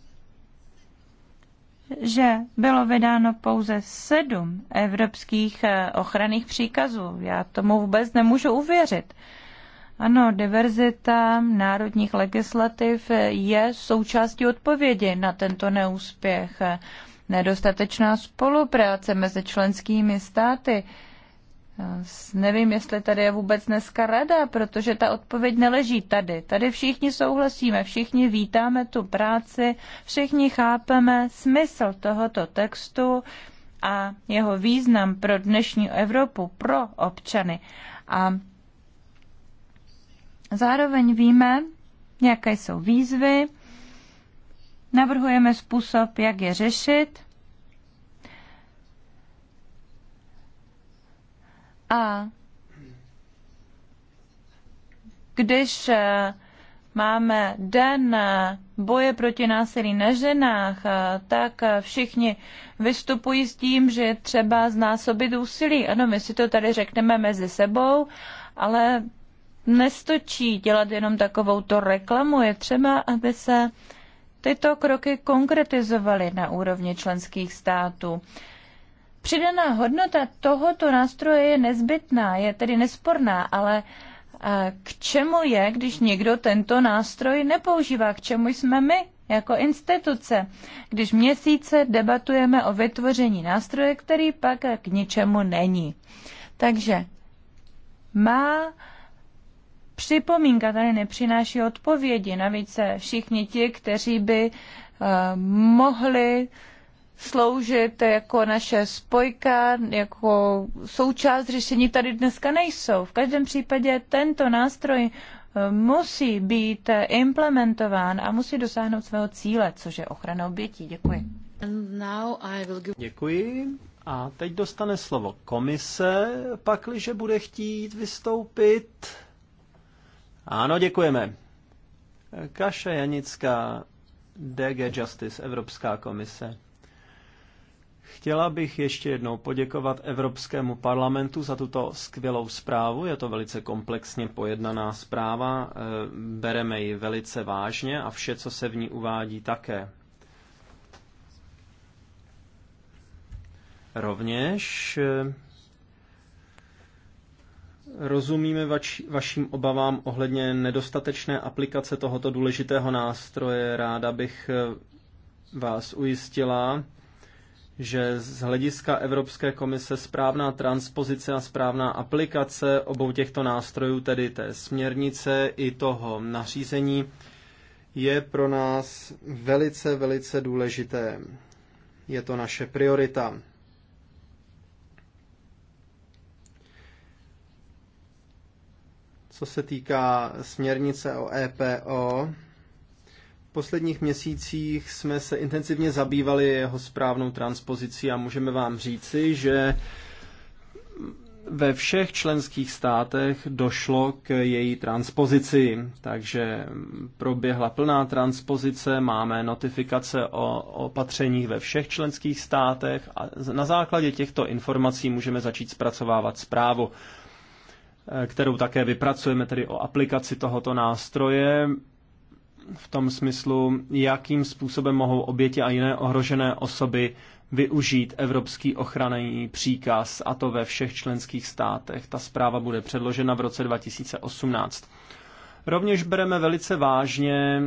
S2: že bylo vydáno pouze sedm evropských eh, ochranných příkazů. Já tomu vůbec nemůžu uvěřit. Ano, diverzita národních legislativ eh, je součástí odpovědi na tento neúspěch nedostatečná spolupráce mezi členskými státy. Nevím, jestli tady je vůbec dneska rada, protože ta odpověď neleží tady. Tady všichni souhlasíme, všichni vítáme tu práci, všichni chápeme smysl tohoto textu a jeho význam pro dnešní Evropu, pro občany. A zároveň víme, jaké jsou výzvy, Navrhujeme způsob, jak je řešit. A když eh, máme den eh, boje proti násilí na ženách, eh, tak všichni vystupují s tím, že je třeba znásobit úsilí. Ano, my si to tady řekneme mezi sebou, ale nestočí dělat jenom takovou to reklamu. Je třeba, aby se uh, tyto kroky konkretizovaly na úrovni členských států. Přidaná hodnota tohoto nástroje je nezbytná, je tedy nesporná, ale eh, k čemu je, když někdo tento nástroj nepoužívá? K čemu jsme my jako instituce, když měsíce debatujeme o vytvoření nástroje, který pak k ničemu není? Takže má připomínka tady nepřináší odpovědi. Navíc všichni ti, kteří by eh, mohli sloužit jako naše spojka, jako součást řešení tady dneska nejsou. V každém případě tento nástroj eh, musí být eh, implementován a musí dosáhnout svého cíle, což je ochrana obětí. Děkuji.
S1: Děkuji. A teď dostane slovo komise, pakliže bude chtít vystoupit. Ano, děkujeme. Kaše Janická, DG Justice, Evropská komise. Chtěla bych ještě jednou poděkovat Evropskému parlamentu za tuto skvělou zprávu. Je to velice komplexně pojednaná zpráva, e, bereme ji velice vážně a vše, co se v ní uvádí, také. Rovněž e, Rozumíme vač, vašim obavám ohledně nedostatečné aplikace tohoto důležitého nástroje. Ráda bych eh, vás ujistila, že z hlediska Evropské komise správná transpozice a správná aplikace obou těchto nástrojů, tedy té směrnice i toho nařízení, je pro nás velice, velice důležité. Je to naše priorita. co se týká směrnice o EPO, v posledních měsících jsme se intenzivně zabývali jeho správnou transpozicí a můžeme vám říci, že ve všech členských státech došlo k její transpozici, takže proběhla plná transpozice, máme notifikace o opatřeních ve všech členských státech a na základě těchto informací můžeme začít zpracovávat zprávu. Eh, kterou také vypracujeme, tedy o aplikaci tohoto nástroje v tom smyslu, jakým způsobem mohou oběti a jiné ohrožené osoby využít evropský ochranný příkaz, a to ve všech členských státech. Ta zpráva bude předložena v roce 2018. Rovněž bereme velice vážně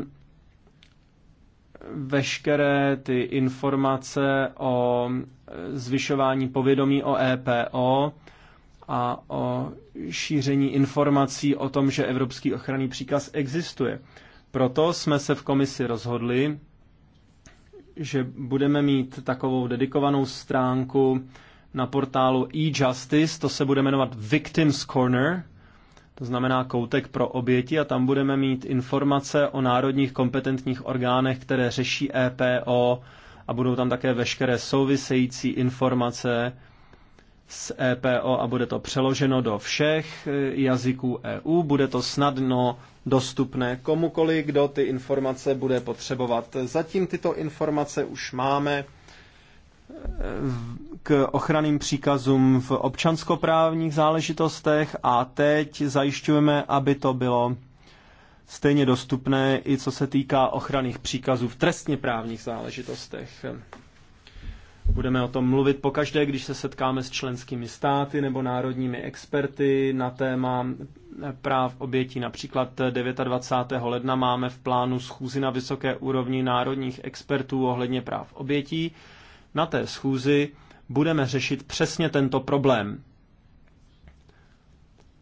S1: veškeré ty informace o zvyšování povědomí o EPO, a o šíření informací o tom, že Evropský ochranný příkaz existuje. Proto jsme se v komisi rozhodli, že budeme mít takovou dedikovanou stránku na portálu e-justice, to se bude jmenovat Victims Corner, to znamená koutek pro oběti a tam budeme mít informace o národních kompetentních orgánech, které řeší EPO a budou tam také veškeré související informace, z EPO a bude to přeloženo do všech eh, jazyků EU. Bude to snadno dostupné komukoli, kdo ty informace bude potřebovat. Zatím tyto informace už máme eh, k ochranným příkazům v občanskoprávních záležitostech a teď zajišťujeme, aby to bylo stejně dostupné i co se týká ochranných příkazů v trestně právních záležitostech. Budeme o tom mluvit pokaždé, když se setkáme s členskými státy nebo národními experty na téma eh, práv obětí. Například 29. Eh, ledna máme v plánu schůzi na vysoké úrovni národních expertů ohledně práv obětí. Na té schůzi budeme řešit přesně tento problém.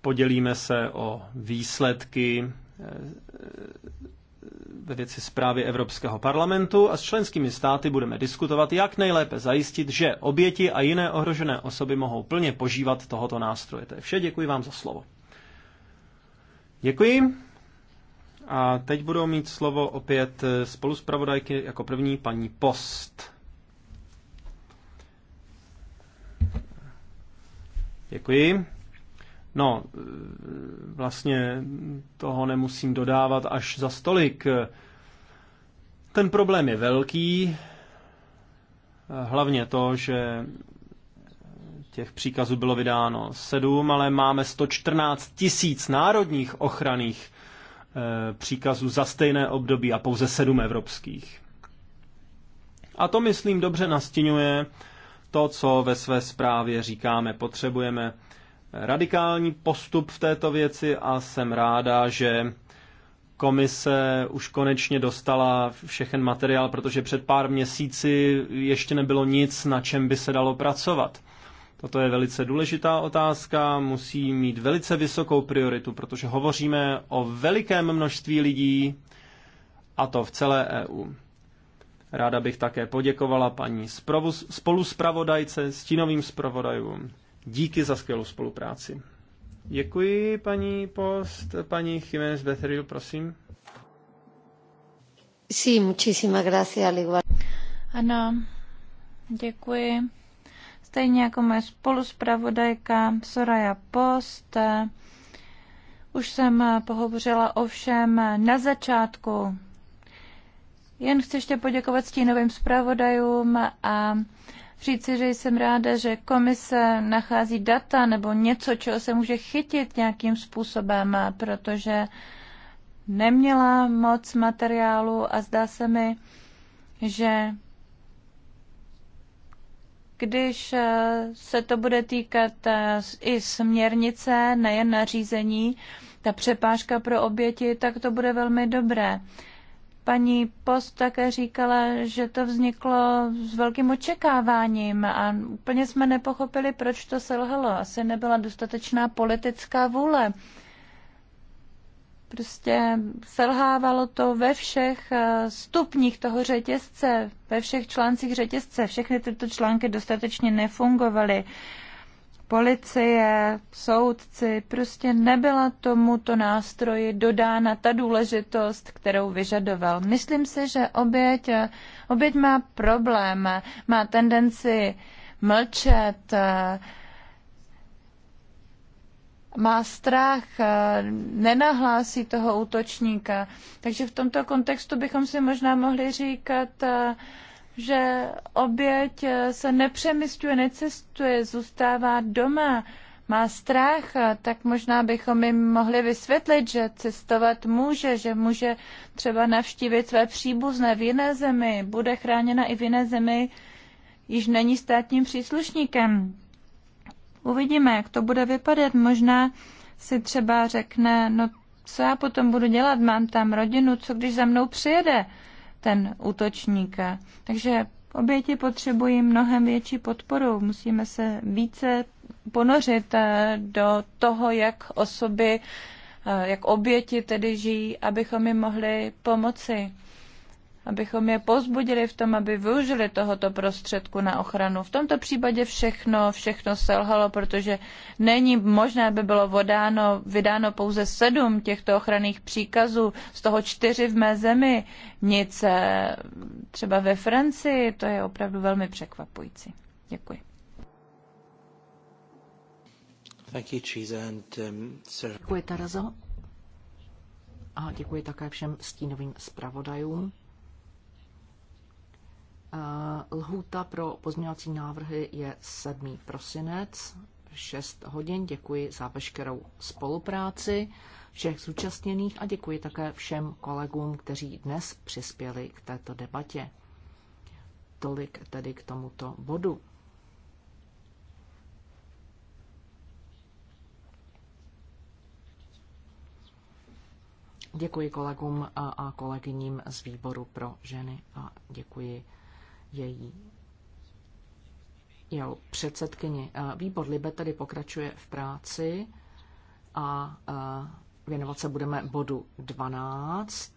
S1: Podělíme se o výsledky eh, ve věci zprávy Evropského parlamentu a s členskými státy budeme diskutovat, jak nejlépe zajistit, že oběti a jiné ohrožené osoby mohou plně požívat tohoto nástroje. To je vše, děkuji vám za slovo. Děkuji. A teď budou mít slovo opět spoluspravodajky jako první paní Post. Děkuji. No, e, vlastně toho nemusím dodávat až za stolik. Ten problém je velký, e, hlavně to, že těch příkazů bylo vydáno sedm, ale máme 114 tisíc národních ochranných e, příkazů za stejné období a pouze sedm evropských. A to, myslím, dobře nastínuje to, co ve své zprávě říkáme. Potřebujeme radikální postup v této věci a jsem ráda, že komise už konečně dostala všechen materiál, protože před pár měsíci ještě nebylo nic, na čem by se dalo pracovat. Toto je velice důležitá otázka, musí mít velice vysokou prioritu, protože hovoříme o velikém množství lidí, a to v celé EU. Ráda bych také poděkovala paní spoluspravodajce, stínovým spravodajům Díky za skvělou spolupráci. Děkuji, paní Post. Paní Jiménez Betheril, prosím.
S2: Sí, muchísimas gracias, Ano, děkuji. Stejně jako moje spoluspravodajka Soraya Post, už jsem pohovořila o všem na začátku. Jen chci ještě poděkovat stínovým zpravodajům a říci, že jsem ráda, že komise nachází data nebo něco, čeho se může chytit nějakým způsobem, protože neměla moc materiálu a zdá se mi, že když eh, se to bude týkat eh, i směrnice, nejen nařízení, ta přepážka pro oběti, tak to bude velmi dobré. Paní Post také říkala, že to vzniklo s velkým očekáváním a úplně jsme nepochopili, proč to selhalo. Asi nebyla dostatečná politická vůle. Prostě selhávalo to ve všech eh, stupních toho řetězce, ve všech článcích řetězce. Všechny tyto články dostatečně nefungovaly policie, soudci, prostě nebyla tomuto nástroji dodána ta důležitost, kterou vyžadoval. Myslím si, že oběť, oběť má problém, má tendenci mlčet, má strach, nenahlásí toho útočníka. Takže v tomto kontextu bychom si možná mohli říkat, že oběť eh, se nepřemysťuje, necestuje, zůstává doma, má strach, eh, tak možná bychom jim mohli vysvětlit, že cestovat může, že může třeba navštívit své příbuzné v jiné zemi, bude chráněna i v jiné zemi, již není státním příslušníkem. Uvidíme, jak to bude vypadat. Možná si třeba řekne, no co já potom budu dělat, mám tam rodinu, co když za mnou přijede? ten útočník. Takže oběti potřebují mnohem větší podporu. Musíme se více ponořit eh, do toho, jak osoby, eh, jak oběti tedy žijí, abychom jim mohli pomoci abychom je pozbudili v tom, aby využili tohoto prostředku na ochranu. V tomto případě všechno, všechno selhalo, protože není možné, aby bylo vodáno, vydáno pouze sedm těchto ochranných příkazů, z toho čtyři v mé zemi, nic eh, třeba ve Francii, to je opravdu velmi překvapující. Děkuji.
S3: Um, děkuji,
S4: Tarazo. A děkuji také všem stínovým zpravodajům Eh, lhůta pro pozměňovací návrhy je 7. prosinec 6 hodin. Děkuji za veškerou spolupráci všech zúčastněných a děkuji také všem kolegům, kteří dnes přispěli k této debatě. Tolik tedy k tomuto bodu. Děkuji kolegům a kolegyním z výboru pro ženy a děkuji její jo předsedkyni. Eh, výbor Libe tedy pokračuje v práci a eh, věnovat se budeme bodu 12.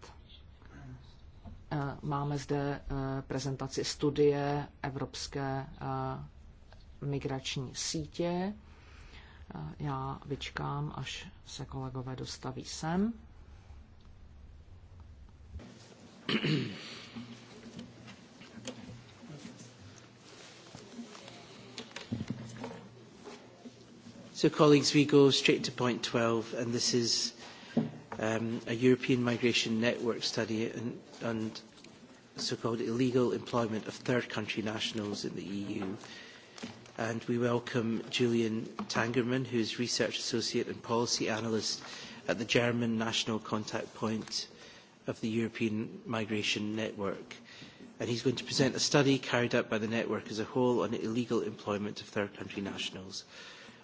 S4: Eh, máme zde prezentaci studie Evropské migrační sítě. Já vyčkám, až se kolegové dostaví sem.
S3: So, colleagues, we go straight to point 12, and this is um, a European Migration Network study and, and so-called illegal employment of third-country nationals in the EU. And we welcome Julian Tangerman, who is Research Associate and Policy Analyst at the German National Contact Point of the European Migration Network. And he's going to present a study carried out by the network as a whole on illegal employment of third-country nationals.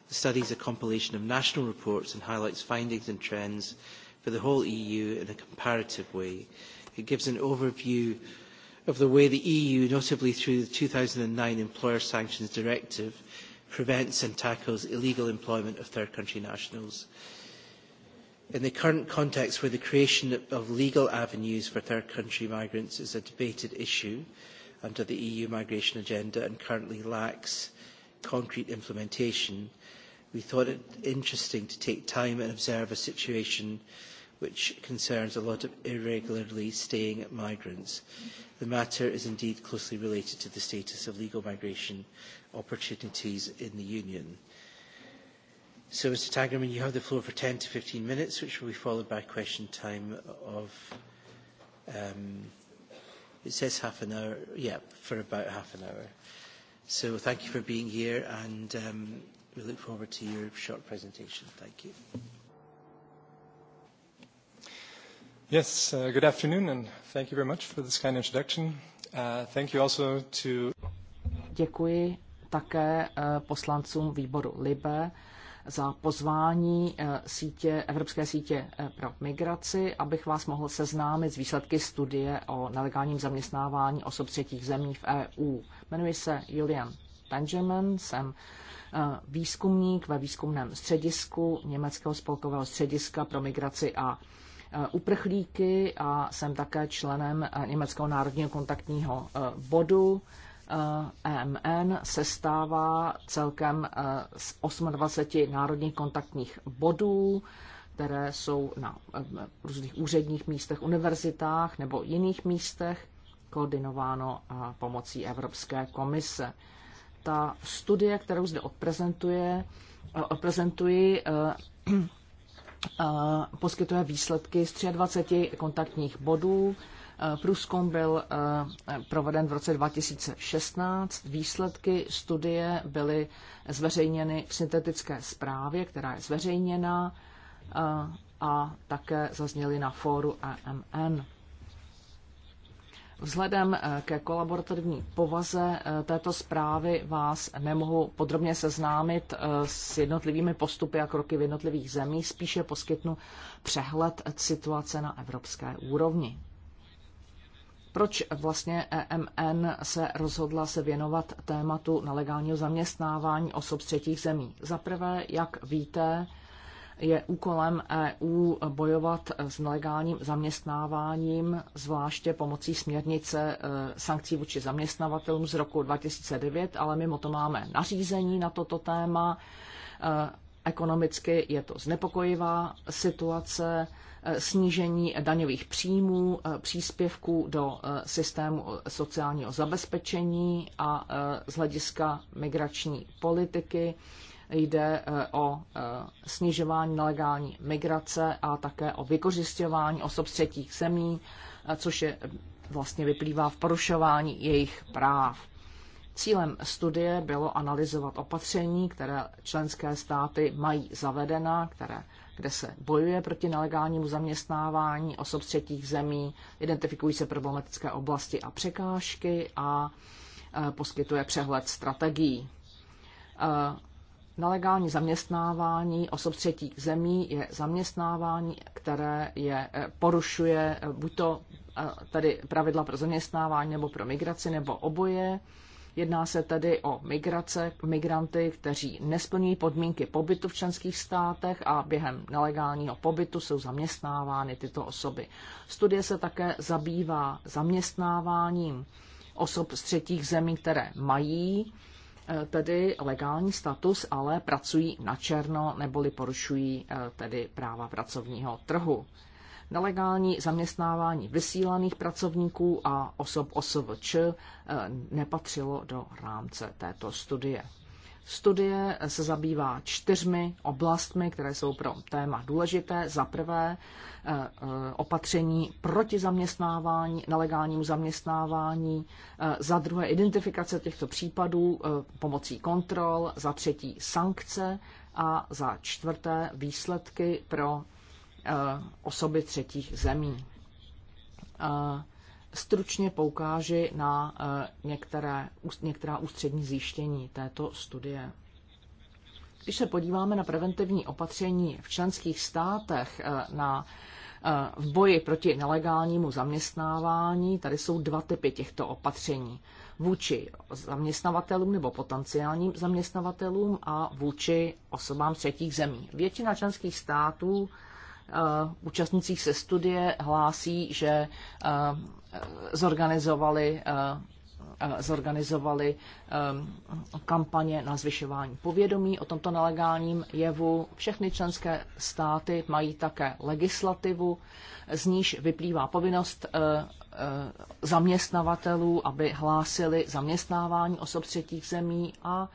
S3: The study is a compilation of national reports and highlights findings and trends for the whole EU in a comparative way. It gives an overview of the way the EU, notably through the 2009 Employer Sanctions Directive, prevents and tackles illegal employment of third country nationals. In the current context where the creation of legal avenues for third country migrants is a debated issue under the EU migration agenda and currently lacks concrete implementation, we thought it interesting to take time and observe a situation which concerns a lot of irregularly staying migrants. The matter is indeed closely related to the status of legal migration opportunities in the Union. So, Mr Tagerman, you have the floor for 10 to 15 minutes, which will be followed by question time of, um, it says half an hour, yeah, for about half an hour. So thank you for being here, and um, we look forward to your short presentation. Thank you.
S1: Yes, uh, good afternoon, and thank you very much for this kind introduction. Uh, thank you also to...
S4: Děkuji také uh, poslancům výboru LIBE za pozvání uh, sítě, Evropské sítě uh, pro migraci, abych vás mohl seznámit s výsledky studie o nelegálním zaměstnávání osob třetích zemí v EU. Jmenuji se Julian Benjamin, jsem výzkumník ve výzkumném středisku Německého spolkového střediska pro migraci a e, uprchlíky a jsem také členem e, Německého národního kontaktního e, bodu. EMN se stává celkem z 28 národních kontaktních bodů, které jsou na různých úředních místech, univerzitách nebo jiných místech, koordinováno pomocí Evropské komise ta studie, kterou zde odprezentuje, eh, odprezentuji, eh, eh, poskytuje výsledky z 23 kontaktních bodů. Průzkum byl proveden v roce 2016. Výsledky studie byly zveřejněny v syntetické zprávě, která je zveřejněna a také zazněly na fóru EMN. Vzhledem eh, ke kolaborativní povaze eh, této zprávy vás nemohu podrobně seznámit eh, s jednotlivými postupy a kroky v jednotlivých zemích, spíše poskytnu přehled situace na evropské úrovni. Proč vlastně EMN se rozhodla se věnovat tématu nelegálního zaměstnávání osob z třetích zemí? Za prvé, jak víte, je úkolem EU bojovat s nelegálním zaměstnáváním, zvláště pomocí směrnice e, sankcí vůči zaměstnavatelům z roku 2009, ale mimo to máme nařízení na toto téma. E, ekonomicky je to znepokojivá situace, e, snížení daňových příjmů, příspěvků do systému sociálního zabezpečení a z hlediska migrační politiky jde eh, o eh, snižování nelegální migrace a také o vykořišťování osob z třetích zemí, eh, což je vlastně vyplývá v porušování jejich práv. Cílem studie bylo analyzovat opatření, které členské státy mají zavedena, které, kde se bojuje proti nelegálnímu zaměstnávání osob z třetích zemí, identifikují se problematické oblasti a překážky a poskytuje přehled strategií. Nelegální zaměstnávání osob třetích zemí je zaměstnávání, které je eh, porušuje eh, buď to eh, tedy pravidla pro zaměstnávání nebo pro migraci nebo oboje. Jedná se tedy o migrace, migranty, kteří nesplňují podmínky pobytu v členských státech a během nelegálního pobytu jsou zaměstnávány tyto osoby. Studie se také zabývá zaměstnáváním osob z třetích zemí, které mají Eh, tedy legální status, ale pracují na černo neboli porušují eh, tedy práva pracovního trhu. Nelegální zaměstnávání vysílaných pracovníků a osob OSVČ eh, nepatřilo do rámce této studie. Studie se zabývá čtyřmi oblastmi, které jsou pro téma důležité. Za prvé eh, eh, opatření proti zaměstnávání, nelegálnímu zaměstnávání, eh, za druhé identifikace těchto případů pomocí kontrol, za třetí sankce a za čtvrté výsledky pro osoby třetích zemí stručně poukáži na eh, některé, některá ústřední zjištění této studie. Když se podíváme na preventivní opatření v členských státech eh, na, eh, v boji proti nelegálnímu zaměstnávání, tady jsou dva typy těchto opatření. Vůči zaměstnavatelům nebo potenciálním zaměstnavatelům a vůči osobám třetích zemí. Většina členských států Eh, účastnících se studie hlásí, že eh, zorganizovali eh, zorganizovali kampaně na zvyšování povědomí o tomto nelegálním jevu. Všechny členské státy mají také legislativu, z níž vyplývá povinnost zaměstnavatelů, aby hlásili zaměstnávání osob třetích zemí a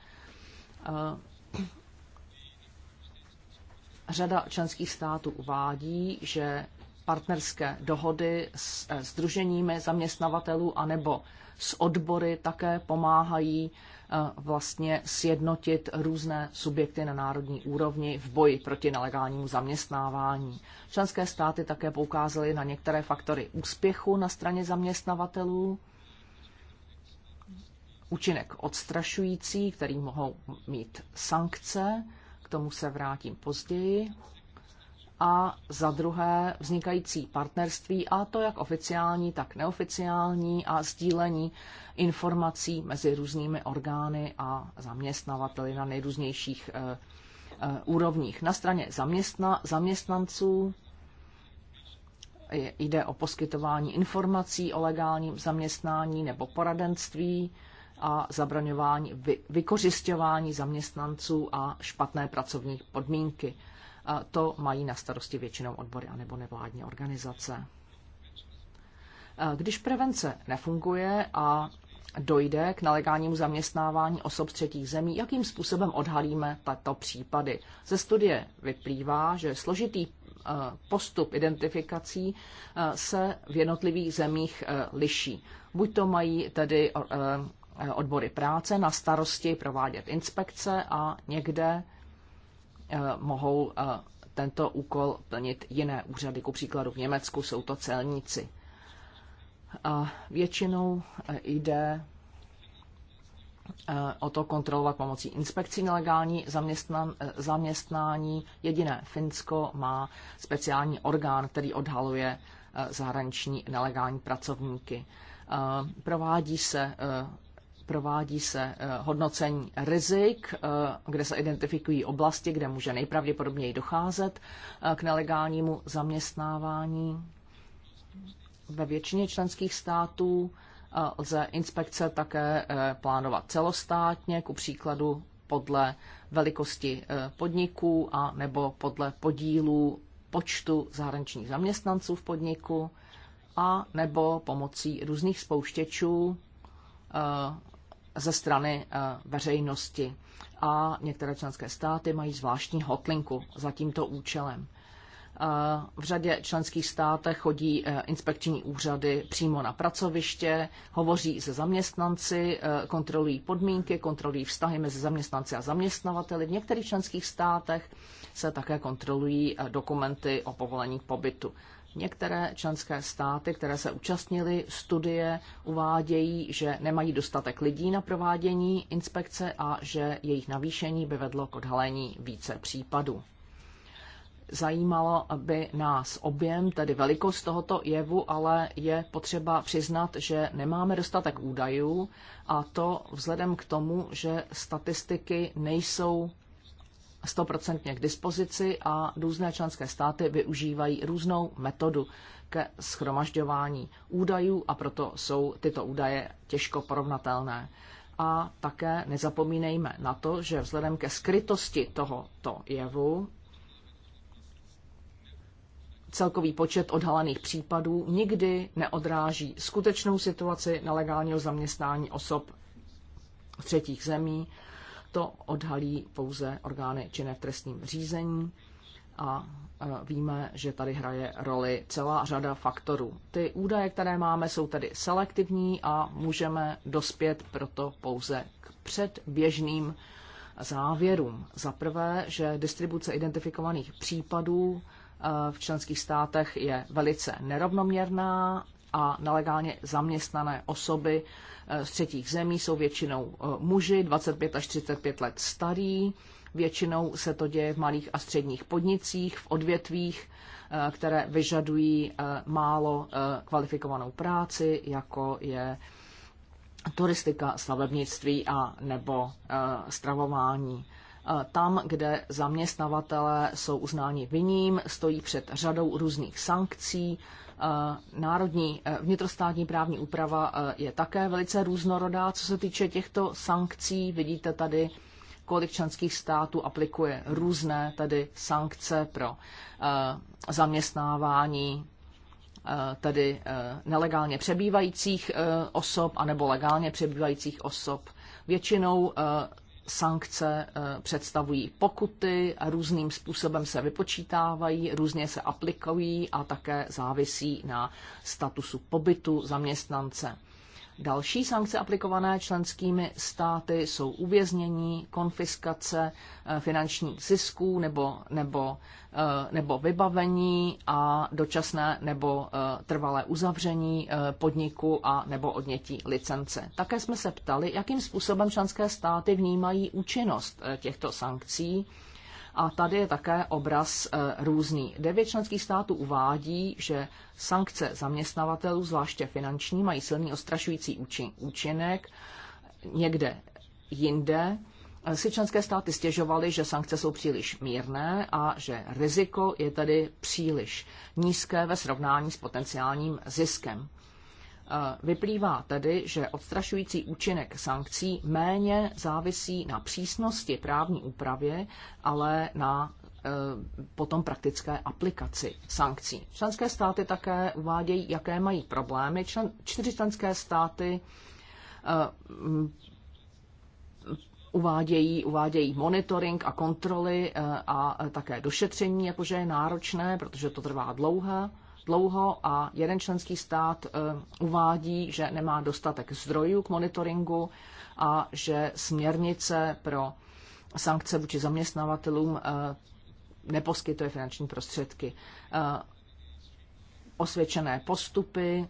S4: Řada členských států uvádí, že partnerské dohody s združeními eh, zaměstnavatelů anebo s odbory také pomáhají eh, vlastně sjednotit různé subjekty na národní úrovni v boji proti nelegálnímu zaměstnávání. Členské státy také poukázaly na některé faktory úspěchu na straně zaměstnavatelů, účinek odstrašující, který mohou mít sankce, k tomu se vrátím později, a za druhé vznikající partnerství, a to jak oficiální, tak neoficiální, a sdílení informací mezi různými orgány a zaměstnavateli na nejrůznějších e, e, úrovních. Na straně zaměstna, zaměstnanců jde o poskytování informací o legálním zaměstnání nebo poradenství a zabraňování vy, vykořišťování zaměstnanců a špatné pracovní podmínky. A to mají na starosti většinou odbory anebo nevládní organizace. A když prevence nefunguje a dojde k nelegálnímu zaměstnávání osob z třetích zemí, jakým způsobem odhalíme tato případy. Ze studie vyplývá, že složitý e, postup identifikací e, se v jednotlivých zemích e, liší. Buď to mají tedy Eh, odbory práce na starosti provádět inspekce a někde eh, mohou eh, tento úkol plnit jiné úřady, ku příkladu v Německu jsou to celníci. A většinou jde o to kontrolovat pomocí inspekcí nelegální zaměstnání. Jediné Finsko má speciální orgán, který odhaluje zahraniční nelegální pracovníky. Provádí se Provádí se eh, hodnocení rizik, eh, kde se identifikují oblasti, kde může nejpravděpodobněji docházet eh, k nelegálnímu zaměstnávání. Ve většině členských států lze inspekce také plánovat celostátně, ku příkladu podle velikosti podniků a nebo podle podílu počtu zahraničních zaměstnanců v podniku a nebo pomocí různých spouštěčů ze strany eh, veřejnosti. A některé členské státy mají zvláštní hotlinku za tímto účelem. Eh, v řadě členských státech chodí eh, inspekční úřady přímo na pracoviště, hovoří se zaměstnanci, kontrolují podmínky, kontrolují vztahy mezi zaměstnanci a zaměstnavateli. V některých členských státech se také kontrolují dokumenty o povolení k pobytu. Některé členské státy, které se účastnily studie, uvádějí, že nemají dostatek lidí na provádění inspekce a že jejich navýšení by vedlo k odhalení více případů. Zajímalo by nás objem, tedy velikost tohoto jevu, ale je potřeba přiznat, že nemáme dostatek údajů a to vzhledem k tomu, že statistiky nejsou stoprocentně k dispozici a různé členské státy využívají různou metodu ke schromažďování údajů a proto jsou tyto údaje těžko porovnatelné. A také nezapomínejme na to, že vzhledem ke skrytosti tohoto jevu celkový počet odhalených případů nikdy neodráží skutečnou situaci nelegálního zaměstnání osob v třetích zemí to odhalí pouze orgány činné v trestním řízení a e, víme, že tady hraje roli celá řada faktorů. Ty údaje, které máme, jsou tedy selektivní a můžeme dospět proto pouze k předběžným závěrům. Za prvé, že distribuce identifikovaných případů e, v členských státech je velice nerovnoměrná a nelegálně zaměstnané osoby Eh, z třetích zemí, jsou většinou eh, muži 25 až 35 let starý. Většinou se to děje v malých a středních podnicích, v odvětvích, eh, které vyžadují málo kvalifikovanou práci, jako je turistika, stavebnictví a nebo stravování. Tam, kde zaměstnavatele jsou uznáni viním, stojí před řadou různých sankcí, Eh, národní eh, vnitrostátní právní úprava eh, je také velice různorodá. Co se týče těchto sankcí, vidíte tady, kolik členských států aplikuje různé tedy sankce pro zaměstnávání tedy nelegálně přebývajících osob anebo legálně přebývajících osob. Většinou sankce eh, představují pokuty, různým způsobem se vypočítávají, různě se aplikují a také závisí na statusu pobytu zaměstnance. Další sankce aplikované členskými státy jsou uvěznění, konfiskace eh, finančních zisků nebo, nebo, eh, nebo vybavení a dočasné nebo eh, trvalé uzavření podniku a nebo odnětí licence. Také jsme se ptali, jakým způsobem členské státy vnímají účinnost těchto sankcí a tady je také obraz e, různý. Devět členských států uvádí, že sankce zaměstnavatelů, zvláště finanční, mají silný ostrašující účinek. Někde jinde e, si členské státy stěžovaly, že sankce jsou příliš mírné a že riziko je tedy příliš nízké ve srovnání s potenciálním ziskem. Vyplývá tedy, že odstrašující účinek sankcí méně závisí na přísnosti právní úpravy, ale na e, potom praktické aplikaci sankcí. Členské státy také uvádějí, jaké mají problémy. Člen, čtyři členské státy uh, uvádějí, uvádějí monitoring a kontroly uh, a také došetření, jakože je náročné, protože to trvá dlouho dlouho a jeden členský stát eh, uvádí, že nemá dostatek zdrojů k monitoringu a že směrnice pro sankce vůči zaměstnavatelům eh, neposkytuje finanční prostředky. Eh, osvědčené postupy,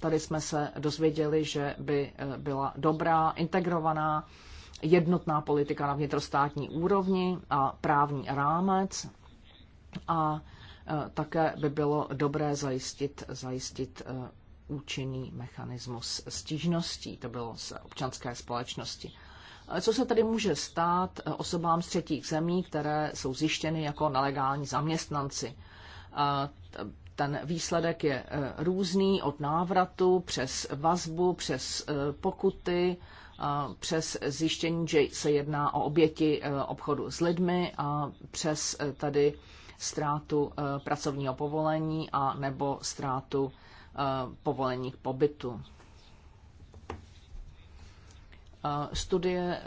S4: tady jsme se dozvěděli, že by byla dobrá, integrovaná, jednotná politika na vnitrostátní úrovni a právní rámec. A Eh, také by bylo dobré zajistit, zajistit eh, účinný mechanismus stížností, to bylo z občanské společnosti. Eh, co se tedy může stát osobám z třetích zemí, které jsou zjištěny jako nelegální zaměstnanci? Ten výsledek je různý od návratu přes vazbu, přes pokuty, přes zjištění, že se jedná o oběti obchodu s lidmi a přes tady ztrátu eh, pracovního povolení a nebo ztrátu eh, povolení k pobytu. Eh, studie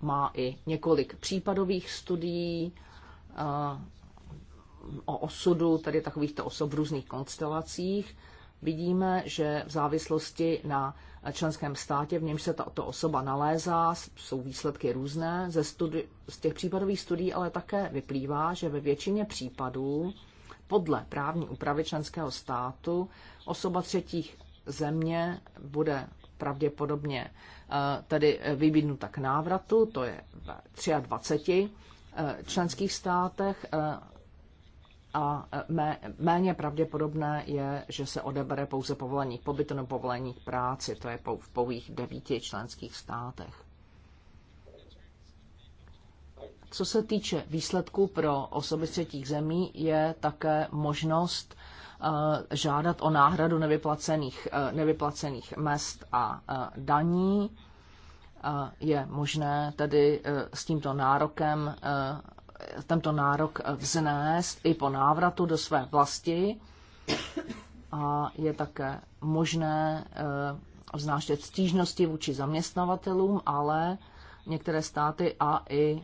S4: má i několik případových studií o osudu tady takovýchto osob v různých konstelacích vidíme, že v závislosti na členském státě, v němž se tato osoba nalézá, jsou výsledky různé ze studi- z těch případových studií, ale také vyplývá, že ve většině případů podle právní úpravy členského státu osoba třetích země bude pravděpodobně eh, tedy eh, vybídnuta k návratu, to je ve 23 eh, členských státech a e, méně pravděpodobné je, že se odebere pouze povolení k pobytu nebo povolení k práci. To je v pouhých devíti členských státech. Co se týče výsledků pro osoby z třetích zemí, je také možnost e, žádat o náhradu nevyplacených, e, nevyplacených mest a daní. Je možné tedy s tímto nárokem tento nárok vznést i po návratu do své vlasti a je také možné eh, vznášet stížnosti vůči zaměstnavatelům, ale některé státy a i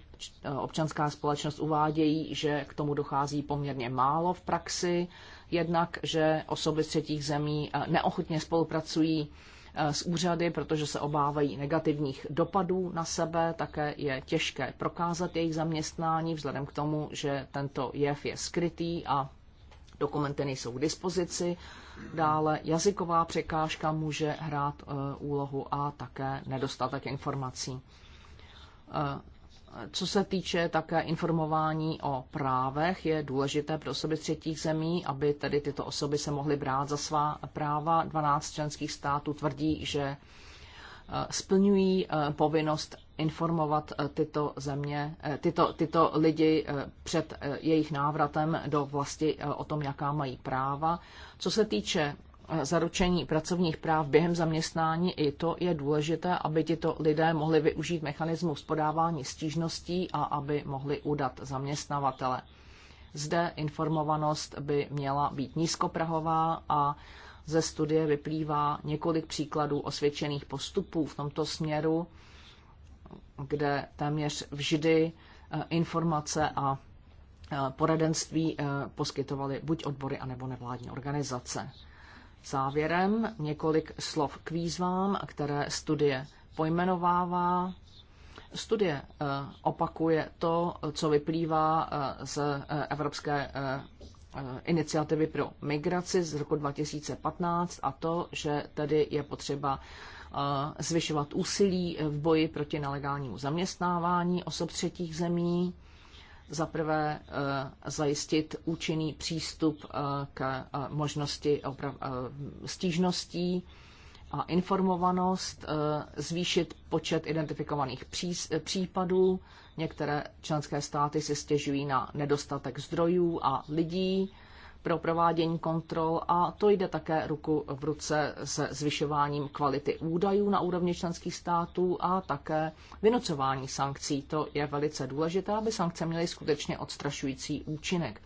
S4: občanská společnost uvádějí, že k tomu dochází poměrně málo v praxi, jednak, že osoby z třetích zemí eh, neochotně spolupracují Eh, s úřady, protože se obávají negativních dopadů na sebe. Také je těžké prokázat jejich zaměstnání vzhledem k tomu, že tento jev je skrytý a dokumenty nejsou k dispozici. Dále jazyková překážka může hrát eh, úlohu a také nedostatek informací eh, co se týče také informování o právech, je důležité pro osoby třetích zemí, aby tedy tyto osoby se mohly brát za svá práva. 12 členských států tvrdí, že eh, splňují eh, povinnost informovat eh, tyto země, tyto, tyto lidi před jejich návratem do vlasti o tom, jaká mají práva. Co se týče zaručení pracovních práv během zaměstnání, i to je důležité, aby tito lidé mohli využít mechanismus podávání stížností a aby mohli udat zaměstnavatele. Zde informovanost by měla být nízkoprahová a ze studie vyplývá několik příkladů osvědčených postupů v tomto směru, kde téměř vždy eh, informace a eh, poradenství eh, poskytovaly buď odbory, anebo nevládní organizace. Závěrem několik slov k výzvám, které studie pojmenovává. Studie eh, opakuje to, co vyplývá eh, z eh, Evropské iniciativy pro migraci z roku 2015 a to, že tedy je potřeba zvyšovat úsilí v boji proti nelegálnímu zaměstnávání osob třetích zemí, za prvé eh, zajistit účinný přístup eh, k eh, možnosti stížností a informovanost, zvýšit počet identifikovaných případů. Některé členské státy si stěžují na nedostatek zdrojů a lidí pro provádění kontrol a to jde také ruku v ruce se zvyšováním kvality údajů na úrovni členských států a také vynocování sankcí. To je velice důležité, aby sankce měly skutečně odstrašující účinek.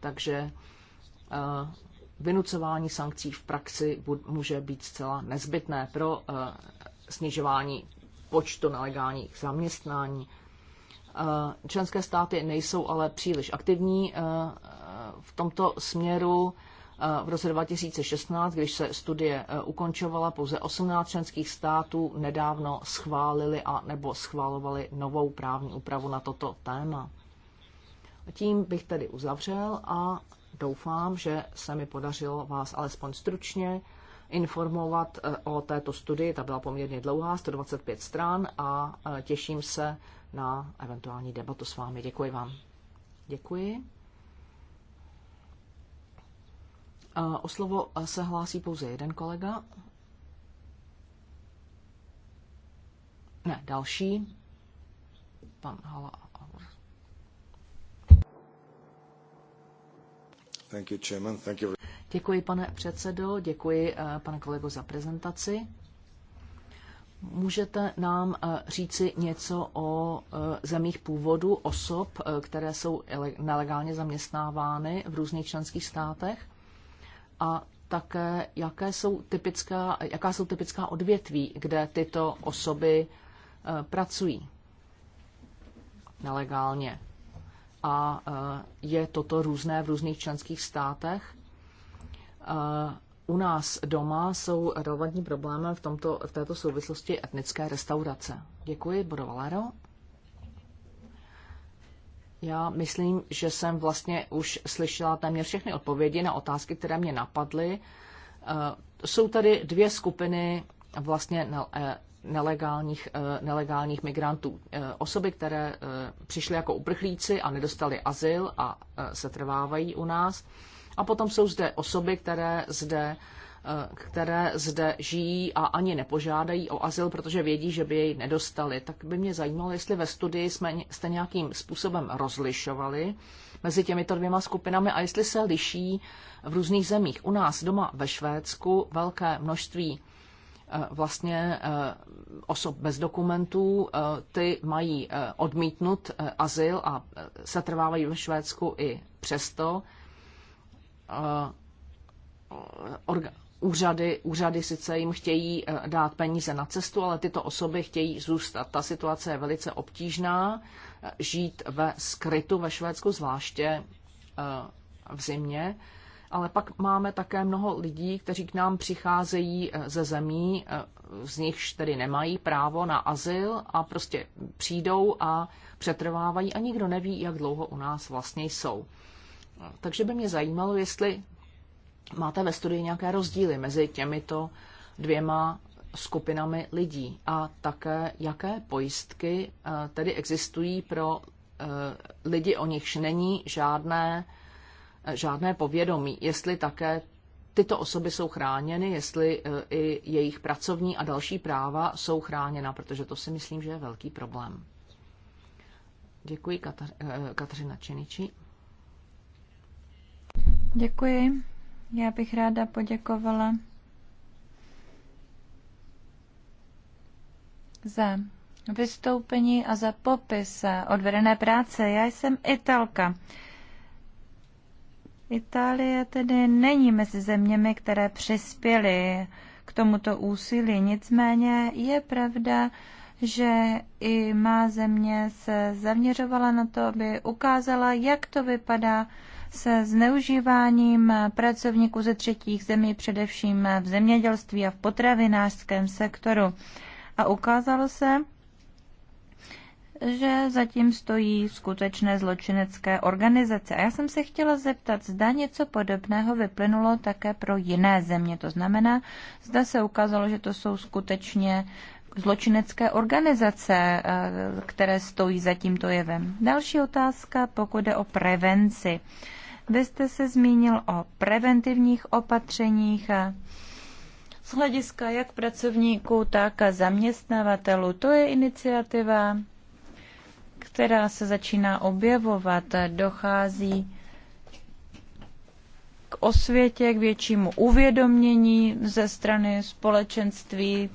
S4: Takže eh, vynucování sankcí v praxi může být zcela nezbytné pro eh, snižování počtu nelegálních zaměstnání. Eh, členské státy nejsou ale příliš aktivní v tomto směru eh, v roce 2016, když se studie eh, ukončovala, pouze 18 členských států nedávno schválili a nebo schválovali novou právní úpravu na toto téma. Tím bych tedy uzavřel a doufám, že se mi podařilo vás alespoň stručně informovat eh, o této studii. Ta byla poměrně dlouhá, 125 stran a těším se na eventuální debatu s vámi. Děkuji vám. Děkuji. O slovo se hlásí pouze jeden kolega. Ne, další. Pan Hala.
S2: Thank you,
S5: Chairman. Thank you.
S4: Děkuji, pane předsedo, děkuji, eh, pane kolego, za prezentaci. Můžete nám eh, říci něco o eh, zemích původu osob, které jsou nelegálně zaměstnávány v různých členských státech? a také, jaké jsou typická, jaká jsou typická odvětví, kde tyto osoby eh, pracují nelegálně. A eh, je toto různé v různých členských státech. Eh, u nás doma jsou relevantním problémem v, tomto, v této souvislosti etnické restaurace. Děkuji, Bodo Valero. Já myslím, že jsem vlastně už slyšela téměř všechny odpovědi na otázky, které mě napadly. Eh, jsou tady dvě skupiny vlastně eh, nelegálních, eh, nelegálních migrantů. Osoby, které přišly jako uprchlíci a nedostali azyl a setrvávají u nás. A potom jsou zde osoby, které zde Eh, které zde žijí a ani nepožádají o azyl, protože vědí, že by jej nedostali. Tak by mě zajímalo, jestli ve studii jsme, jste nějakým způsobem rozlišovali mezi těmito dvěma skupinami a jestli se liší v různých zemích. U nás doma ve Švédsku velké množství eh, vlastně eh, osob bez dokumentů, ty mají odmítnut azyl a setrvávají ve Švédsku i přesto úřady, úřady sice jim chtějí eh, dát peníze na cestu, ale tyto osoby chtějí zůstat. Ta situace je velice obtížná. Eh, žít ve skrytu ve Švédsku, zvláště eh, v zimě. Ale pak máme také mnoho lidí, kteří k nám přicházejí ze zemí, z nichž tedy nemají právo na azyl a prostě přijdou a přetrvávají a nikdo neví, jak dlouho u nás vlastně jsou. Takže by mě zajímalo, jestli Máte ve studii nějaké rozdíly mezi těmito dvěma skupinami lidí a také jaké pojistky eh, tedy existují pro eh, lidi, o nichž není žádné, eh, žádné povědomí, jestli také tyto osoby jsou chráněny, jestli i jejich pracovní a další práva jsou chráněna, protože to si myslím, že je velký problém. Děkuji, Katar- Kateřina Činiči.
S2: Děkuji. Já bych ráda poděkovala za vystoupení a za popis odvedené práce. Já jsem Italka. Itálie tedy není mezi zeměmi, které přispěly k tomuto úsilí. Nicméně je pravda, že i má země se zaměřovala na to, aby ukázala, jak to vypadá se zneužíváním pracovníků ze třetích zemí, především v zemědělství a v potravinářském sektoru. A ukázalo se, že zatím stojí skutečné zločinecké organizace. A já jsem se chtěla zeptat, zda něco podobného vyplynulo také pro jiné země. To znamená, zda se ukázalo, že to jsou skutečně zločinecké organizace, eh, které stojí za tímto jevem. Další otázka, pokud jde o prevenci. Vy jste se zmínil o preventivních opatřeních eh, z hlediska jak pracovníků, tak a zaměstnavatelů. To je iniciativa, která se začíná objevovat. Dochází k osvětě, k většímu uvědomění ze strany společenství,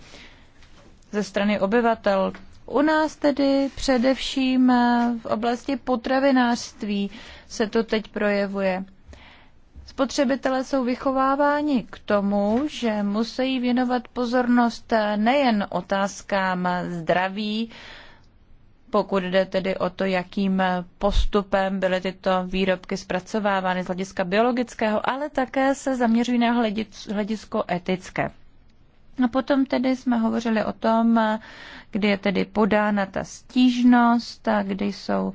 S2: ze strany obyvatel. U nás tedy především eh, v oblasti potravinářství se to teď projevuje. Spotřebitelé jsou vychováváni k tomu, že musí věnovat pozornost eh, nejen otázkám zdraví, pokud jde tedy o to, jakým eh, postupem byly tyto výrobky zpracovávány z hlediska biologického, ale také se zaměřují na hledisko etické. A potom tedy jsme hovořili o tom, kdy je tedy podána ta stížnost a kdy jsou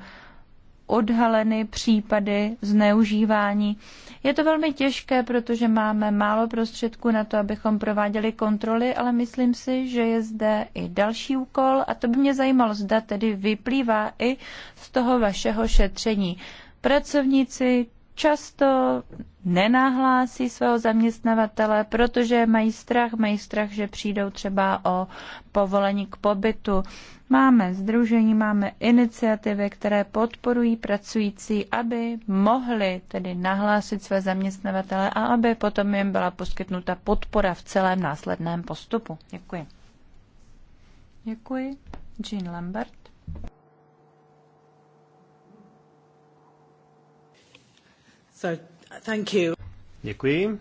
S2: odhaleny případy zneužívání. Je to velmi těžké, protože máme málo prostředků na to, abychom prováděli kontroly, ale myslím si, že je zde i další úkol a to by mě zajímalo, zda tedy vyplývá i z toho vašeho šetření. Pracovníci často nenahlásí svého zaměstnavatele, protože mají strach, mají strach, že přijdou třeba o povolení k pobytu. Máme združení, máme iniciativy, které podporují pracující, aby mohli tedy nahlásit své zaměstnavatele a aby potom jim byla poskytnuta podpora v celém následném postupu. Děkuji. Děkuji. Jean Lambert.
S1: So Thank you. Děkuji.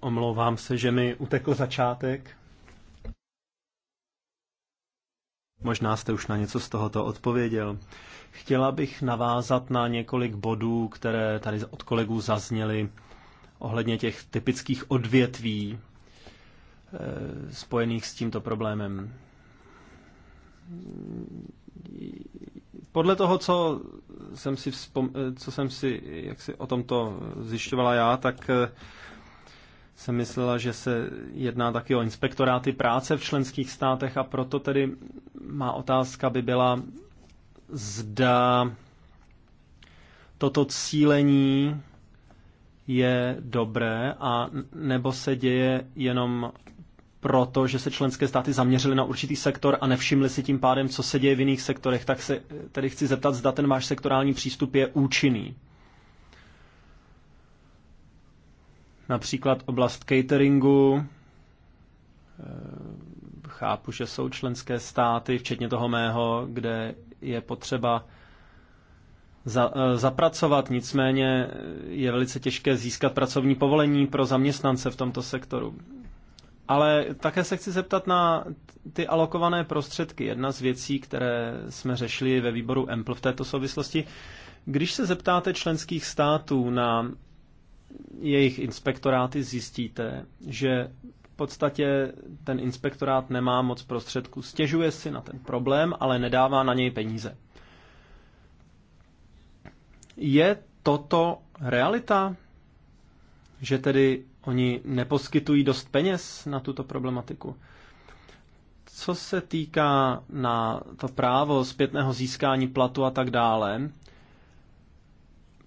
S1: Omlouvám se, že mi utekl začátek. Možná jste už na něco z tohoto odpověděl. Chtěla bych navázat na několik bodů, které tady od kolegů zazněly ohledně těch typických odvětví eh, spojených s tímto problémem. Podle toho, co jsem si, vzpom... Eh, co jsem si, jak si o tomto zjišťovala já, tak eh, jsem myslela, že se jedná taky o inspektoráty práce v členských státech a proto tedy má otázka by byla, zda toto cílení je dobré a nebo se děje jenom že se členské státy zaměřily na určitý sektor a nevšimly si tím pádem, co se děje v jiných sektorech, tak se eh, tedy chci zeptat, zda ten váš sektorální přístup je účinný. Například oblast cateringu. Eh, chápu, že jsou členské státy, včetně toho mého, kde je potřeba za, eh, zapracovat, nicméně je velice těžké získat pracovní povolení pro zaměstnance v tomto sektoru. Ale také se chci zeptat na ty alokované prostředky. Jedna z věcí, které jsme řešili ve výboru EMPL v této souvislosti, když se zeptáte členských států na jejich inspektoráty, zjistíte, že v podstatě ten inspektorát nemá moc prostředků. Stěžuje si na ten problém, ale nedává na něj peníze. Je toto realita? Že tedy Oni neposkytují dost peněz na tuto problematiku. Co se týká na to právo zpětného získání platu a tak dále,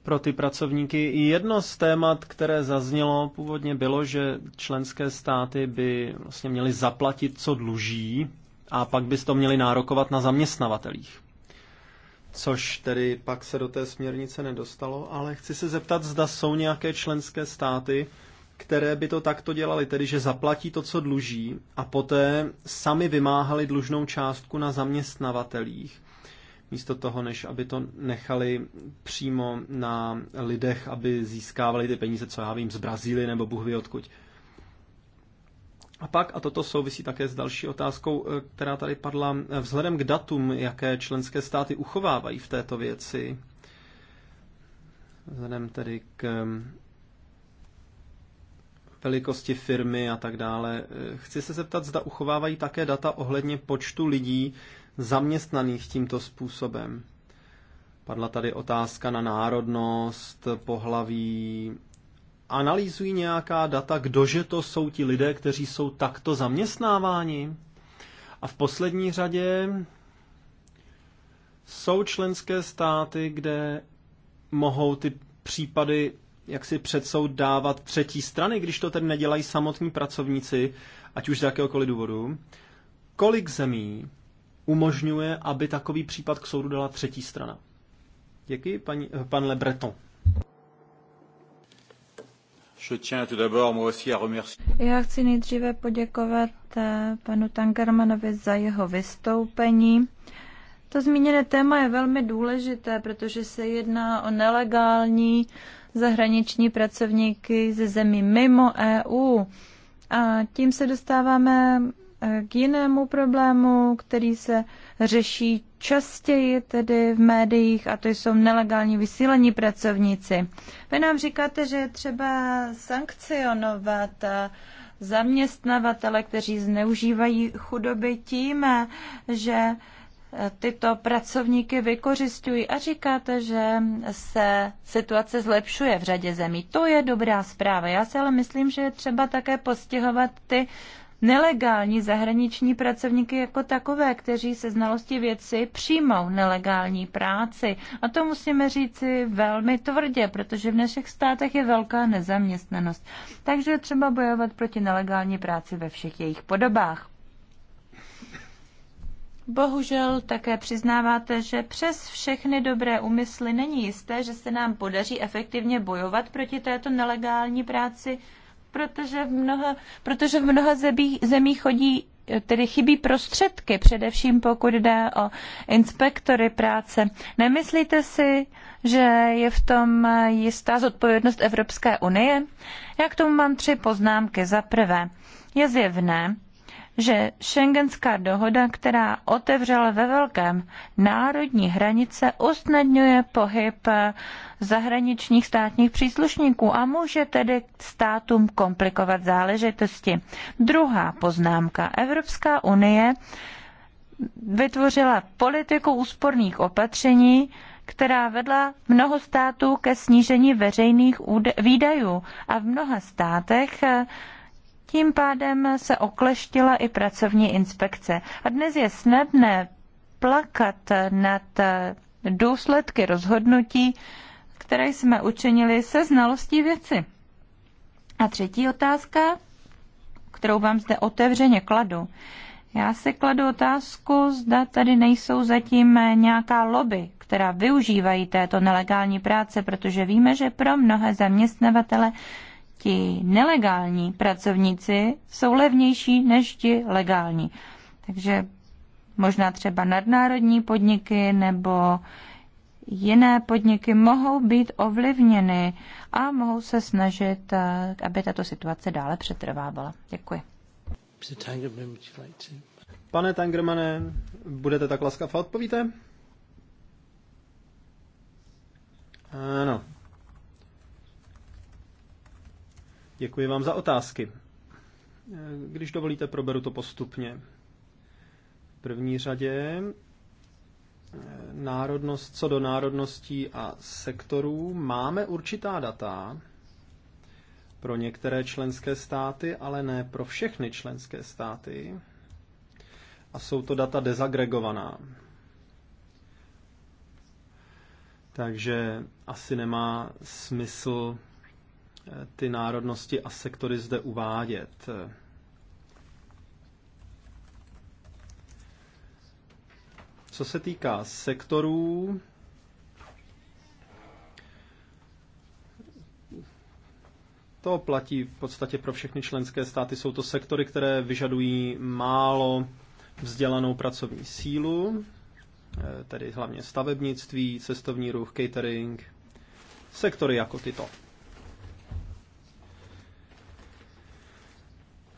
S1: pro ty pracovníky. i Jedno z témat, které zaznělo původně, bylo, že členské státy by vlastně měly zaplatit, co dluží, a pak by to měli nárokovat na zaměstnavatelích. Což tedy pak se do té směrnice nedostalo, ale chci se zeptat, zda jsou nějaké členské státy, které by to takto dělali, tedy že zaplatí to, co dluží a poté sami vymáhali dlužnou částku na zaměstnavatelích, místo toho, než aby to nechali přímo na lidech, aby získávali ty peníze, co já vím, z Brazílie nebo Bůh ví odkud. A pak, a toto souvisí také s další otázkou, eh, která tady padla, eh, vzhledem k datům, jaké členské státy uchovávají v této věci, vzhledem tedy k velikosti firmy a tak dále. Eh, chci se zeptat, zda uchovávají také data ohledně počtu lidí zaměstnaných tímto způsobem. Padla tady otázka na národnost, pohlaví. Analýzují nějaká data, kdože to jsou ti lidé, kteří jsou takto zaměstnáváni? A v poslední řadě jsou členské státy, kde mohou ty případy jak si před soud dávat třetí strany, když to tedy nedělají samotní pracovníci, ať už z jakéhokoliv důvodu. Kolik zemí umožňuje, aby takový případ k soudu dala třetí strana? Děkuji, paní, eh, pan Le Breton.
S2: Já chci nejdříve poděkovat eh, panu Tangermanovi za jeho vystoupení. To zmíněné téma je velmi důležité, protože se jedná o nelegální uh, zahraniční pracovníky ze zemí mimo EU. A tím se dostáváme eh, k jinému problému, který se řeší častěji tedy v médiích, a to jsou nelegální vysílení pracovníci. Vy nám říkáte, že je třeba sankcionovat eh, zaměstnavatele, kteří zneužívají chudoby tím, eh, že tyto pracovníky vykořišťují a říkáte, že se situace zlepšuje v řadě zemí. To je dobrá zpráva. Já si ale myslím, že je třeba také postihovat ty nelegální zahraniční pracovníky jako takové, kteří se znalosti věci přijmou nelegální práci. A to musíme říci velmi tvrdě, protože v našich státech je velká nezaměstnanost. Takže třeba bojovat proti nelegální práci ve všech jejich podobách. Bohužel také přiznáváte, že přes všechny dobré úmysly není jisté, že se nám podaří efektivně bojovat proti této nelegální práci, protože v mnoha, protože v mnoha zemích, zemí chodí tedy chybí prostředky, především pokud jde o inspektory práce. Nemyslíte si, že je v tom jistá zodpovědnost Evropské unie? Já k tomu mám tři poznámky. Za prvé, je zjevné, že Schengenská dohoda, která otevřela ve velkém národní hranice, usnadňuje pohyb zahraničních státních příslušníků a může tedy státům komplikovat záležitosti. Druhá poznámka. Evropská unie vytvořila politiku úsporných opatření, která vedla mnoho států ke snížení veřejných výdajů a v mnoha státech tím pádem se okleštila i pracovní inspekce. A dnes je snadné plakat nad eh, důsledky rozhodnutí, které jsme učinili se znalostí věci. A třetí otázka, kterou vám zde otevřeně kladu. Já si kladu otázku, zda tady nejsou zatím nějaká lobby, která využívají této nelegální práce, protože víme, že pro mnohé zaměstnavatele ti nelegální pracovníci jsou levnější než ti legální. Takže možná třeba nadnárodní podniky nebo jiné podniky mohou být ovlivněny a mohou se snažit, eh, aby tato situace dále přetrvávala. Děkuji.
S1: Pane Tangermane, budete tak laskav a odpovíte? Ano, Děkuji vám za otázky. Když dovolíte, proberu to postupně. V první řadě eh, národnost, co do národností a sektorů, máme určitá data pro některé členské státy, ale ne pro všechny členské státy. A jsou to data dezagregovaná. Takže asi nemá smysl ty národnosti a sektory zde uvádět. Co se týká sektorů, to platí v podstatě pro všechny členské státy. Jsou to sektory, které vyžadují málo vzdělanou pracovní sílu, eh, tedy hlavně stavebnictví, cestovní ruch, catering, sektory jako tyto.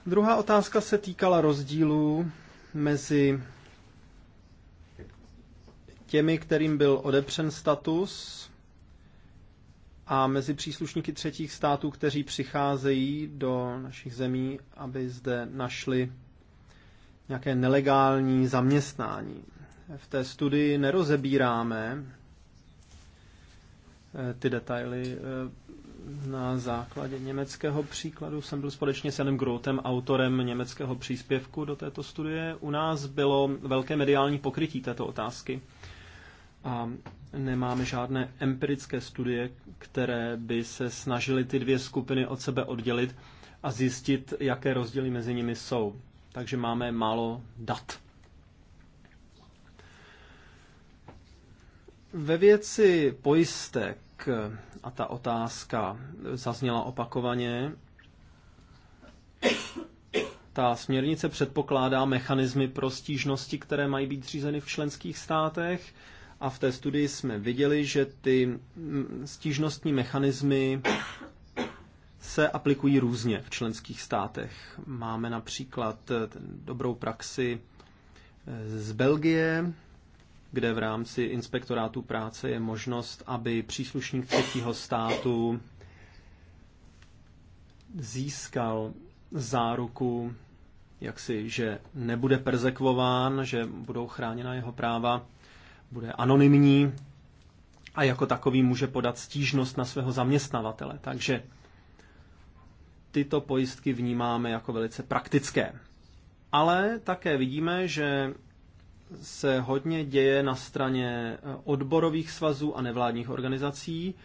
S1: Druhá otázka se týkala rozdílů mezi těmi, kterým byl odepřen status a mezi příslušníky třetích států, kteří přicházejí do našich zemí, aby zde našli nějaké nelegální zaměstnání. V té studii nerozebíráme eh, ty detaily eh, na základě německého příkladu jsem byl společně s Janem Grotem autorem německého příspěvku do této studie. U nás bylo velké mediální pokrytí této otázky a nemáme žádné empirické studie, které by se snažily ty dvě skupiny od sebe oddělit a zjistit, jaké rozdíly mezi nimi jsou. Takže máme málo dat. Ve věci pojistek a ta otázka zazněla opakovaně, ta směrnice předpokládá mechanismy pro stížnosti, které mají být zřízeny v členských státech a v té studii jsme viděli, že ty mm, stížnostní mechanismy se aplikují různě v členských státech. Máme například dobrou praxi z Belgie, kde v rámci inspektorátu práce je možnost, aby příslušník třetího státu získal záruku, jaksi, že nebude persekvován, že budou chráněna jeho práva, bude anonymní a jako takový může podat stížnost na svého zaměstnavatele. Takže tyto pojistky vnímáme jako velice praktické. Ale také vidíme, že se hodně děje na straně eh, odborových svazů a nevládních organizací,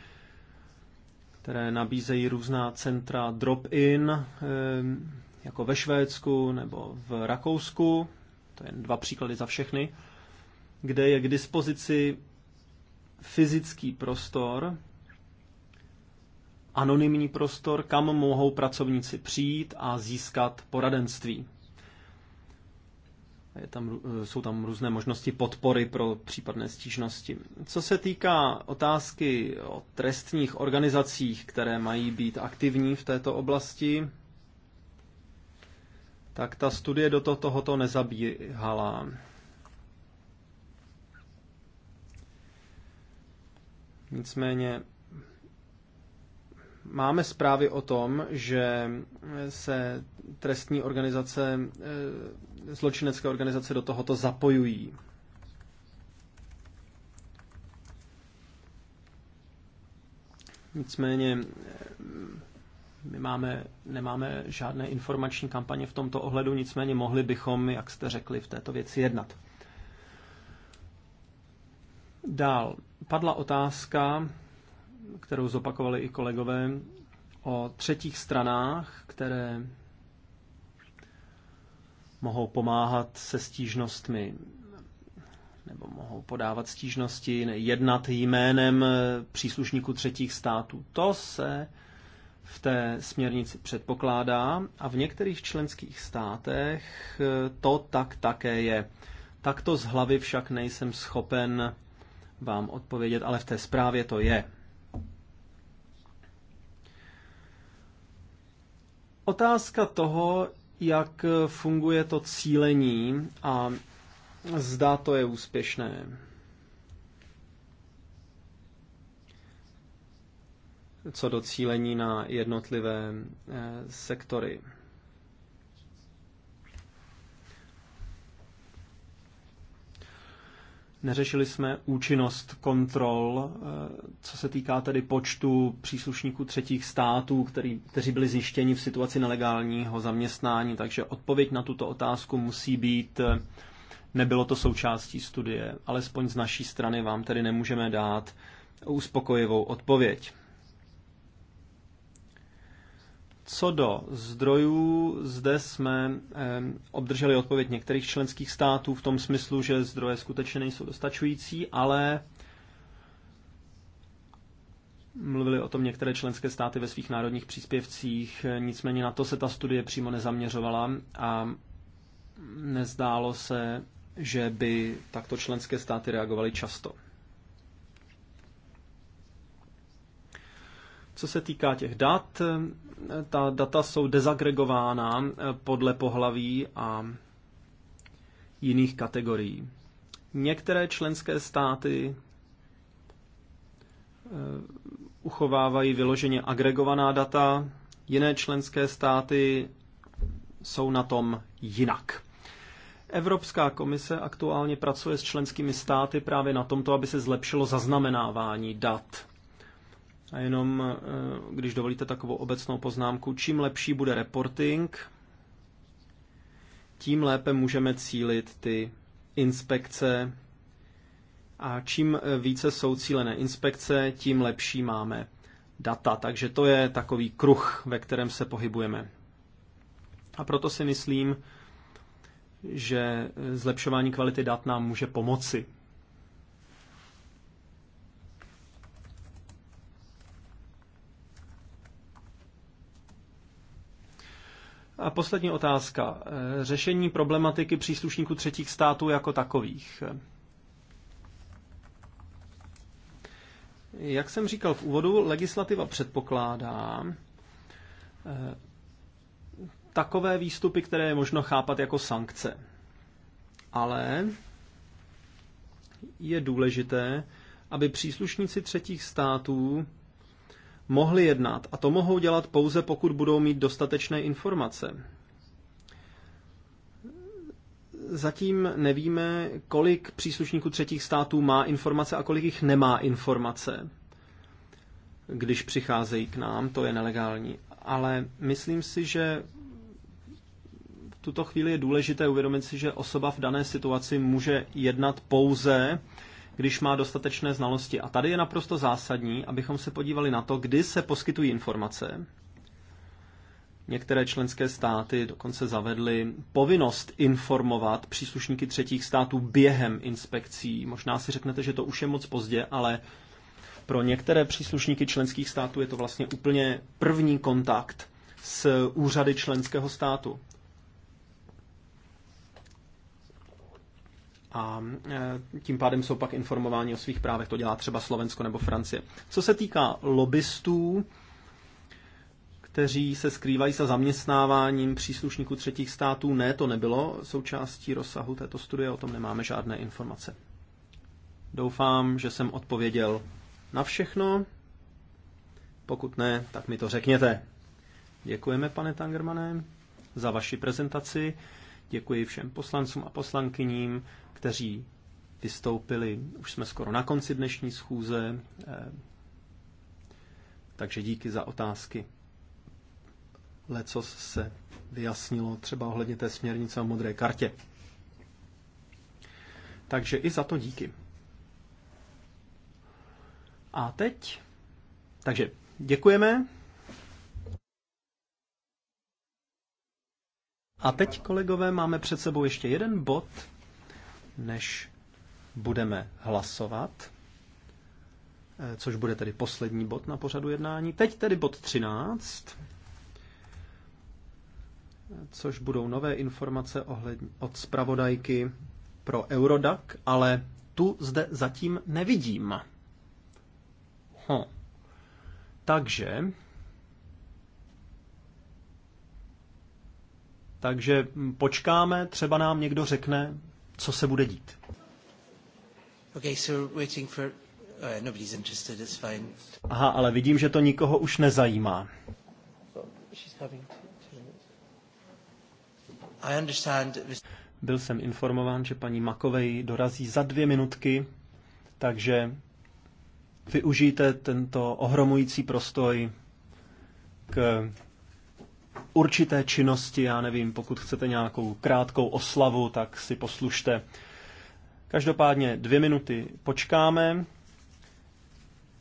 S1: které nabízejí různá centra drop-in, eh, jako ve Švédsku nebo v Rakousku, to je dva příklady za všechny, kde je k dispozici fyzický prostor, anonymní prostor, kam mohou pracovníci přijít a získat poradenství je tam, e, jsou tam různé možnosti podpory pro případné stížnosti. Co se týká otázky o trestních organizacích, které mají být aktivní v této oblasti, tak ta studie do to, tohoto nezabíhala. Nicméně máme zprávy o tom, že se trestní organizace, eh, zločinecké organizace do tohoto zapojují. Nicméně eh, my máme, nemáme žádné informační kampaně v tomto ohledu, nicméně mohli bychom, jak jste řekli, v této věci jednat. Dál padla otázka, kterou zopakovali i kolegové, o třetích stranách, které mohou pomáhat se stížnostmi nebo mohou podávat stížnosti, jednat jménem eh, příslušníků třetích států. To se v té směrnici předpokládá a v některých členských státech eh, to tak také je. Takto z hlavy však nejsem schopen vám odpovědět, ale v té zprávě to je. Otázka toho, jak funguje to cílení a zda to je úspěšné. Co do cílení na jednotlivé eh, sektory. Neřešili jsme účinnost kontrol, eh, co se týká tedy počtu příslušníků třetích států, který, kteří byli zjištěni v situaci nelegálního zaměstnání, takže odpověď na tuto otázku musí být, eh, nebylo to součástí studie, alespoň z naší strany vám tedy nemůžeme dát uspokojivou odpověď. Co do zdrojů, zde jsme obdrželi odpověď některých členských států v tom smyslu, že zdroje skutečně nejsou dostačující, ale mluvili o tom některé členské státy ve svých národních příspěvcích, nicméně na to se ta studie přímo nezaměřovala a nezdálo se, že by takto členské státy reagovaly často. Co se týká těch dat, eh, ta data jsou dezagregována eh, podle pohlaví a jiných kategorií. Některé členské státy eh, uchovávají vyloženě agregovaná data, jiné členské státy jsou na tom jinak. Evropská komise aktuálně pracuje s členskými státy právě na tomto, aby se zlepšilo zaznamenávání dat a jenom, eh, když dovolíte takovou obecnou poznámku, čím lepší bude reporting, tím lépe můžeme cílit ty inspekce a čím eh, více jsou cílené inspekce, tím lepší máme data. Takže to je takový kruh, ve kterém se pohybujeme. A proto si myslím, že eh, zlepšování kvality dat nám může pomoci A poslední otázka. Eh, řešení problematiky příslušníků třetích států jako takových. Jak jsem říkal v úvodu, legislativa předpokládá eh, takové výstupy, které je možno chápat jako sankce. Ale je důležité, aby příslušníci třetích států mohli jednat. A to mohou dělat pouze, pokud budou mít dostatečné informace. Zatím nevíme, kolik příslušníků třetích států má informace a kolik jich nemá informace, když přicházejí k nám, to je nelegální. Ale myslím si, že v tuto chvíli je důležité uvědomit si, že osoba v dané situaci může jednat pouze, když má dostatečné znalosti. A tady je naprosto zásadní, abychom se podívali na to, kdy se poskytují informace. Některé členské státy dokonce zavedly povinnost informovat příslušníky třetích států během inspekcí. Možná si řeknete, že to už je moc pozdě, ale pro některé příslušníky členských států je to vlastně úplně první kontakt s úřady členského státu. a e, tím pádem jsou pak informováni o svých právech. To dělá třeba Slovensko nebo Francie. Co se týká lobbystů, kteří se skrývají za zaměstnáváním příslušníků třetích států, ne, to nebylo součástí rozsahu této studie, o tom nemáme žádné informace. Doufám, že jsem odpověděl na všechno. Pokud ne, tak mi to řekněte. Děkujeme, pane Tangermane, za vaši prezentaci. Děkuji všem poslancům a poslankyním kteří vystoupili. Už jsme skoro na konci dnešní schůze, eh, takže díky za otázky. Leco se vyjasnilo třeba ohledně té směrnice o modré kartě. Takže i za to díky. A teď, takže děkujeme. A teď, kolegové, máme před sebou ještě jeden bod, než budeme hlasovat, eh, což bude tedy poslední bod na pořadu jednání. Teď tedy bod 13, eh, což budou nové informace ohledně, od zpravodajky pro Eurodac, ale tu zde zatím nevidím. Ho. Takže Takže počkáme, třeba nám někdo řekne, co se bude dít. Okay, so waiting for...
S3: oh, nobody's interested, it's fine.
S1: Aha, ale vidím, že to nikoho už nezajímá. I understand... Byl jsem informován, že paní Makovej dorazí za dvě minutky, takže využijte tento ohromující prostoj k určité činnosti, já nevím, pokud chcete nějakou krátkou oslavu, tak si poslušte. Každopádně dvě minuty počkáme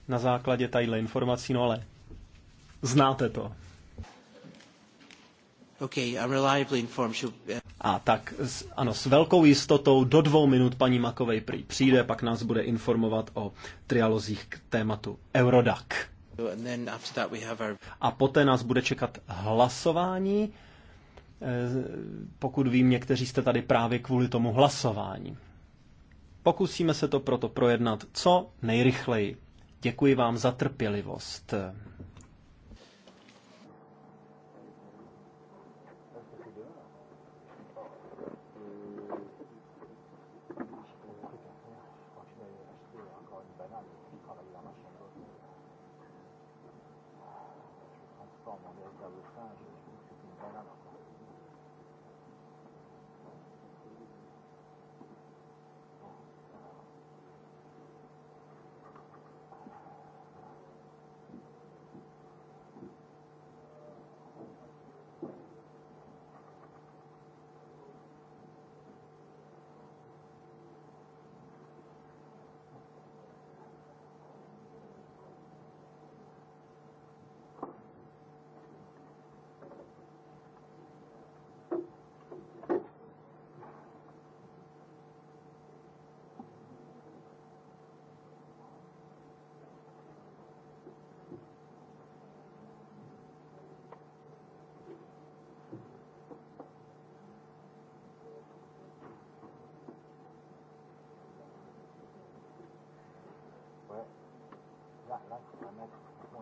S1: na základě tadyhle informací, no ale znáte to. Okay, I'm reliably informed. A tak ano, s velkou jistotou do dvou minut paní Makovej přijde, pak nás bude informovat o trialozích k tématu Eurodac. A poté nás bude čekat hlasování. Eh, pokud vím, někteří jste tady právě kvůli tomu hlasování. Pokusíme se to proto projednat co nejrychleji. Děkuji vám za trpělivost.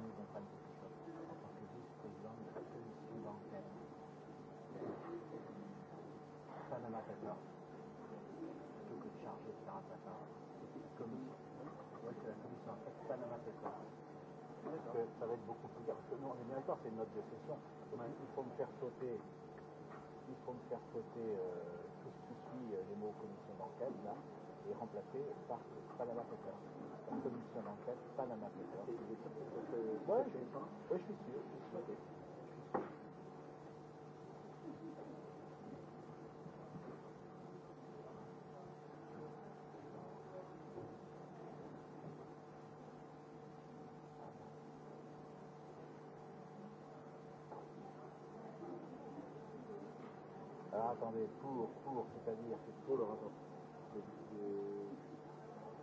S5: ça Panama Qatar, plutôt que va être beaucoup plus dur. nous, on est bien d'accord, c'est une note de session. Il faut me faire sauter, il faut me faire sauter euh, tout ce qui suit euh, les mots commission bancaire, là est remplacé par Panama Papers. La commission d'enquête Panama Papers. Ouais, je, ouais, je suis sûr. Je suis sûr. Alors attendez, pour, pour, c'est-à-dire... Pour le rapport.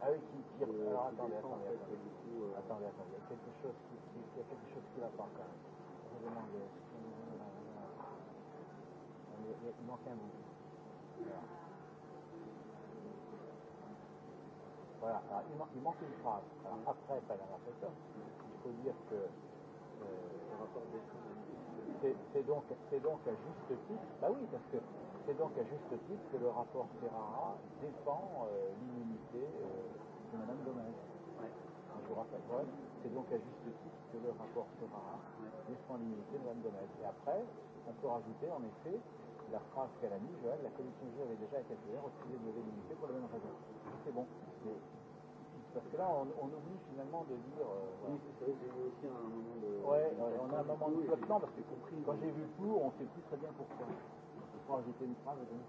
S5: Ah oui, qui tire. Alors attendez, attendez, attendez. Attendez, attendez. attendez. Il y a quelque chose qui, qui, il y a quelque chose qui va pas quand même. Je vais demander. Il manque un bout. Voilà. Alors, il, man, il manque une phrase. Alors après, pas la réflexion. Il faut dire que euh, c'est donc, donc à juste titre. Bah oui, parce que C'est donc à juste titre que le rapport Ferrara défend euh, l'immunité euh, de Madame Gomez. Ouais. Je vous rappelle, ouais, c'est donc à juste titre que le rapport Ferrara ouais. défend l'immunité de Madame Gomez. Et après, on peut rajouter en effet la phrase qu'elle a mise, Joël, la commission juive avait déjà, été quelques heures, refusé de lever l'immunité pour la même raison. C'est bon. Mais, parce que là, on, on oublie finalement de dire. Euh, oui, c'est vrai, j'ai eu aussi un moment de. Ouais, de, ouais on a un moment de flottement, parce que compris, quand j'ai vu tout, on ne sait plus très bien pourquoi crois que j'étais une phrase, donc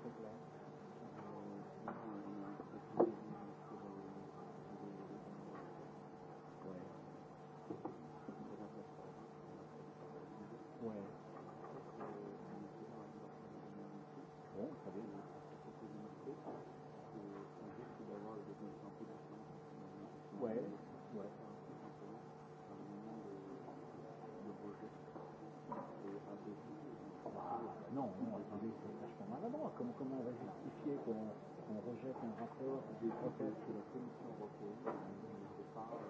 S5: donc euh, on rejette un rapport des hypothèses que la Commission européenne euh, ne peut pas, euh,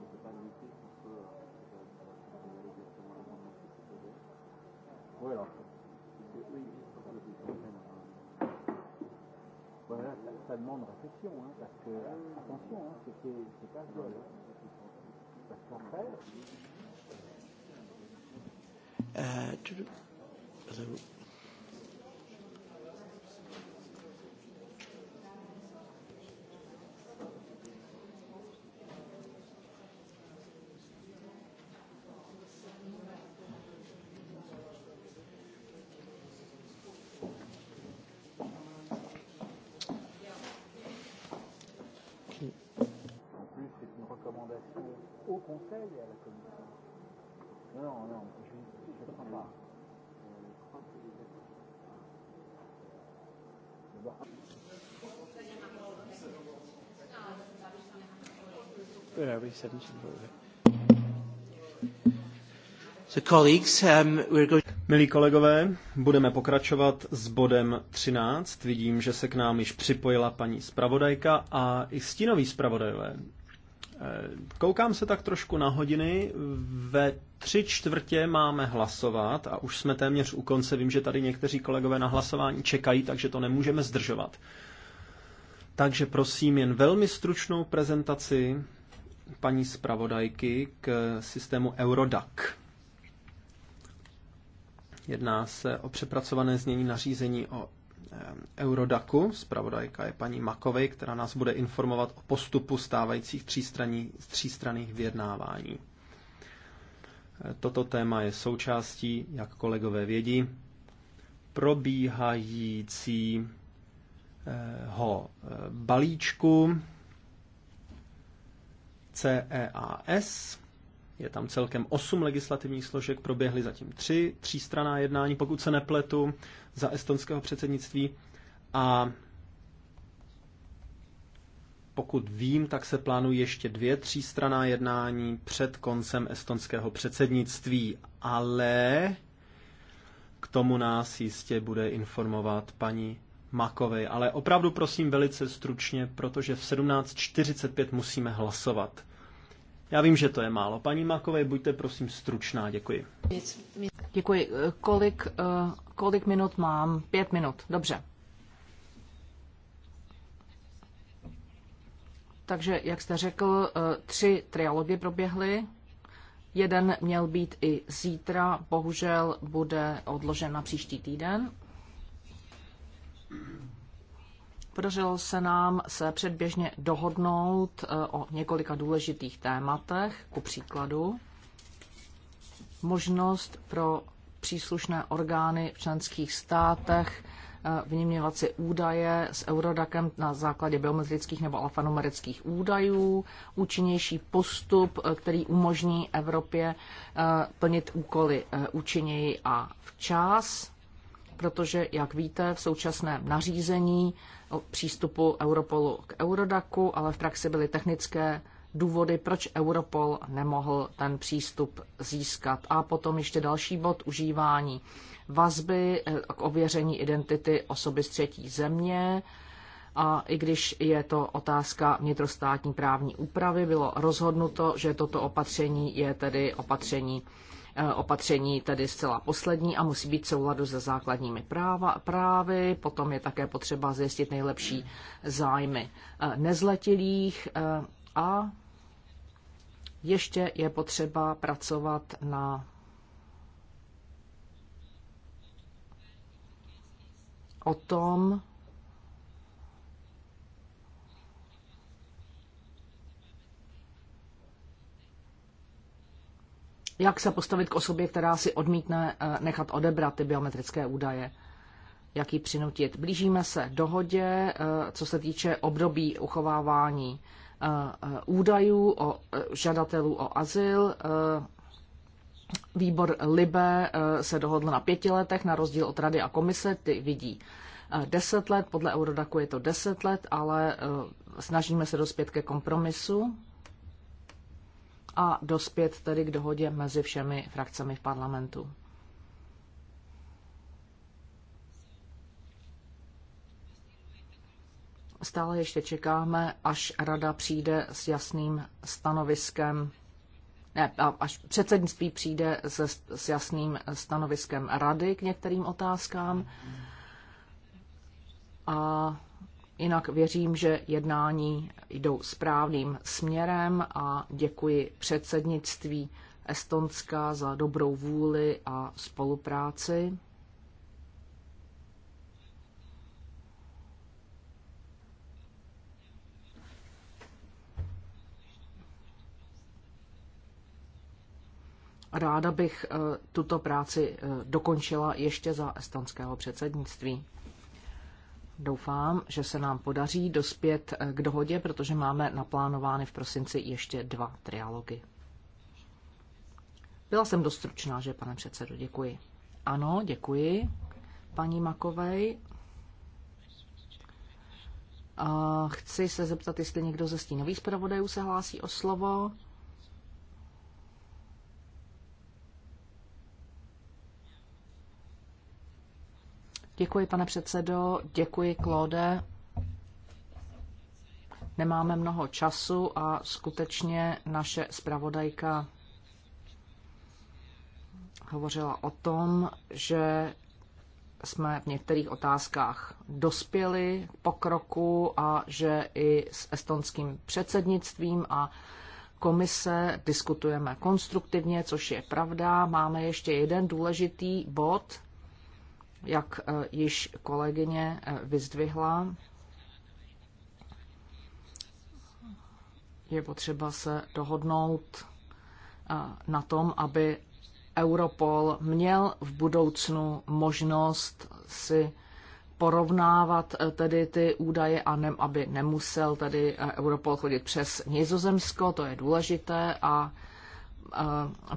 S5: ne peut pas lutter contre euh, euh, Oui, alors. Voilà, ça, ça demande réflexion, hein, parce que, attention, hein, c'est pas seul. Hein. Parce qu'après.
S3: Euh, tu veux.
S5: à la Non, non, je ne um,
S1: pas. Milí kolegové, budeme pokračovat s bodem 13. Vidím, že se k nám již připojila paní zpravodajka a i stínoví zpravodajové. Eh, koukám se tak trošku na hodiny. Ve tři čtvrtě máme hlasovat a už jsme téměř u konce. Vím, že tady někteří kolegové na hlasování čekají, takže to nemůžeme zdržovat. Takže prosím jen velmi stručnou prezentaci paní zpravodajky k systému Eurodac. Jedná se o přepracované znění nařízení o Eurodaku. Zpravodajka je paní Makovej, která nás bude informovat o postupu stávajících třístraní, třístranných vyjednávání. E, toto téma je součástí, jak kolegové vědí, probíhajícího e, balíčku CEAS, je tam celkem osm legislativních složek, proběhly zatím tři třístraná jednání, pokud se nepletu, za estonského předsednictví. A pokud vím, tak se plánují ještě dvě třístraná jednání před koncem estonského předsednictví, ale k tomu nás jistě bude informovat paní Makovej. Ale opravdu prosím velice stručně, protože v 17.45 musíme hlasovat. Já vím, že to je málo. Paní Makové, buďte prosím stručná, děkuji.
S4: Děkuji. Kolik, eh, kolik minut mám? Pět minut, dobře. Takže, jak jste řekl, eh, tři trialogy proběhly. Jeden měl být i zítra, bohužel bude odložen na příští týden. Podařilo se nám se předběžně dohodnout eh, o několika důležitých tématech, ku příkladu možnost pro příslušné orgány v členských státech eh, vyměňovat si údaje s Eurodakem na základě biometrických nebo alfanumerických údajů, účinnější postup, eh, který umožní Evropě plnit úkoly účinněji a včas protože, jak víte, v současném nařízení o přístupu Europolu k Eurodaku, ale v praxi byly technické důvody, proč Europol nemohl ten přístup získat. A potom ještě další bod užívání vazby eh, k ověření identity osoby z třetí země. A i když je to otázka vnitrostátní právní úpravy, bylo rozhodnuto, že toto opatření je tedy opatření Eh, opatření tedy zcela poslední a musí být souladu se základními práva, právy. Potom je také potřeba zjistit nejlepší zájmy eh, nezletilých eh, a ještě je potřeba pracovat na o tom, Jak se postavit k osobě, která si odmítne eh, nechat odebrat ty biometrické údaje? Jak ji přinutit? Blížíme se dohodě, eh, co se týče období uchovávání eh, údajů o žadatelů o azyl. Výbor Libe se dohodl na pěti letech, na rozdíl od Rady a komise, ty vidí deset let, podle Eurodaku je to deset let, ale snažíme se dospět ke kompromisu a dospět tedy k dohodě mezi všemi frakcemi v parlamentu. Stále ještě čekáme, až rada přijde s jasným stanoviskem, ne, až předsednictví přijde se, s jasným stanoviskem rady k některým otázkám. A Jinak věřím, že jednání jdou správným směrem a děkuji předsednictví Estonska za dobrou vůli a spolupráci. Ráda bych eh, tuto práci eh, dokončila ještě za estonského předsednictví. Doufám, že se nám podaří dospět eh, k dohodě, protože máme naplánovány v prosinci ještě dva trialogy. Byla jsem dost stručná, že, pane předsedo, děkuji. Ano, děkuji, paní Makovej. Chci se zeptat, jestli někdo ze stínových zpravodajů se hlásí o slovo. Děkuji, pane předsedo, děkuji, Klóde. Nemáme mnoho času a skutečně naše zpravodajka hovořila o tom, že jsme v některých otázkách dospěli po pokroku a že i s estonským předsednictvím a komise diskutujeme konstruktivně, což je pravda. Máme ještě jeden důležitý bod, jak e, již kolegyně e, vyzdvihla, je potřeba se dohodnout e, na tom, aby Europol měl v budoucnu možnost si porovnávat tedy ty údaje a ne, aby nemusel tedy Europol chodit přes Nizozemsko, to je důležité a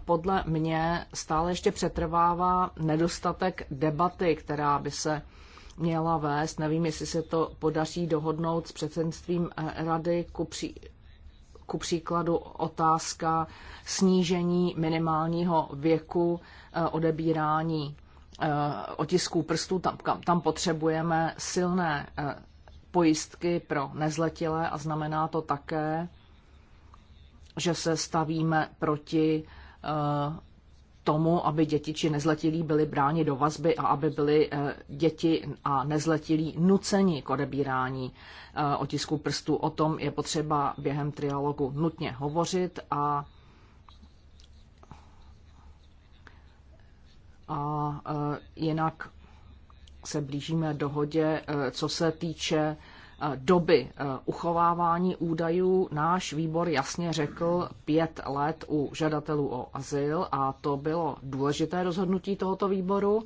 S4: podle mě stále ještě přetrvává nedostatek debaty, která by se měla vést. Nevím, jestli se to podaří dohodnout s předsednictvím eh, rady ku, pří, ku příkladu otázka snížení minimálního věku eh, odebírání eh, otisků prstů. Tam, tam potřebujeme silné pojistky pro nezletilé a znamená to také, že se stavíme proti eh, tomu, aby děti či nezletilí byli bráni do vazby a aby byli eh, děti a nezletilí nuceni k odebírání eh, otisku prstů. O tom je potřeba během trialogu nutně hovořit a a jinak se blížíme dohodě, co se týče Eh, doby eh, uchovávání údajů náš výbor jasně řekl pět let u žadatelů o azyl a to bylo důležité rozhodnutí tohoto výboru.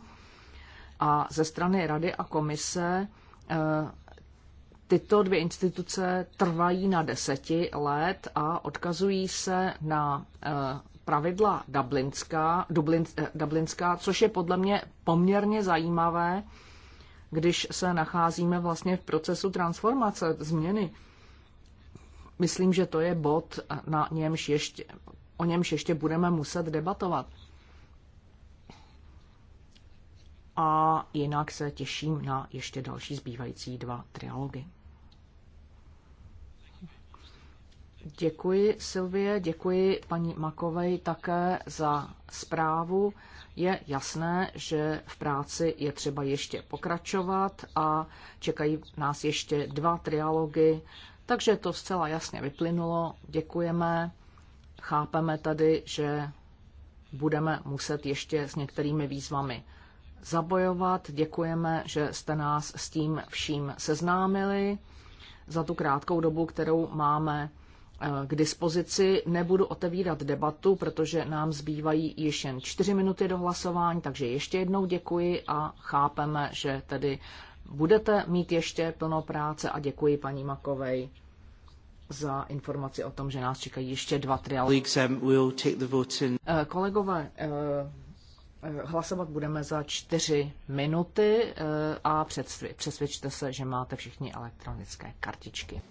S4: A ze strany Rady a komise eh, tyto dvě instituce trvají na deseti let a odkazují se na pravidla dublinská, dublinská, což je podle mě poměrně zajímavé, když se nacházíme vlastně v procesu transformace, změny. Myslím, že to je bod, na němž ještě, o němž ještě budeme muset debatovat. A jinak se těším na ještě další zbývající dva trialogy. Děkuji Silvie, děkuji paní Makovej také za zprávu. Je jasné, že v práci je třeba ještě pokračovat a čekají nás ještě dva trialogy, takže to zcela jasně vyplynulo. Děkujeme. Chápeme tady, že budeme muset ještě s některými výzvami zabojovat. Děkujeme, že jste nás s tím vším seznámili za tu krátkou dobu, kterou máme Eh, k dispozici. Nebudu otevírat debatu, protože nám zbývají již jen čtyři minuty do hlasování, takže ještě jednou děkuji a chápeme, že tedy budete mít ještě plno práce a děkuji paní Makovej za informaci o tom, že nás čekají ještě dva triály. Um, eh, kolegové, eh, hlasovat budeme za čtyři minuty a přesvědčte se, že máte všichni elektronické kartičky.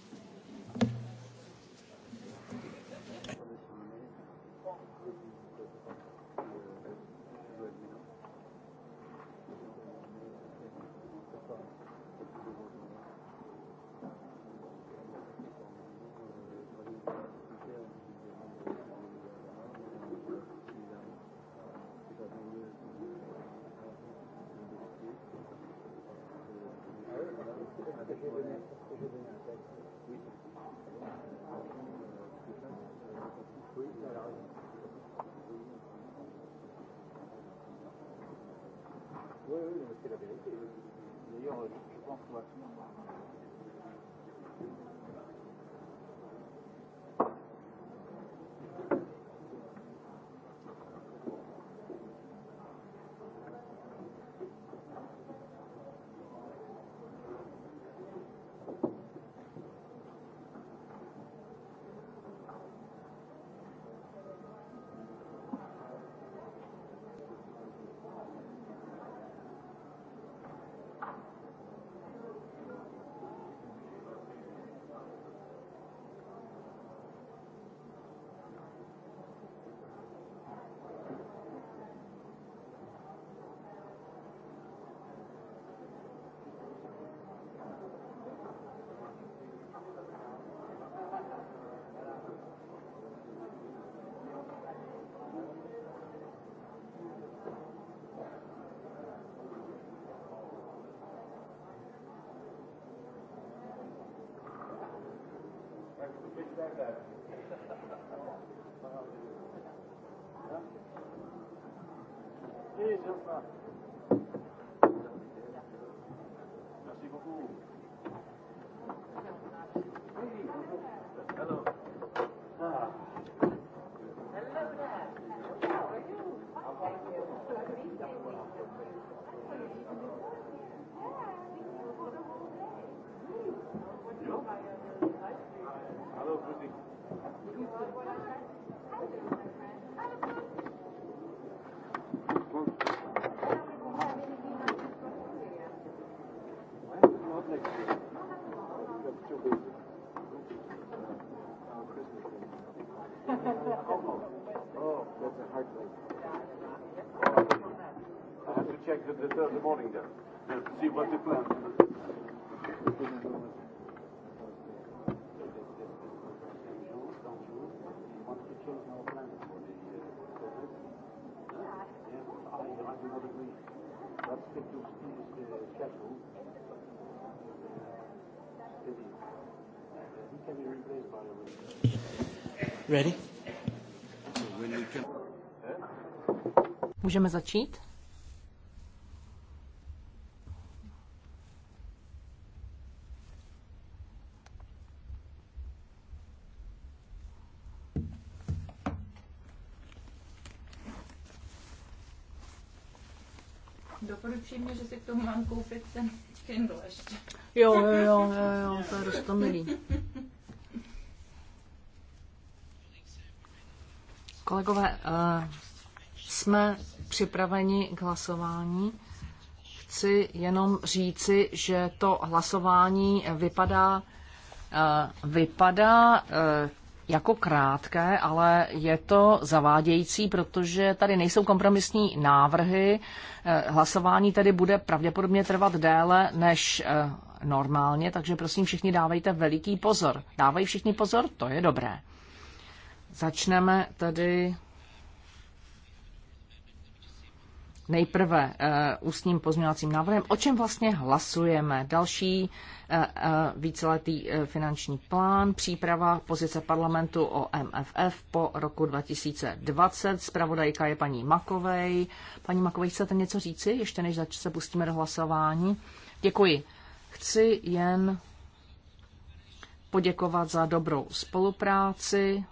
S4: Thank you. Ready? Můžeme začít?
S2: Doporučuji mě, že si k tomu mám koupit ten Kindle ještě. Jo, jo,
S5: jo, jo, jo to je rostomilý.
S4: Kolegové, eh, jsme připraveni k hlasování. Chci jenom říci, že to hlasování vypadá, eh, vypadá eh, jako krátké, ale je to zavádějící, protože tady nejsou kompromisní návrhy. Hlasování tedy bude pravděpodobně trvat déle než normálně, takže prosím všichni dávejte veliký pozor. Dávají všichni pozor, to je dobré. Začneme tedy nejprve uh, ústním pozměňovacím návrhem. O čem vlastně hlasujeme? Další uh, uh, víceletý uh, finanční plán, příprava pozice parlamentu o MFF po roku 2020. Spravodajka je paní Makovej. Paní Makovej, chcete něco říci, ještě než se pustíme do hlasování? Děkuji. Chci jen poděkovat za dobrou spolupráci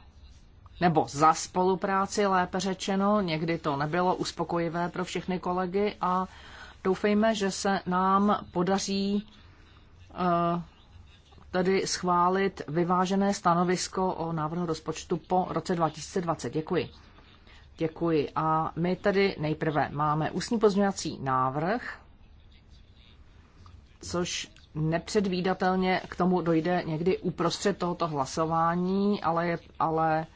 S4: nebo za spolupráci, lépe řečeno. Někdy to nebylo uspokojivé pro všechny kolegy a doufejme, že se nám podaří eh, tedy schválit vyvážené stanovisko o návrhu rozpočtu po roce 2020. Děkuji. Děkuji. A my tedy nejprve máme ústní pozměňovací návrh, což nepředvídatelně k tomu dojde někdy uprostřed tohoto hlasování, ale, ale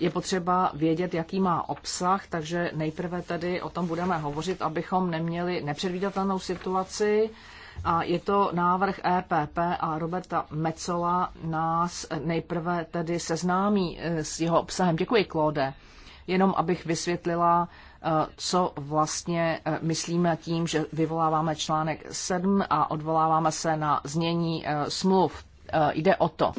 S4: je potřeba vědět, jaký má obsah, takže nejprve tedy o tom budeme hovořit, abychom neměli nepředvídatelnou situaci. A je to návrh EPP a Roberta Mecola nás nejprve tedy seznámí eh, s jeho obsahem. Děkuji, Klode. Jenom abych vysvětlila, eh, co vlastně eh, myslíme tím, že vyvoláváme článek 7 a odvoláváme se na znění smluv. Eh, jde o to.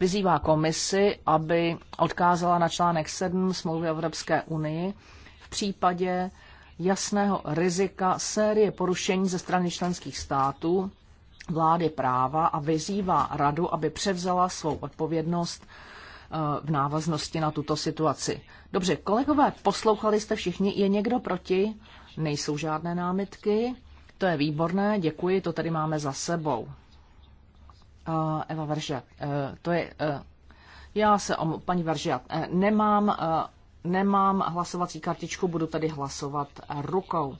S4: Vyzývá komisi, aby odkázala na článek 7 smlouvy Evropské unii v případě jasného rizika série porušení ze strany členských států vlády práva a vyzývá radu, aby převzala svou odpovědnost eh, v návaznosti na tuto situaci. Dobře, kolegové, poslouchali jste všichni, je někdo proti? Nejsou žádné námitky? To je výborné, děkuji, to tady máme za sebou. Uh, Eva Verže, uh, to je... Uh, já se, om, paní Verže, uh, nemám, uh, nemám hlasovací kartičku, budu tady hlasovat rukou.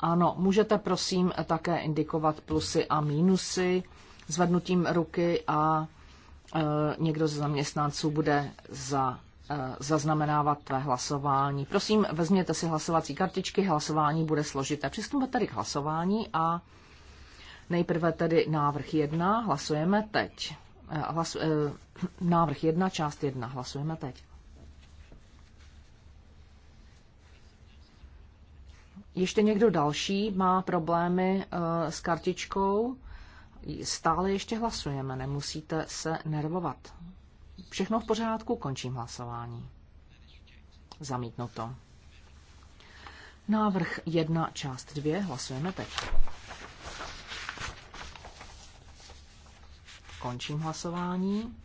S4: Ano, můžete prosím také indikovat plusy a mínusy zvednutím ruky a e, někdo ze zaměstnanců bude za, e, zaznamenávat tvé hlasování. Prosím, vezměte si hlasovací kartičky, hlasování bude složité. Přistupme tady k hlasování a Nejprve tedy návrh 1, hlasujeme teď. Hlasu, eh, eh návrh 1, část 1, hlasujeme teď. Ještě někdo další má problémy eh, s kartičkou? Stále ještě hlasujeme, nemusíte se nervovat. Všechno v pořádku, končím hlasování. Zamítnuto. Návrh 1, část 2, hlasujeme teď. Končím hlasování.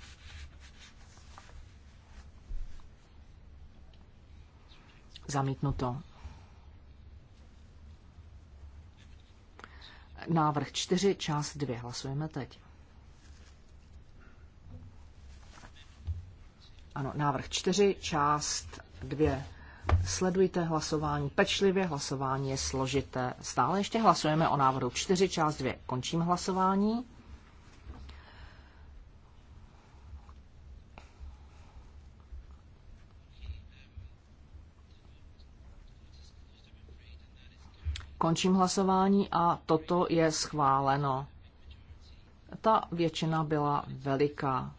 S4: Zamítnuto. Návrh 4, část 2. Hlasujeme teď. Ano, návrh 4, část 2. Sledujte hlasování pečlivě, hlasování je složité. Stále ještě hlasujeme o návrhu 4, část 2. Končím hlasování. Končím hlasování a toto je schváleno. Ta většina byla veliká.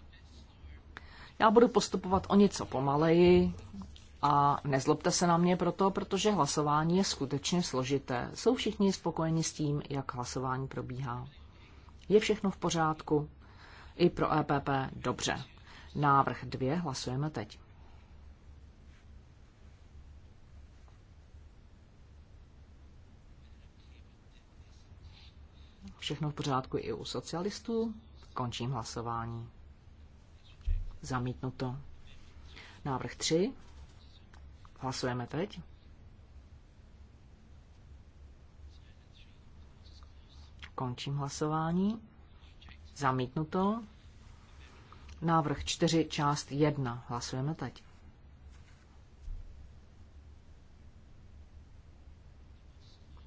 S4: Já budu postupovat o něco pomaleji a nezlobte se na mě proto, protože hlasování je skutečně složité. Jsou všichni spokojeni s tím, jak hlasování probíhá. Je všechno v pořádku? I pro EPP dobře. Návrh dvě hlasujeme teď. Všechno v pořádku i u socialistů. Končím hlasování. Zamítnuto. Návrh 3. Hlasujeme teď. Končím hlasování. Zamítnuto. Návrh 4, část 1. Hlasujeme teď.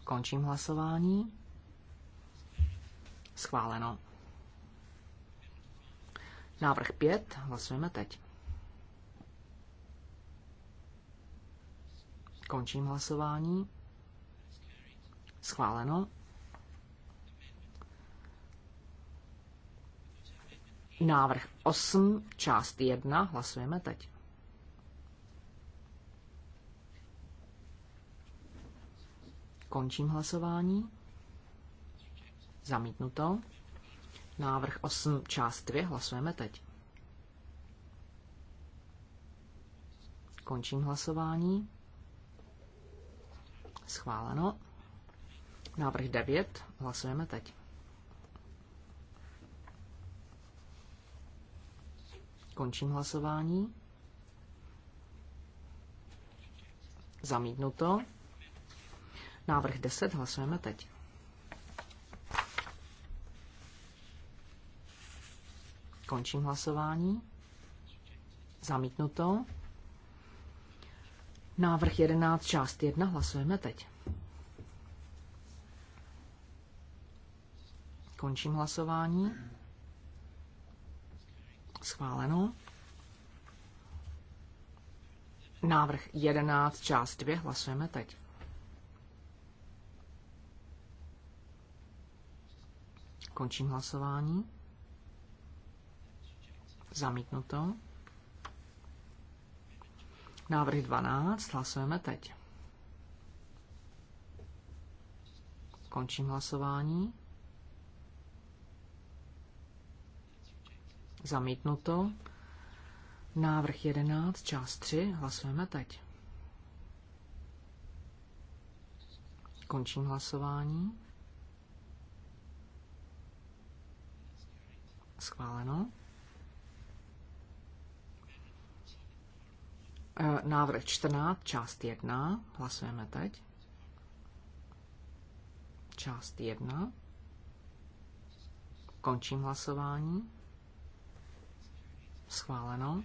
S4: Končím hlasování. Schváleno. Návrh 5. Hlasujeme teď. Končím hlasování. Schváleno. Návrh 8, část 1. Hlasujeme teď. Končím hlasování. Zamítnuto. Návrh 8, část 2. Hlasujeme teď. Končím hlasování. Schváleno. Návrh 9. Hlasujeme teď. Končím hlasování. Zamítnuto. Návrh 10. Hlasujeme teď. Končím hlasování. Zamítnuto. Návrh 11, část 1. Hlasujeme teď. Končím hlasování. Schváleno. Návrh 11, část 2. Hlasujeme teď. Končím hlasování. Zamítnuto. Návrh 12. Hlasujeme teď. Končím hlasování. Zamítnuto. Návrh 11, část 3. Hlasujeme teď. Končím hlasování. Schváleno. Eh, návrh 14, část 1. Hlasujeme teď. Část 1. Končím hlasování. Schváleno.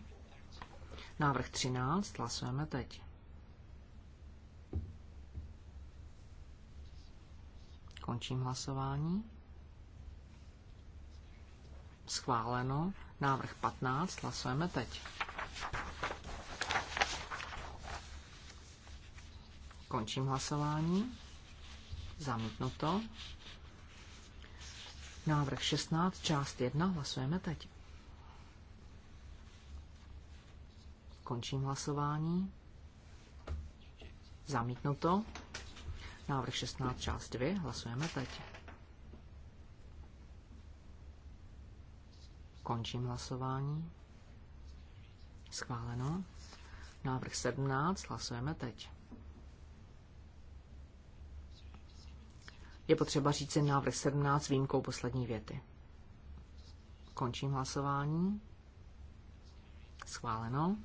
S4: Návrh 13. Hlasujeme teď. Končím hlasování. Schváleno. Návrh 15. Hlasujeme teď. Končím hlasování. Zamítnuto. Návrh 16, část 1. Hlasujeme teď. Končím hlasování. Zamítnuto. Návrh 16, část 2. Hlasujeme teď. Končím hlasování. Schváleno. Návrh 17. Hlasujeme teď. Je potřeba říci návrh 17 výjimkou poslední věty. Končím hlasování. Schváleno.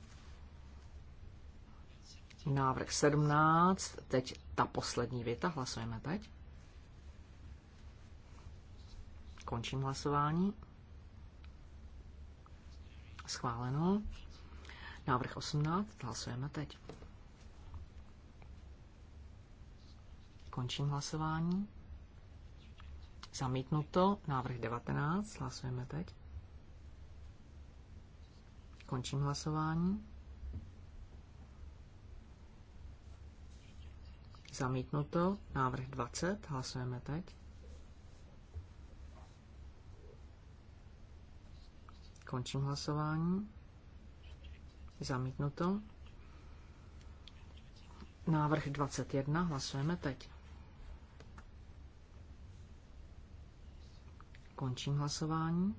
S4: Návrh 17, teď ta poslední věta, hlasujeme teď. Končím hlasování. Schváleno. Návrh 18, hlasujeme teď. Končím hlasování. Zamítnuto. Návrh 19. Hlasujeme teď. Končím hlasování. Zamítnuto. Návrh 20. Hlasujeme teď. Končím hlasování. Zamítnuto. Návrh 21. Hlasujeme teď. Končím hlasování.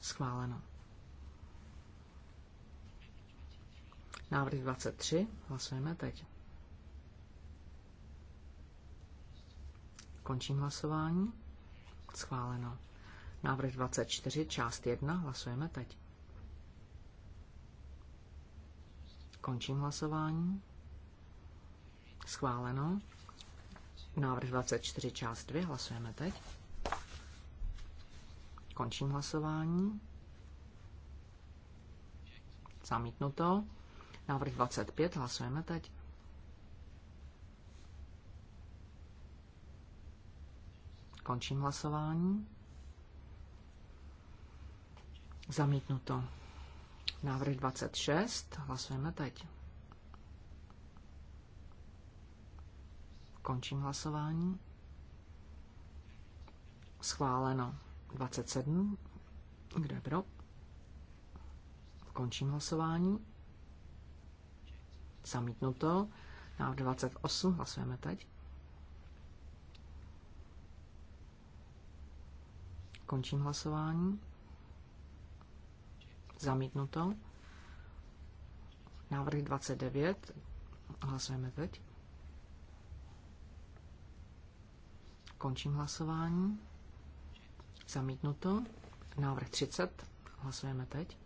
S4: Schváleno. Návrh 23. Hlasujeme teď. Končím hlasování. Schváleno. Návrh 24, část 1. Hlasujeme teď. Končím hlasování. Schváleno. Návrh 24, část 2. Hlasujeme teď. Končím hlasování. Zamítnuto. Návrh 25. Hlasujeme teď. Končím hlasování. Zamítnuto. Návrh 26. Hlasujeme teď. Končím hlasování. Schváleno. 27. Kdo je pro? Končím hlasování. Zamítnuto. Návrh 28. Hlasujeme teď. Končím hlasování. Zamítnuto. Návrh 29. Hlasujeme teď. Končím hlasování. Zamítnuto. Návrh 30. Hlasujeme teď.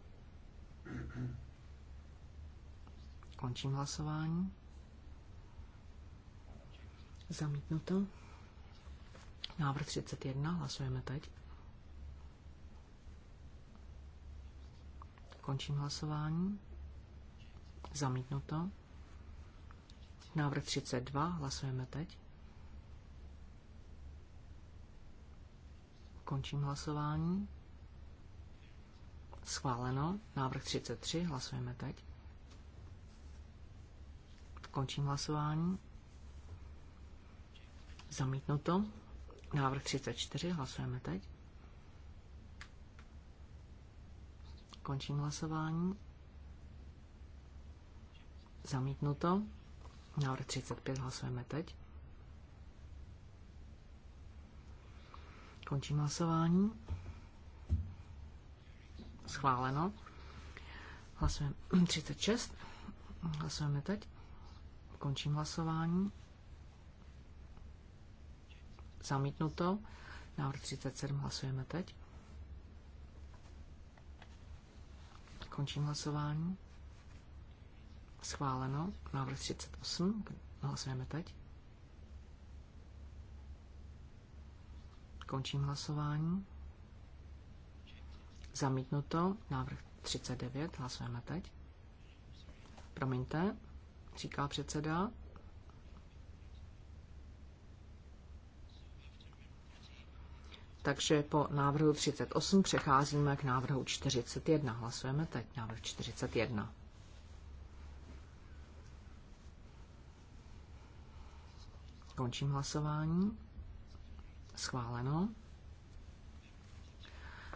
S4: Končím hlasování. Zamítnuto. Návrh 31. Hlasujeme teď. Končím hlasování. Zamítnuto. Návrh 32. Hlasujeme teď. Končím hlasování. Schváleno. Návrh 33. Hlasujeme teď. Končím hlasování. Zamítnuto. Návrh 34. Hlasujeme teď. Končím hlasování. Zamítnuto. Návrh 35. Hlasujeme teď. Končím hlasování. Schváleno. Hlasujeme 36. Hlasujeme teď. Končím hlasování. Zamítnuto. Návrh 37 hlasujeme teď. Končím hlasování. Schváleno. Návrh 38. Hlasujeme teď. Končím hlasování. Zamítnuto. Návrh 39. Hlasujeme teď. Promiňte, říká předseda. Takže po návrhu 38 přecházíme k návrhu 41. Hlasujeme teď návrh 41. Končím hlasování. Schváleno.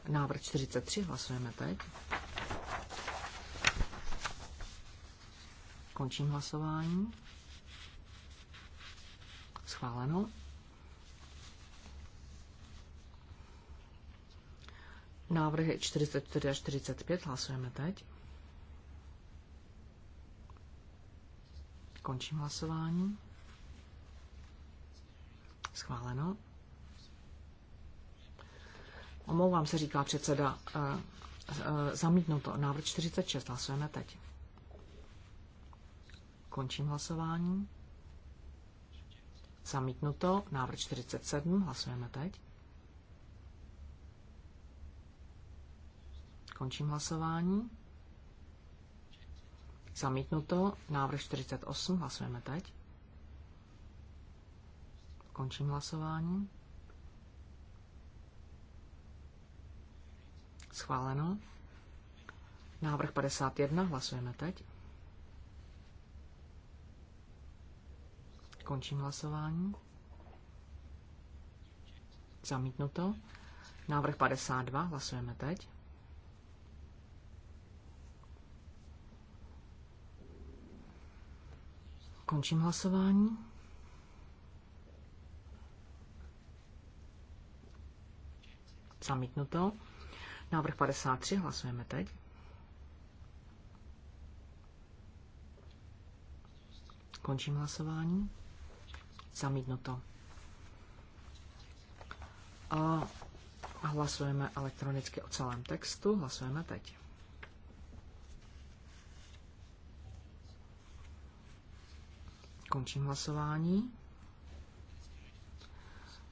S4: Návrh 43 hlasujeme teď. Končím hlasování. Schváleno. Návrhy 44 a 45 hlasujeme teď. Končím hlasování. Schváleno. Omlouvám se, říká předseda. Eh, eh, zamítnuto. Návrh 46. Hlasujeme teď. Končím hlasování. Zamítnuto. Návrh 47. Hlasujeme teď. Končím hlasování. Zamítnuto. Návrh 48. Hlasujeme teď. Končím hlasování. Schváleno. Návrh 51. Hlasujeme teď. Končím hlasování. Zamítnuto. Návrh 52. Hlasujeme teď. Končím hlasování. Zamítnuto. Návrh 53 hlasujeme teď. Končím hlasování. Zamítnuto. A hlasujeme elektronicky o celém textu. Hlasujeme teď. Končím hlasování.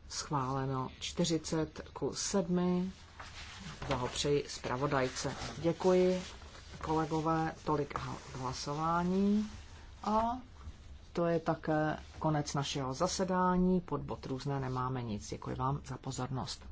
S4: Schváleno 40 ku 7. Blahopřeji zpravodajce. Děkuji, kolegové, tolik hlasování. A to je také konec našeho zasedání. Pod bod různé nemáme nic. Děkuji vám za pozornost.